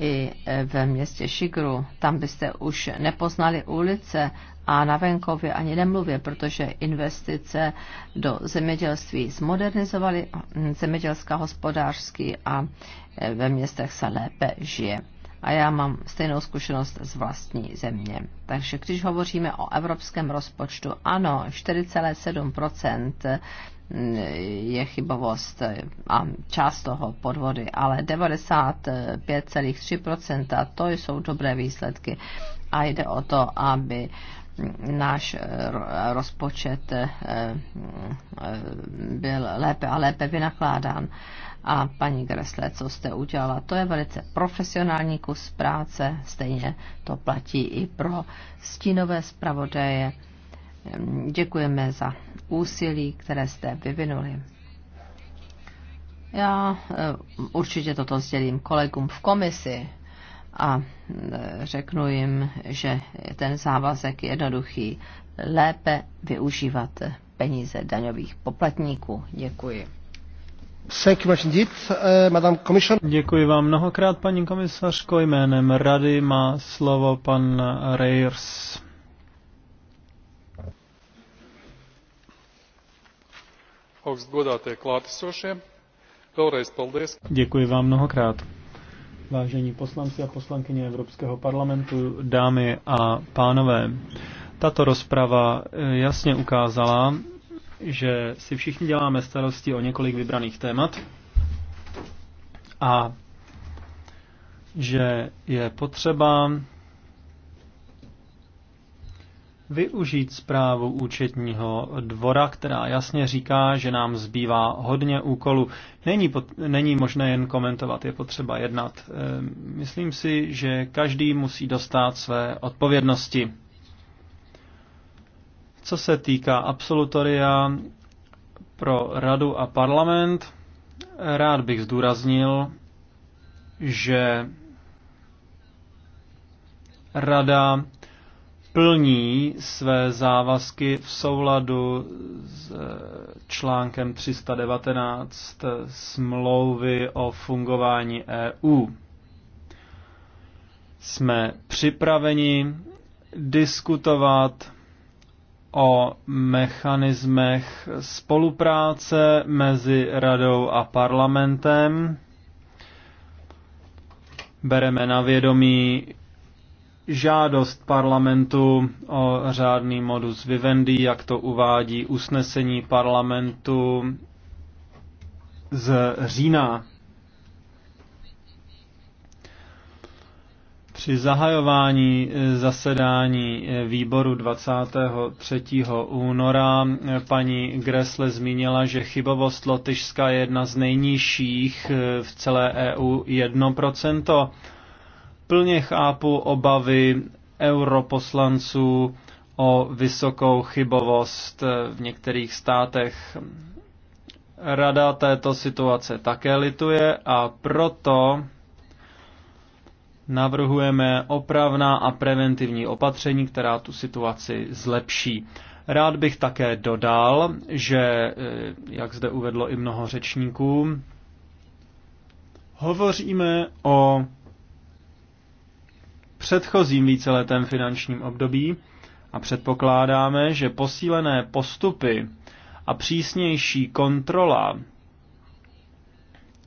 I ve městě Šigru, tam byste už nepoznali ulice a na venkově ani nemluvě, protože investice do zemědělství zmodernizovaly zemědělská hospodářský a e, ve městech se lépe žije. A já mám stejnou zkušenost z vlastní země. Takže když hovoříme o evropském rozpočtu, ano, 4,7 e, je chybovost a část toho podvody, ale 95,3% to jsou dobré výsledky a jde o to, aby náš eh, rozpočet eh, eh, byl lépe a lépe vynakládán. A paní Gresle, co jste udělala, to je velice profesionální kus práce, stejně to platí i pro stínové zpravodaje. Děkujeme za úsilí, které jste vyvinuli. Já určitě toto sdělím kolegům v komisi, a e, řeknu jim, že ten závazek je jednoduchý. Lépe využívat peníze daňových poplatníků. Děkuji. Uh, Děkuji vám mnohokrát, paní komisařko. Jménem rady má slovo pan Reyers. Děkuji vám mnohokrát. Vážení poslanci a poslankyně Evropského parlamentu, dámy a pánové, tato rozprava eh, jasně ukázala, že si všichni děláme starosti o několik vybraných témat a že je potřeba využít zprávu účetního dvora, která jasně říká, že nám zbývá hodně úkolů. Není, není možné jen komentovat, je potřeba jednat. Ehm, myslím si, že každý musí dostat své odpovědnosti. Co se týká absolutoria pro radu a parlament, rád bych zdůraznil, že rada plní své závazky v souladu s eh, článkem 319 smlouvy o fungování EU. Jsme připraveni diskutovat o mechanismech spolupráce mezi radou a parlamentem. Bereme na vědomí žádost parlamentu o řádný modus vivendi, jak to uvádí usnesení parlamentu z října. Při zahajování zasedání výboru 23. února paní Gressle zmínila, že chybovost Lotyšska je jedna z nejnižších v celé EU 1% plně chápu obavy europoslanců o vysokou chybovost v některých státech. Rada této situace také lituje a proto navrhujeme opravná a preventivní opatření, která tu situaci zlepší. Rád bych také dodal, že, eh, jak zde uvedlo i mnoho řečníků, hovoříme o předchozím víceletém finančním období a předpokládáme, že posílené postupy a přísnější kontrola,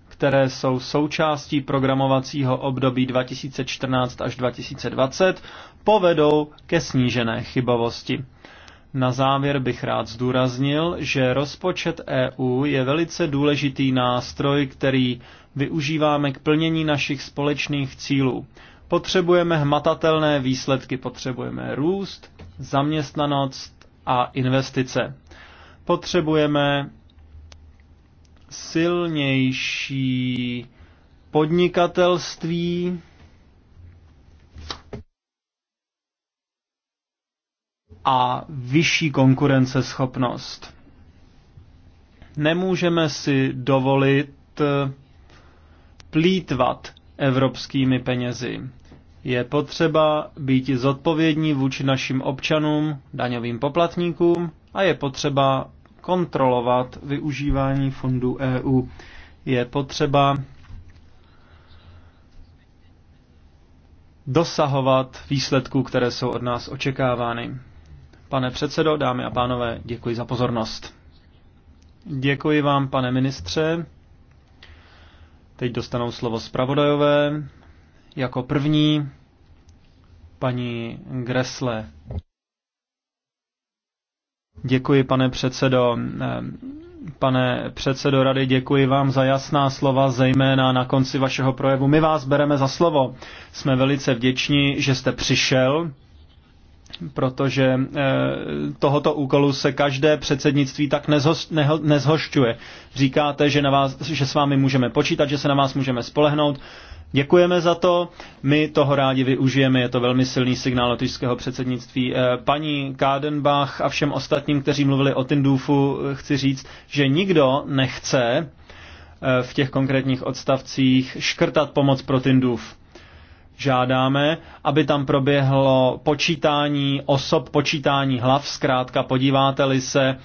které jsou součástí programovacího období 2014 až 2020, povedou ke snížené chybovosti. Na závěr bych rád zdůraznil, že rozpočet EU je velice důležitý nástroj, který využíváme k plnění našich společných cílů. Potřebujeme hmatatelné výsledky, potřebujeme růst, zaměstnanost a investice. Potřebujeme silnější podnikatelství, a vyšší konkurenceschopnost. Nemůžeme si dovolit plítvat evropskými penězi. Je potřeba být zodpovědní vůči našim občanům, daňovým poplatníkům a je potřeba kontrolovat využívání fondů EU. Je potřeba dosahovat výsledků, které jsou od nás očekávány. Pane předsedo, dámy a pánové, děkuji za pozornost. Děkuji vám, pane ministře. Teď dostanou slovo zpravodajové. Jako první paní Gresle. Děkuji, pane předsedo. Ehm, pane předsedo rady, děkuji vám za jasná slova, zejména na konci vašeho projevu. My vás bereme za slovo. Jsme velice vděční, že jste přišel, protože eh, tohoto úkolu se každé předsednictví tak nezhošťuje. Říkáte, že, na vás, že s vámi můžeme počítat, že se na vás můžeme spolehnout Děkujeme za to, my toho rádi využijeme, je to velmi silný signál lotyšského předsednictví. Eh, paní Kádenbach a všem ostatním, kteří mluvili o Tindufu, eh, chci říct, že nikdo nechce eh, v těch konkrétních odstavcích škrtat pomoc pro Tinduf žádáme, aby tam proběhlo počítání osob, počítání hlav, zkrátka podíváte-li se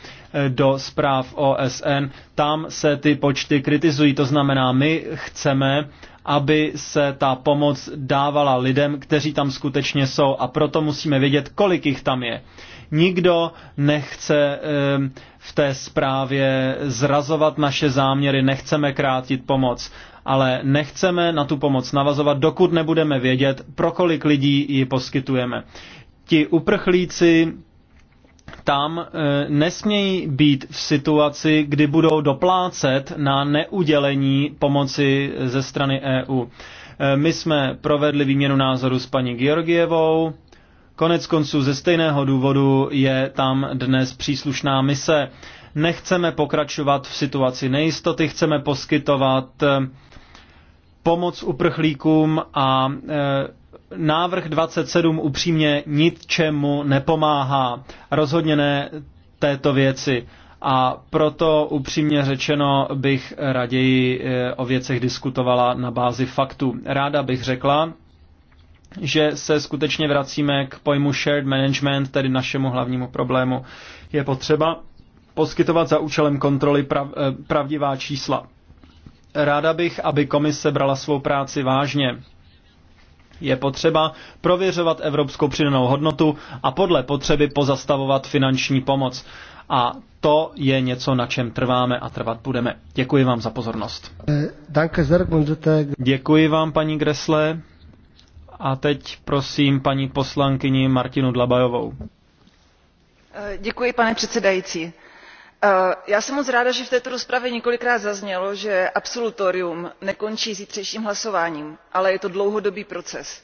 do zpráv OSN, tam se ty počty kritizují, to znamená, my chceme, aby se ta pomoc dávala lidem, kteří tam skutečně jsou a proto musíme vědět, kolik jich tam je. Nikdo nechce v té zprávě zrazovat naše záměry, nechceme krátit pomoc, ale nechceme na tu pomoc navazovat, dokud nebudeme vědět, pro kolik lidí ji poskytujeme. Ti uprchlíci tam eh, nesmějí být v situaci, kdy budou doplácet na neudělení pomoci eh, ze strany EU. Eh, my jsme provedli výměnu názoru s paní Georgievou. Konec konců ze stejného důvodu je tam dnes příslušná mise. Nechceme pokračovat v situaci nejistoty, chceme poskytovat pomoc uprchlíkům a návrh 27 upřímně ničemu nepomáhá. Rozhodně ne této věci. A proto upřímně řečeno bych raději eh, o věcech diskutovala na bázi faktů. Ráda bych řekla, že se skutečně vracíme k pojmu shared management, tedy našemu hlavnímu problému. Je potřeba poskytovat za účelem kontroly prav, eh, pravdivá čísla. Ráda bych, aby komise brala svou práci vážně je potřeba prověřovat evropskou přidanou hodnotu a podle potřeby pozastavovat finanční pomoc. A to je něco, na čem trváme a trvat budeme. Děkuji vám za pozornost. Děkuji vám, paní Gresle. A teď prosím paní poslankyni Martinu Dlabajovou. Děkuji, pane předsedající Eh, já jsem moc ráda že v této rozpravě několikrát zaznělo že absolutorium nekončí zítřejším hlasováním ale je to dlouhodobý proces.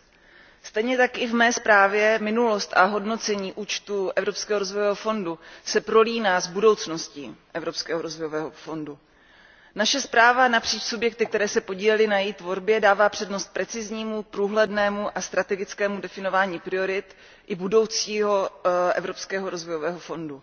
stejně tak i v mé zprávě minulost a hodnocení účtu evropského rozvojového fondu se prolíná s budoucností evropského rozvojového fondu. naše zpráva napříč subjekty které se podílely na její tvorbě dává přednost preciznímu průhlednému a strategickému definování priorit i budoucího eh, evropského rozvojového fondu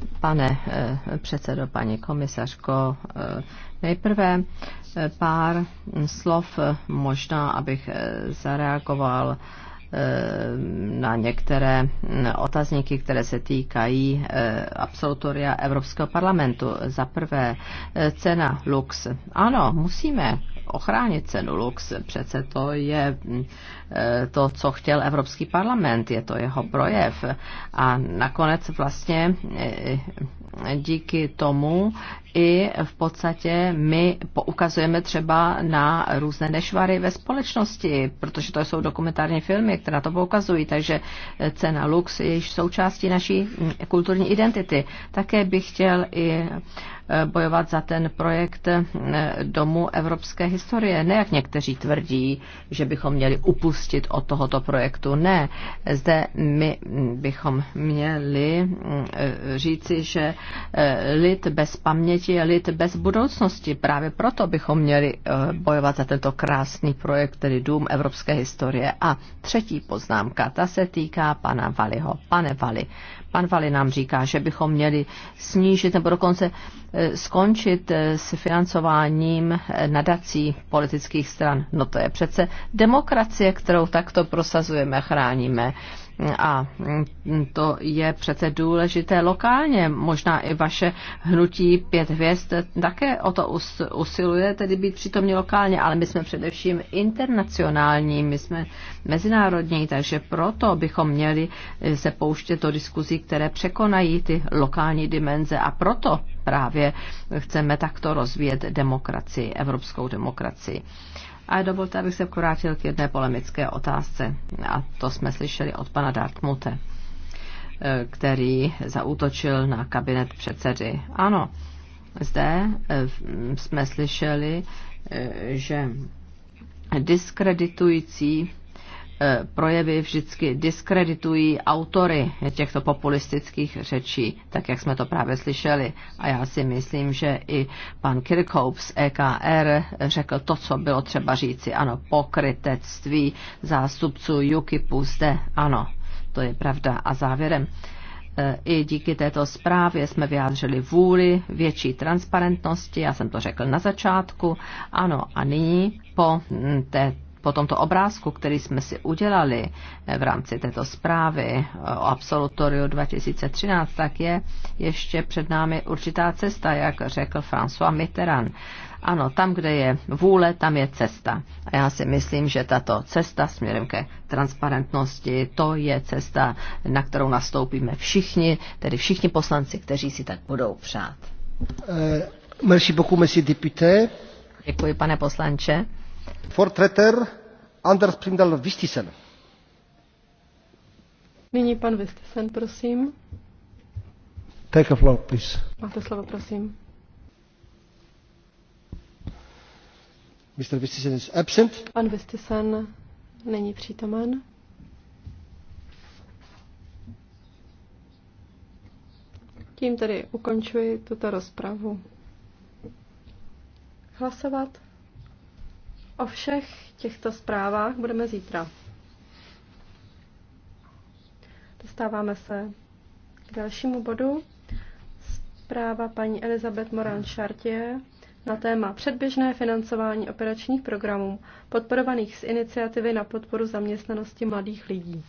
pane eh, předsedo, paní komisařko. Eh, nejprve eh, pár slov možná, abych zareagoval na některé mm, otazníky, které se týkají absolutoria Evropského parlamentu. Za prvé, cena Lux. Ano, musíme ochránit cenu Lux. Přece to je mm, e, to, co chtěl Evropský parlament, je to jeho projev. A nakonec vlastně e, e, díky tomu i v podstatě my poukazujeme třeba na různé nešvary ve společnosti, protože to jsou dokumentární filmy, které to poukazují, takže cena lux je již součástí naší mm, kulturní identity. Také bych chtěl i bojovat za ten projekt eh, Domu evropské historie. Ne, jak někteří tvrdí, že bychom měli upustit od tohoto projektu. Ne, zde my bychom měli eh, říci, že eh, lid bez paměti je lid bez budoucnosti. Právě proto bychom měli bojovat za tento krásný projekt, tedy Dům evropské historie. A třetí poznámka, ta se týká pana Valiho. Pane Vali, Pan Vali nám říká, že bychom měli snížit nebo dokonce eh, skončit eh, s financováním eh, nadací politických stran. No to je přece demokracie, kterou takto prosazujeme, chráníme. A to je přece důležité lokálně. Možná i vaše hnutí pět hvězd také o to usiluje, tedy být přítomní lokálně, ale my jsme především internacionální, my jsme mezinárodní, takže proto bychom měli se pouštět do diskuzí, které překonají ty lokální dimenze a proto právě chceme takto rozvíjet demokracii, evropskou demokracii. A dovolte, abych se vrátil k jedné polemické otázce. A to jsme slyšeli od pana Dartmute, eh, který zaútočil na kabinet předsedy. Ano, zde eh, jsme slyšeli, eh, že diskreditující E, projevy vždycky diskreditují autory těchto populistických řečí, tak jak jsme to právě slyšeli. A já si myslím, že i pan Kirchhoff z EKR řekl to, co bylo třeba říci. Ano, pokrytectví zástupců UKIPu zde, ano, to je pravda. A závěrem, e, i díky této zprávě jsme vyjádřili vůli větší transparentnosti, já jsem to řekl na začátku, ano, a nyní po té po tomto obrázku, který jsme si udělali eh, v rámci této zprávy eh, o absolutoriu 2013, tak je ještě před námi určitá cesta, jak řekl François Mitterrand. Ano, tam, kde je vůle, tam je cesta. A já si myslím, že tato cesta směrem ke transparentnosti, to je cesta, na kterou nastoupíme všichni, tedy všichni poslanci, kteří si tak budou přát. Eh, merci beaucoup, monsieur député. Děkuji, pane poslanče. Fortretter Anders Prindal Vistisen. Nyní pan Vistisen, prosím. Take a floor, please. Máte slovo, prosím. Mr. Vistisen is absent. Pan Vistisen není přítomen. Tím tedy ukončuji tuto rozpravu. Hlasovat O všech těchto zprávách budeme zítra. Dostáváme se k dalšímu bodu. Zpráva paní Elizabeth Moran Chartier na téma předběžné financování operačních programů podporovaných z iniciativy na podporu zaměstnanosti mladých lidí.